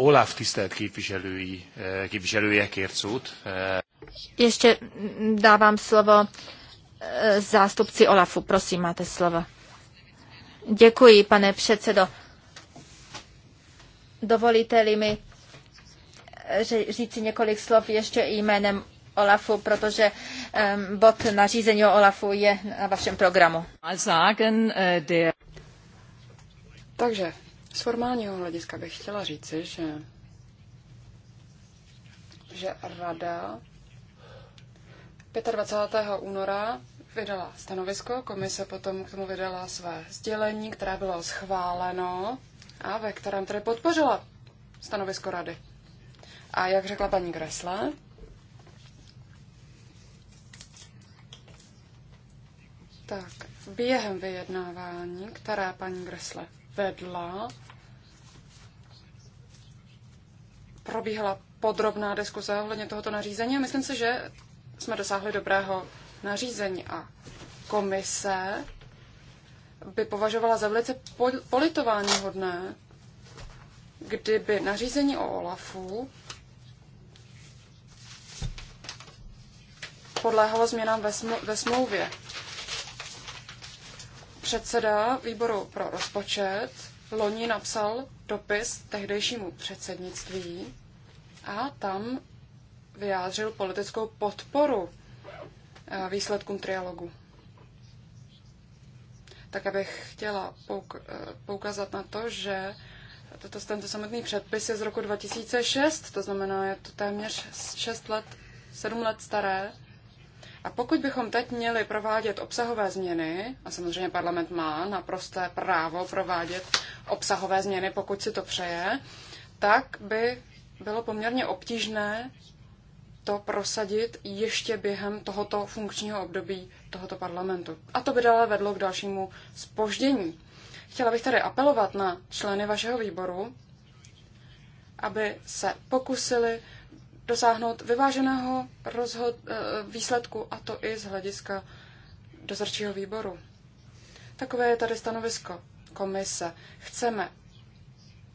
Olaf tisztelt képviselői, eh, képviselőjekért szót. Eh. Ještě dávám slovo eh, zástupci Olafu. Prosím, máte slovo. Děkuji, pane předsedo. Dovolíte-li mi říci několik slov ještě jménem Olafu, protože ehm, bod nařízení o Olafu je na vašem programu. Takže z formálního hlediska bych chtěla říci, že, že Rada 25. února vydala stanovisko, komise potom k tomu vydala své sdělení, které bylo schváleno a ve kterém tedy podpořila stanovisko rady. A jak řekla paní Gresle, tak během vyjednávání, která paní Gresle vedla, probíhala podrobná diskuze ohledně tohoto nařízení a myslím si, že jsme dosáhli dobrého nařízení a komise by považovala za velice politování hodné, kdyby nařízení o OLAFu podléhalo změnám ve, sml- ve smlouvě předseda výboru pro rozpočet loni napsal dopis tehdejšímu předsednictví a tam vyjádřil politickou podporu eh, výsledkům trialogu. Tak abych chtěla pouk- eh, poukázat na to, že toto, tento samotný předpis je z roku 2006, to znamená, je to téměř 6 let, 7 let staré a pokud bychom teď měli provádět obsahové změny, a samozřejmě parlament má naprosté právo provádět obsahové změny, pokud si to přeje, tak by bylo poměrně obtížné to prosadit ještě během tohoto funkčního období tohoto parlamentu. A to by dále vedlo k dalšímu spoždění. Chtěla bych tady apelovat na členy vašeho výboru, aby se pokusili dosáhnout vyváženého rozhod, eh, výsledku, a to i z hlediska dozorčího výboru. Takové je tady stanovisko komise. Chceme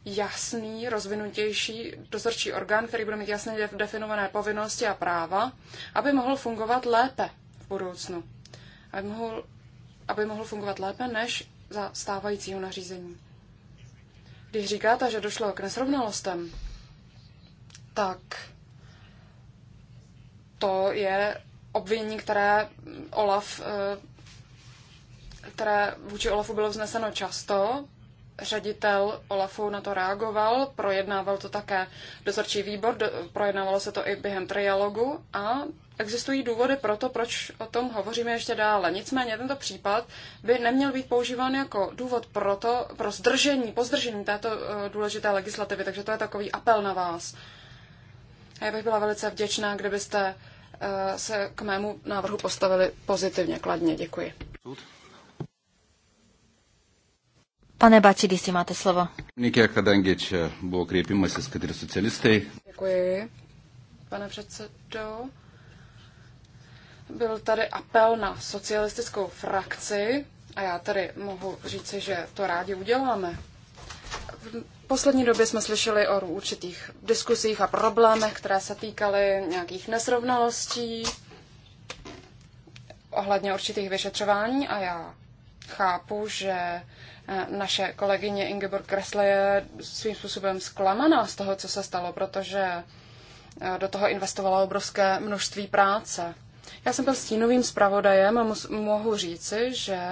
jasný, rozvinutější dozorčí orgán, který bude mít jasně definované povinnosti a práva, aby mohl fungovat lépe v budoucnu. Aby mohl, aby mohl fungovat lépe než za stávajícího nařízení. Když říkáte, že došlo k nesrovnalostem, tak to je obvinění, které Olaf, eh, které vůči Olafu bylo vzneseno často. Ředitel Olafu na to reagoval, projednával to také dozorčí výbor, do, projednávalo se to i během trialogu a existují důvody pro to, proč o tom hovoříme ještě dále. Nicméně tento případ by neměl být používán jako důvod pro, to, pro zdržení, pozdržení této eh, důležité legislativy, takže to je takový apel na vás. A já bych byla velice vděčná, kdybyste Eh, se k mému návrhu postavili pozitivně, kladně. Děkuji. Pane si máte slovo. Nikě, kadangi čia buvo kreipimasis, kad ir Děkuji, pane předsedo. Byl tady apel na socialistickou frakci a já tady mohu říci, že to rádi uděláme poslední době jsme slyšeli o určitých diskusích a problémech, které se týkaly nějakých nesrovnalostí ohledně určitých vyšetřování a já chápu, že eh, naše kolegyně Ingeborg Kresle je svým způsobem zklamaná z toho, co se stalo, protože eh, do toho investovala obrovské množství práce. Já jsem byl stínovým zpravodajem a mohu říci, že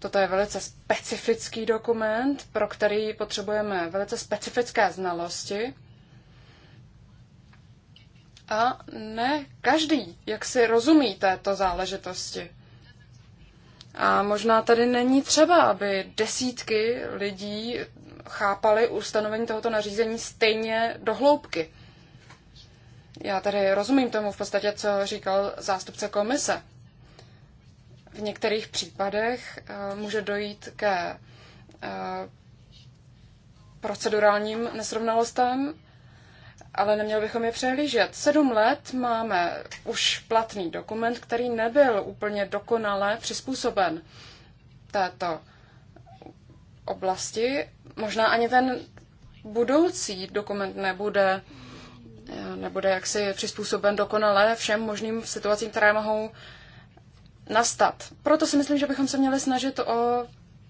Toto je velice specifický dokument, pro který potřebujeme velice specifické znalosti. A ne každý, jak si rozumí této záležitosti. A možná tady není třeba, aby desítky lidí chápali ustanovení tohoto nařízení stejně do hloubky. Já tady rozumím tomu v podstatě, co říkal zástupce komise v některých případech eh, může dojít ke eh, procedurálním nesrovnalostem, ale neměli bychom je přehlížet. Sedm let máme už platný dokument, který nebyl úplně dokonale přizpůsoben této oblasti. Možná ani ten budoucí dokument nebude, eh, nebude jaksi přizpůsoben dokonale všem možným situacím, které mohou nastat. Proto si myslím, že bychom se měli snažit o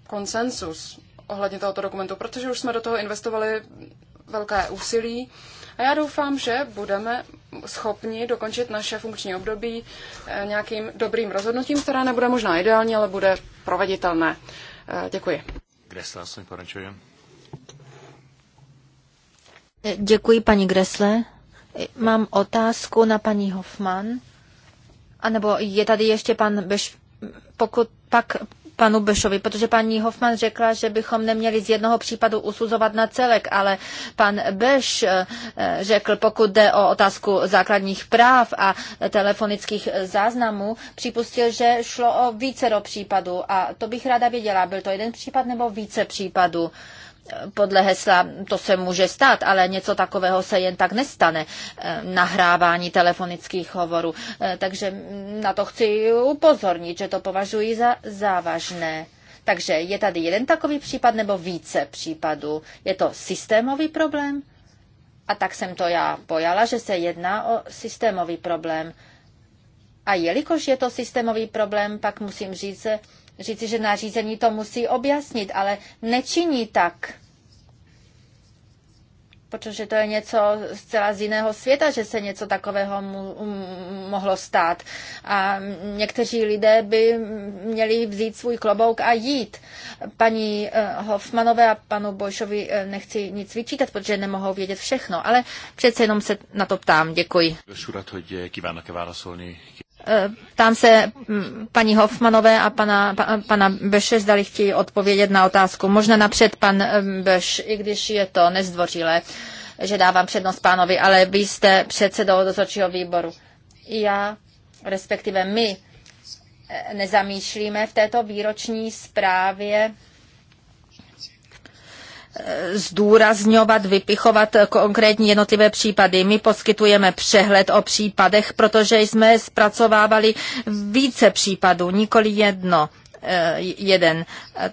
konsensus ohledně tohoto dokumentu, protože už jsme do toho investovali velké úsilí a já doufám, že budeme schopni dokončit naše funkční období eh, nějakým dobrým rozhodnutím, které nebude možná ideální, ale bude proveditelné. Eh, děkuji. Eh, děkuji, paní Gresle. Mám otázku na paní Hoffman anebo je tady ještě pan Beš, pokud pak panu Bešovi, protože paní Hoffman řekla, že bychom neměli z jednoho případu usuzovat na celek, ale pan Beš eh, řekl, pokud jde o otázku základních práv a telefonických záznamů, připustil, že šlo o vícero případů a to bych ráda věděla, byl to jeden případ nebo více případů. Uh, podle hesla to se může stát, ale něco takového se jen tak nestane, eh, nahrávání telefonických hovorů. Eh, takže na to chci upozornit, že to považuji za závažné. Takže je tady jeden takový případ nebo více případů. Je to systémový problém? A tak jsem to já pojala, že se jedná o systémový problém. A jelikož je to systémový problém, pak musím říct, říci, že nařízení to musí objasnit, ale nečiní tak. Protože to je něco zcela z jiného světa, že se něco takového mu, mohlo stát. A někteří lidé by měli vzít svůj klobouk a jít. Paní eh, Hoffmanové a panu Bojšovi eh, nechci nic vyčítat, protože nemohou vědět všechno, ale přece jenom se na to ptám. Děkuji. Eh, Eh, Tam se mm, paní Hoffmanové a pana, pana Beše zdali chtějí odpovědět na otázku. Možná napřed pan eh, Beš, i když je to nezdvořilé, že dávám přednost pánovi, ale vy jste předsedou dozorčího výboru. Já, respektive my, eh, nezamýšlíme v této výroční zprávě zdůrazňovat, vypichovat konkrétní jednotlivé případy. My poskytujeme přehled o případech, protože jsme zpracovávali více případů, nikoli jedno eh, jeden.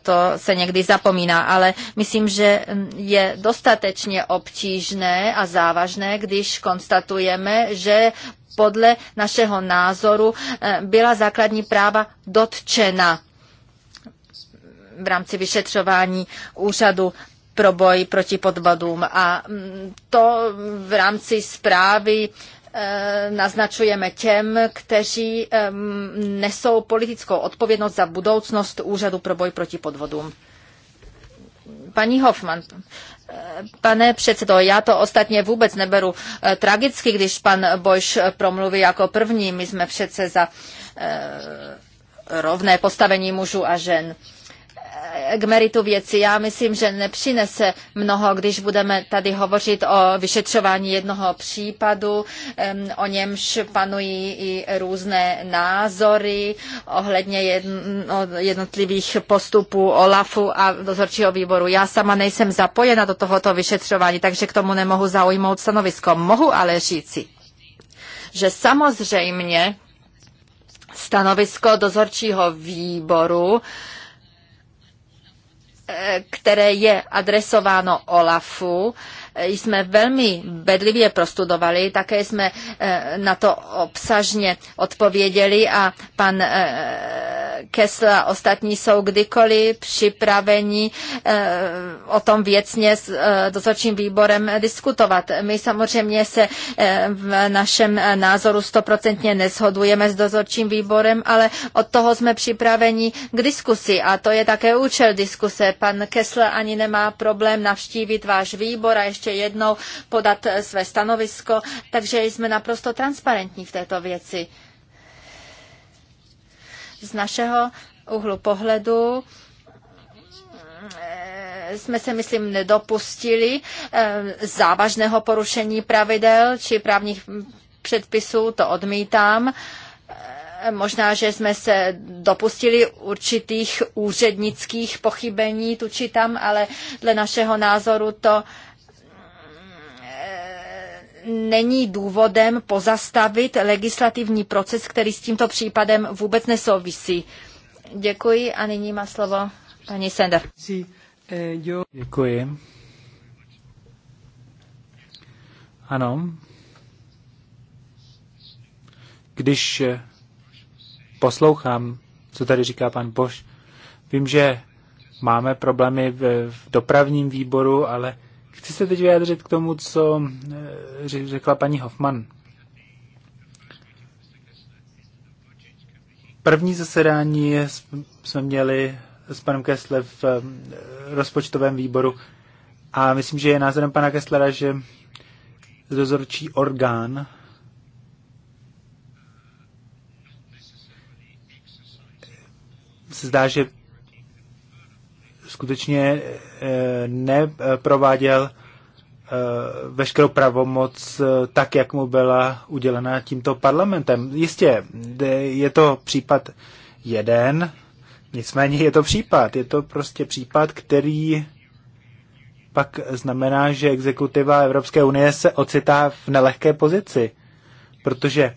To se někdy zapomíná, ale myslím, že je dostatečně obtížné a závažné, když konstatujeme, že podle našeho názoru eh, byla základní práva dotčena v rámci vyšetřování úřadu pro boj proti podvodům. A mm, to v rámci zprávy e, naznačujeme těm, kteří e, nesou politickou odpovědnost za budoucnost Úřadu pro boj proti podvodům. Paní Hoffman, e, Pane předsedo, já to ostatně vůbec neberu tragicky, když pan Bojš promluví jako první. My jsme přece za rovné postavení mužů a žen k meritu věci. Já myslím, že nepřinese mnoho, když budeme tady hovořit o vyšetřování jednoho případu, o němž panují i různé názory ohledně jednotlivých postupů OLAFu a dozorčího výboru. Já sama nejsem zapojena do tohoto vyšetřování, takže k tomu nemohu zaujmout stanovisko. Mohu ale říci, že samozřejmě stanovisko dozorčího výboru které je adresováno OLAFu, jsme velmi bedlivě prostudovali, také jsme eh, na to obsažně odpověděli a pan eh, Kesla a ostatní jsou kdykoliv připraveni eh, o tom věcně s dozorčím výborem diskutovat. My samozřejmě se v našem názoru stoprocentně neshodujeme s dozorčím výborem, ale od toho jsme připraveni k diskusi a to je také účel diskuse. Pan Kessler ani nemá problém navštívit váš výbor a ještě ještě jednou podat eh, své stanovisko, takže jsme naprosto transparentní v této věci. Z našeho úhlu pohledu eh, jsme se, myslím, nedopustili eh, závažného porušení pravidel či právních předpisů, to odmítám. Možná, že jsme se dopustili určitých úřednických pochybení tu či tam, ale dle našeho názoru to není důvodem pozastavit legislativní proces, který s tímto případem vůbec nesouvisí. Děkuji a nyní má slovo paní Sender. Eh, Děkuji. Ano. Když eh, poslouchám, co tady říká pan Boš, vím, že máme problémy v dopravním výboru, ale Chci se teď vyjádřit k tomu, co eh, řekla paní Hoffman. První zasedání jsme měli s panem Kessler v eh, rozpočtovém výboru a myslím, že je názorem pana Kesslera, že dozorčí orgán se zdá, že skutečně eh, neprováděl eh, veškerou pravomoc eh, tak, jak mu byla udělena tímto parlamentem. Jistě, je to případ jeden, nicméně je to případ. Je to prostě případ, který pak znamená, že exekutiva Evropské unie se ocitá v nelehké pozici, protože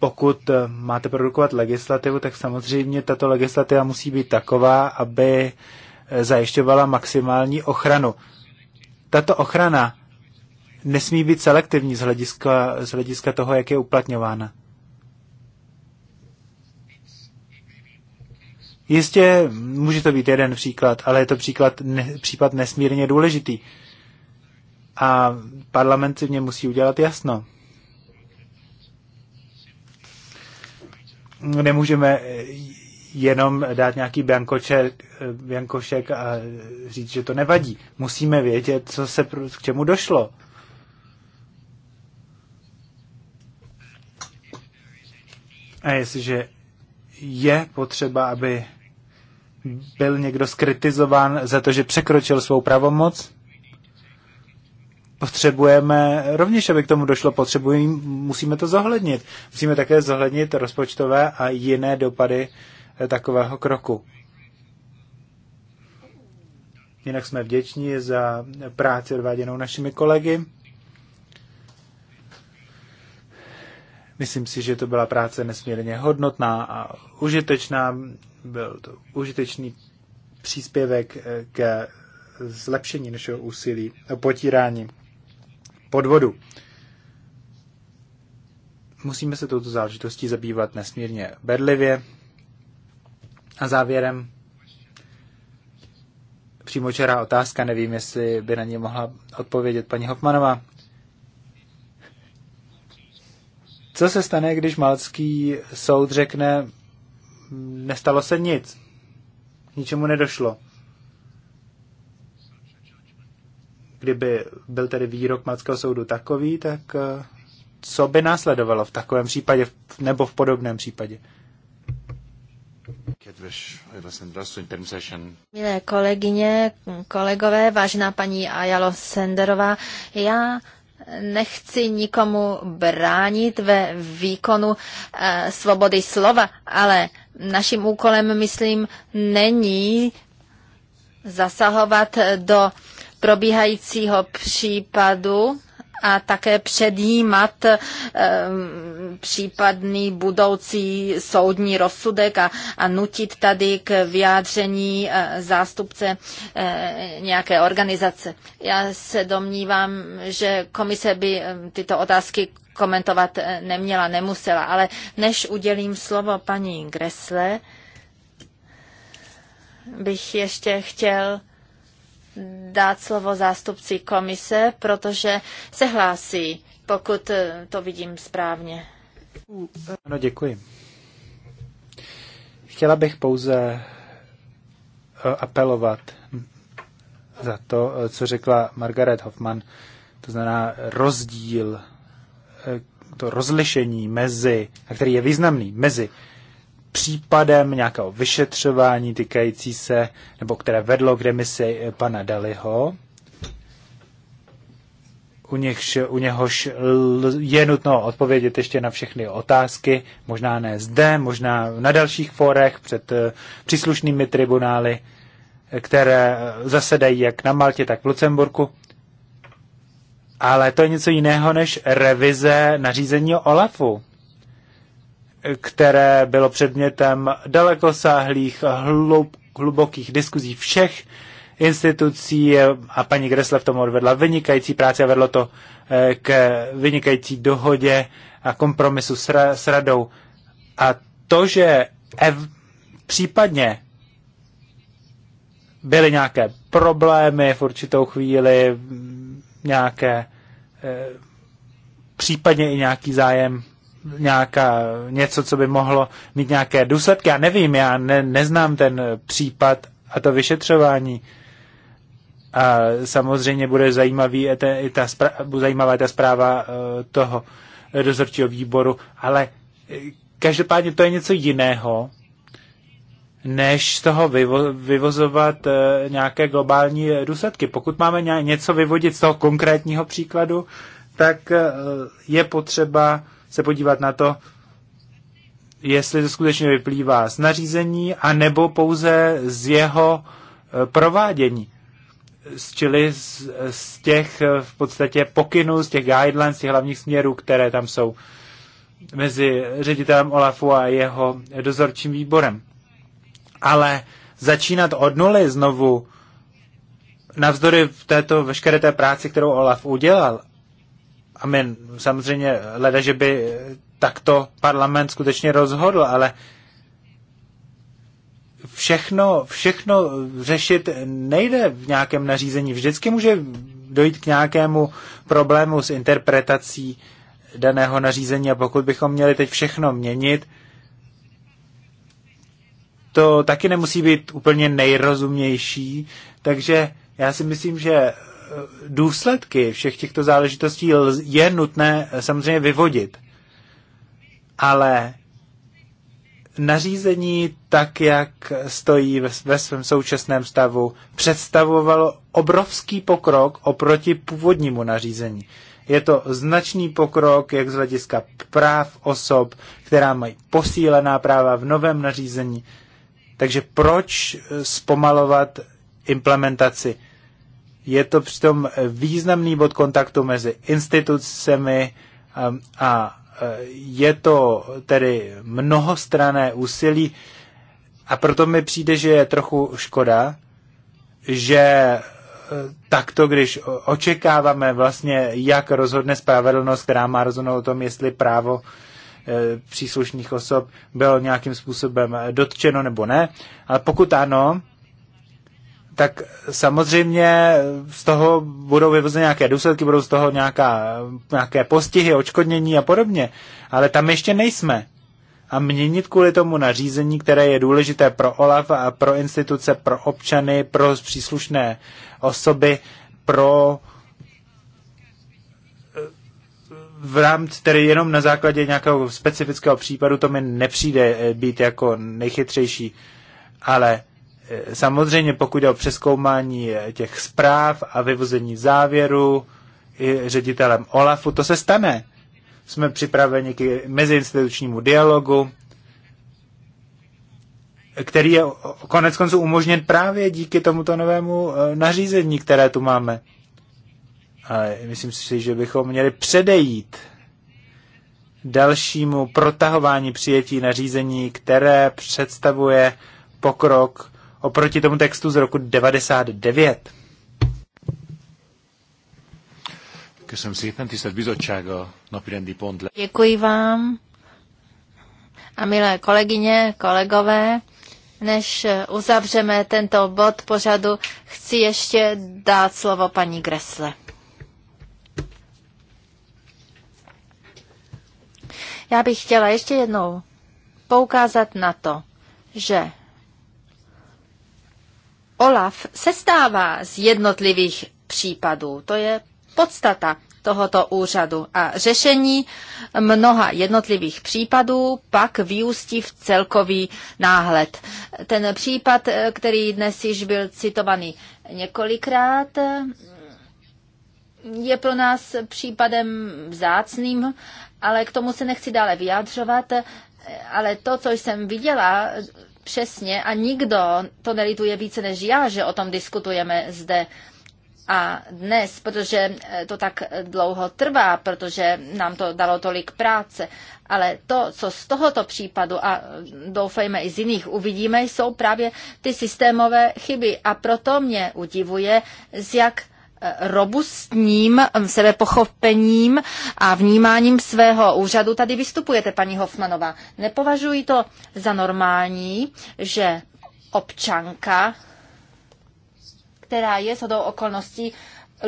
pokud eh, máte produkovat legislativu, tak samozřejmě tato legislativa musí být taková, aby eh, zajišťovala maximální ochranu. Tato ochrana nesmí být selektivní z hlediska, z hlediska toho, jak je uplatňována. Jistě může to být jeden příklad, ale je to příklad, ne, případ nesmírně důležitý. A parlament si v něm musí udělat jasno. nemůžeme jenom dát nějaký biankoček, biankošek a říct, že to nevadí. Musíme vědět, co se, k čemu došlo. A jestliže je potřeba, aby byl někdo skritizován za to, že překročil svou pravomoc, potřebujeme, rovněž aby k tomu došlo, potřebujeme, musíme to zohlednit. Musíme také zohlednit rozpočtové a jiné dopady eh, takového kroku. Jinak jsme vděční za práci odváděnou našimi kolegy. Myslím si, že to byla práce nesmírně hodnotná a užitečná. Byl to užitečný příspěvek eh, ke zlepšení našeho úsilí o potírání podvodu. Musíme se touto záležitostí zabývat nesmírně bedlivě. A závěrem přímočará otázka, nevím, jestli by na ně mohla odpovědět paní Hopmanová. Co se stane, když malcký soud řekne, nestalo se nic, ničemu nedošlo? kdyby byl tedy výrok Mackého soudu takový, tak eh, co by následovalo v takovém případě nebo v podobném případě? Vlastně Milé kolegyně, kolegové, vážená paní Ajalo Senderová, já nechci nikomu bránit ve výkonu e, svobody slova, ale naším úkolem, myslím, není zasahovat do e, probíhajícího případu a také předjímat um, případný budoucí soudní rozsudek a, a nutit tady k vyjádření uh, zástupce uh, nějaké organizace. Já se domnívám, že komise by um, tyto otázky komentovat neměla, nemusela, ale než udělím slovo paní Gresle, bych ještě chtěl dát slovo zástupci komise, protože se hlásí, pokud eh, to vidím správně. Ano, děkuji. Chtěla bych pouze eh, apelovat za to, eh, co řekla Margaret Hoffman, to znamená rozdíl, to rozlišení mezi, a který je významný, mezi případem nějakého vyšetřování týkající se, nebo které vedlo k demisi pana Daliho, u, něhož, u něhož je nutno odpovědět ještě na všechny otázky, možná ne zde, možná na dalších fórech před eh, příslušnými tribunály, které eh, zasedají jak na Maltě, tak v Lucemburku. Ale to je něco jiného než revize nařízení o OLAFu které bylo předmětem dalekosáhlých, hlub, hlubokých diskuzí všech institucí a paní Gressle v tom odvedla vynikající práci a vedlo to eh, k vynikající dohodě a kompromisu s, ra, s radou. A to, že ev, případně byly nějaké problémy v určitou chvíli, nějaké eh, případně i nějaký zájem nějaká, něco, co by mohlo mít nějaké důsledky. Já nevím, já ne, neznám ten případ a to vyšetřování. A samozřejmě bude zajímavý i ta, zajímavá ta zpráva eh, toho dozorčího výboru, ale eh, každopádně to je něco jiného, než z toho vyvo, vyvozovat eh, nějaké globální důsledky. Pokud máme něco vyvodit z toho konkrétního příkladu, tak je potřeba se podívat na to, jestli to skutečně vyplývá z nařízení, anebo pouze z jeho eh, provádění. Čili z, z těch eh, v podstatě pokynů, z těch guidelines, z těch hlavních směrů, které tam jsou mezi ředitelem Olafu a jeho dozorčím výborem. Ale začínat od nuly znovu, navzdory v této veškeré té práci, kterou Olaf udělal, a my samozřejmě leda, že by takto parlament skutečně rozhodl, ale všechno, všechno řešit nejde v nějakém nařízení. Vždycky může dojít k nějakému problému s interpretací daného nařízení a pokud bychom měli teď všechno měnit, to taky nemusí být úplně nejrozumější, takže já si myslím, že důsledky všech těchto záležitostí je nutné eh, samozřejmě vyvodit. Ale nařízení, tak jak stojí ve, svém současném stavu, představovalo obrovský pokrok oproti původnímu nařízení. Je to značný pokrok, jak z hlediska práv osob, která mají posílená práva v novém nařízení. Takže proč eh, zpomalovat implementaci? Je to přitom významný bod kontaktu mezi institucemi um, a eh, je to tedy mnohostrané úsilí a proto mi přijde, že je trochu škoda, že eh, takto, když očekáváme vlastně, jak rozhodne spravedlnost, která má rozhodnout o tom, jestli právo eh, příslušných osob bylo nějakým způsobem dotčeno nebo ne, ale pokud ano, tak samozřejmě z toho budou vyvozeny nějaké důsledky, budou z toho nějaká, nějaké postihy, očkodnění a podobně. Ale tam ještě nejsme. A měnit kvůli tomu nařízení, které je důležité pro OLAF a pro instituce, pro občany, pro příslušné osoby, pro v rámci, tedy jenom na základě nějakého specifického případu, to mi nepřijde být jako nejchytřejší. Ale samozřejmě pokud jde o přeskoumání těch zpráv a vyvození závěru i ředitelem OLAFu, to se stane. Jsme připraveni k meziinstitučnímu dialogu, který je konec konců umožněn právě díky tomuto novému eh, nařízení, které tu máme. A myslím si, že bychom měli předejít dalšímu protahování přijetí nařízení, které představuje pokrok oproti tomu textu z roku 99. Děkuji vám. A milé kolegyně, kolegové, než uzavřeme tento bod pořadu, chci ještě dát slovo paní Gresle. Já bych chtěla ještě jednou poukázat na to, že OLAF se stává z jednotlivých případů. To je podstata tohoto úřadu a řešení mnoha jednotlivých případů pak vyústí v celkový náhled. Ten případ, který dnes již byl citovaný několikrát, je pro nás případem vzácným, ale k tomu se nechci dále vyjádřovat. Ale to, co jsem viděla přesně a nikdo to nelituje více než já, že o tom diskutujeme zde a dnes, protože eh, to tak dlouho trvá, protože nám to dalo tolik práce. Ale to, co z tohoto případu a eh, doufejme i z jiných uvidíme, jsou právě ty systémové chyby. A proto mě udivuje, z jak robustním sebepochopením a vnímáním svého úřadu tady vystupujete, paní Hofmanová. Nepovažuji to za normální, že občanka, která je shodou okolností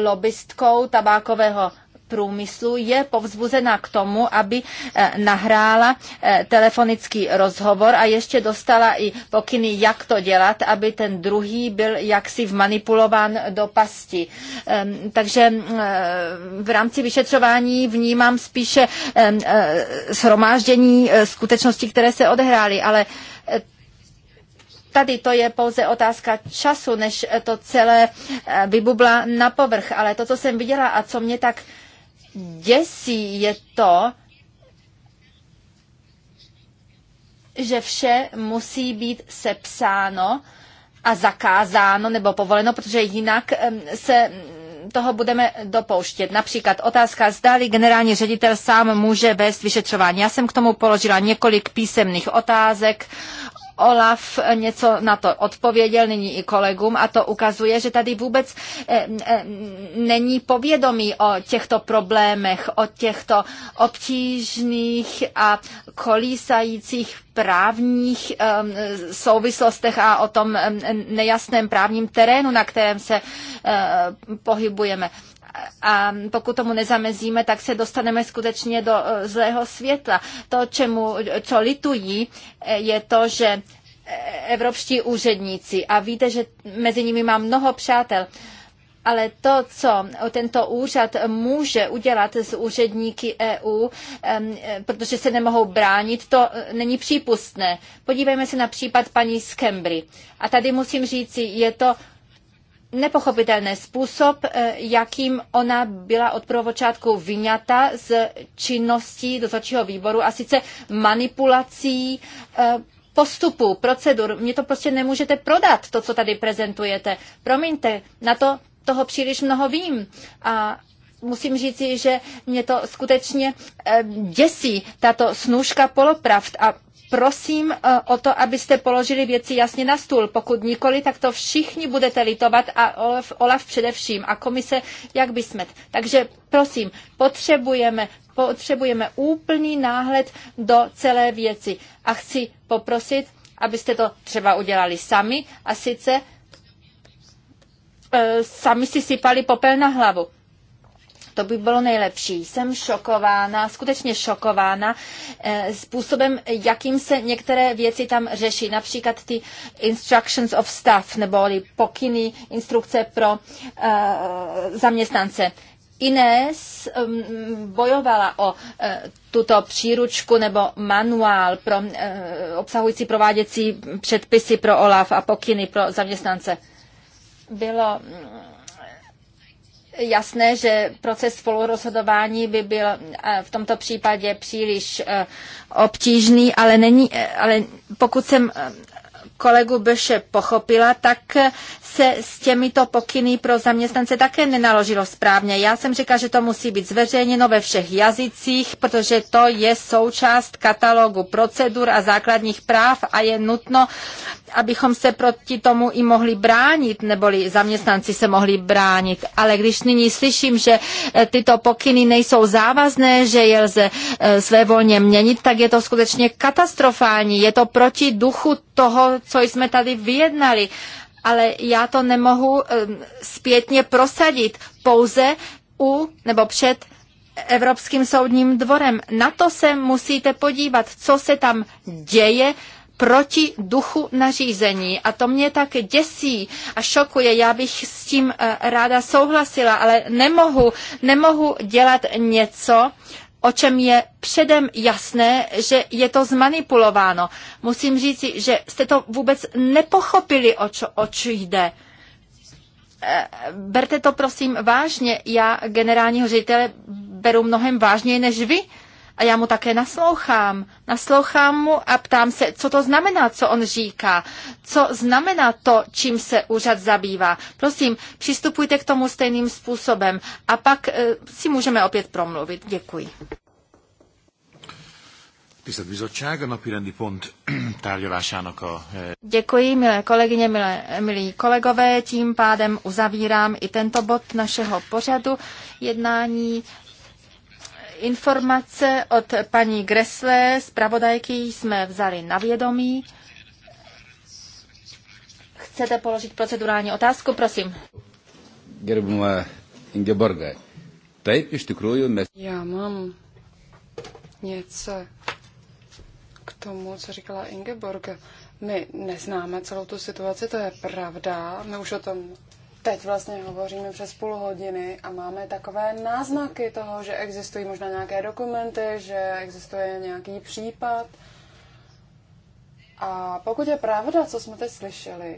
lobbystkou tabákového průmyslu je povzbuzena k tomu, aby eh, nahrála eh, telefonický rozhovor a ještě dostala i pokyny, jak to dělat, aby ten druhý byl jaksi vmanipulován do pasti. Ehm, takže mm, eh, v rámci vyšetřování vnímám spíše ehm, shromáždění skutečností, které se odehrály, ale tady to je pouze otázka času, než to celé vybubla na povrch, ale to, co jsem viděla a co mě tak děsí, je to, že vše musí být sepsáno a zakázáno nebo povoleno, protože jinak se toho budeme dopouštět. Například otázka, zdali generální ředitel sám může vést vyšetřování. Já jsem k tomu položila několik písemných otázek Olaf něco na to odpověděl, nyní i kolegům, a to ukazuje, že tady vůbec eh, eh, není povědomí o těchto problémech, o těchto obtížných a kolísajících právních eh, souvislostech a o tom nejasném právním terénu, na kterém se pohybujeme a pokud tomu nezamezíme, tak se dostaneme skutečně do eh, zlého světla. To, čemu, co litují, eh, je to, že eh, evropští úředníci, a víte, že mezi nimi mám mnoho přátel, ale to, co tento úřad může udělat s úředníky EU, protože se nemohou bránit, to není přípustné. Podívejme se na případ paní z A tady musím říci, je to nepochopitelný způsob, eh, jakým ona byla od prvopočátku vyňata z činností dozorčího výboru a sice manipulací eh, postupu, procedur. Mně to prostě nemůžete prodat, to, co tady prezentujete. Promiňte, na to toho příliš mnoho vím. A musím říci, že mě to skutečně eh, děsí, tato snůžka polopravd a prosím eh, o to, abyste položili věci jasně na stůl. Pokud nikoli, tak to všichni budete litovat a Olaf, Olaf především a komise jak by smet. Takže prosím, potřebujeme, potřebujeme úplný náhled do celé věci a chci poprosit, abyste to třeba udělali sami a sice e, sami si sypali popel na hlavu. To by bylo nejlepší. Jsem šokována, skutečně šokována eh, způsobem, jakým se některé věci tam řeší. Například ty instructions of staff, nebo pokyny, instrukce pro uh, zaměstnance. Ines mm, bojovala o eh, tuto příručku nebo manuál pro, obsahující prováděcí předpisy pro OLAF a pokyny pro zaměstnance. Bylo mm, jasné, že proces spolurozhodování by byl eh, v tomto případě příliš eh, obtížný, ale, není, eh, ale pokud jsem kolegu Beše pochopila, tak se s těmito pokyny pro zaměstnance také nenaložilo správně. Já jsem říkala, že to musí být zveřejněno ve všech jazycích, protože to je součást katalogu procedur a základních práv a je nutno, abychom se proti tomu i mohli bránit, neboli zaměstnanci se mohli bránit. Ale když nyní slyším, že eh, tyto pokyny nejsou závazné, že je lze eh, svévolně měnit, tak je to skutečně katastrofální. Je to proti duchu toho, co jsme tady vyjednali, ale já to nemohu eh, zpětně prosadit pouze u nebo před Evropským soudním dvorem. Na to se musíte podívat, co se tam děje proti duchu nařízení. A to mě tak děsí a šokuje. Já bych s tím eh, ráda souhlasila, ale nemohu, nemohu dělat něco, o čem je předem jasné, že je to zmanipulováno. Musím říct, že jste to vůbec nepochopili, o čo, o čo jde. Eh, berte to prosím vážně. Já generálního ředitele beru mnohem vážněji než vy. A já mu také naslouchám. Naslouchám mu a ptám se, co to znamená, co on říká. Co znamená to, čím se úřad zabývá. Prosím, přistupujte k tomu stejným způsobem a pak e, si můžeme opět promluvit. Děkuji. Eh, Děkuji, milé kolegyně, milé, milí kolegové. Tím pádem uzavírám i tento bod našeho pořadu jednání. Informace od paní Gressle, zpravodajky, jsme vzali na vědomí. Chcete položit procedurální otázku? Prosím. Ingeborga. Já mám něco k tomu, co říkala Ingeborg. My neznáme celou tu situaci, to je pravda. My už o tom Teď vlastně hovoříme přes půl hodiny a máme takové náznaky toho, že existují možná nějaké dokumenty, že existuje nějaký případ. A pokud je pravda, co jsme teď slyšeli,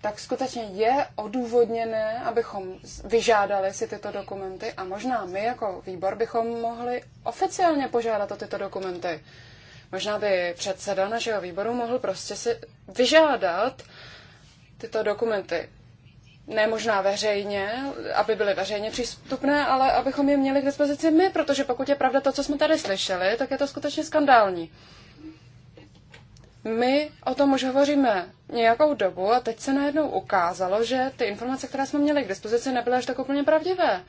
tak skutečně je odůvodněné, abychom vyžádali si tyto dokumenty a možná my jako výbor bychom mohli oficiálně požádat o tyto dokumenty. Možná by předseda našeho výboru mohl prostě si vyžádat tyto dokumenty ne možná veřejně, aby byly veřejně přístupné, ale abychom je měli k dispozici my, protože pokud je pravda to, co jsme tady slyšeli, tak je to skutečně skandální. My o tom už hovoříme nějakou dobu a teď se najednou ukázalo, že ty informace, které jsme měli k dispozici, nebyly až tak úplně pravdivé.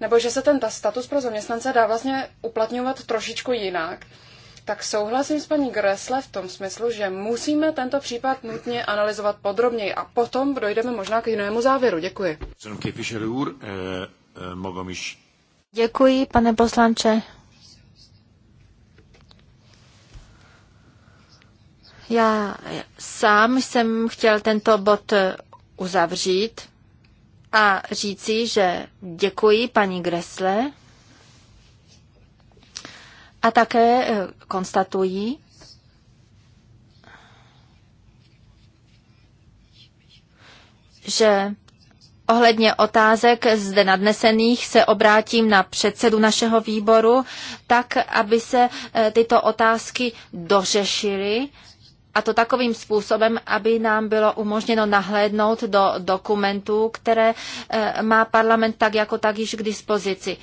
Nebo že se ten ta status pro zaměstnance dá vlastně uplatňovat trošičku jinak tak souhlasím s paní Gressle v tom smyslu, že musíme tento případ nutně analyzovat podrobněji a potom dojdeme možná k jinému závěru. Děkuji. Eh, eh, děkuji, pane poslanče. Já sám jsem chtěl tento bod uzavřít a říci, že děkuji paní Gressle. A také eh, konstatují, že Ohledně otázek zde nadnesených se obrátím na předsedu našeho výboru, tak aby se eh, tyto otázky dořešily a to takovým způsobem, aby nám bylo umožněno nahlédnout do dokumentů, které eh, má parlament tak jako tak již k dispozici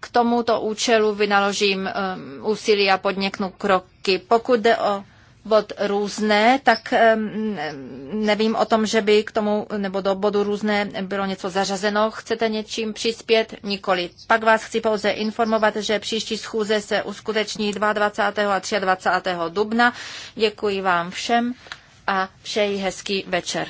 k tomuto účelu vynaložím eh, úsilí a podniknu kroky. Pokud jde o bod různé, tak eh, nevím o tom, že by k tomu nebo do bodu různé bylo něco zařazeno. Chcete něčím přispět? Nikoli. Pak vás chci pouze informovat, že příští schůze se uskuteční 22. a 23. dubna. Děkuji vám všem a přeji hezký večer.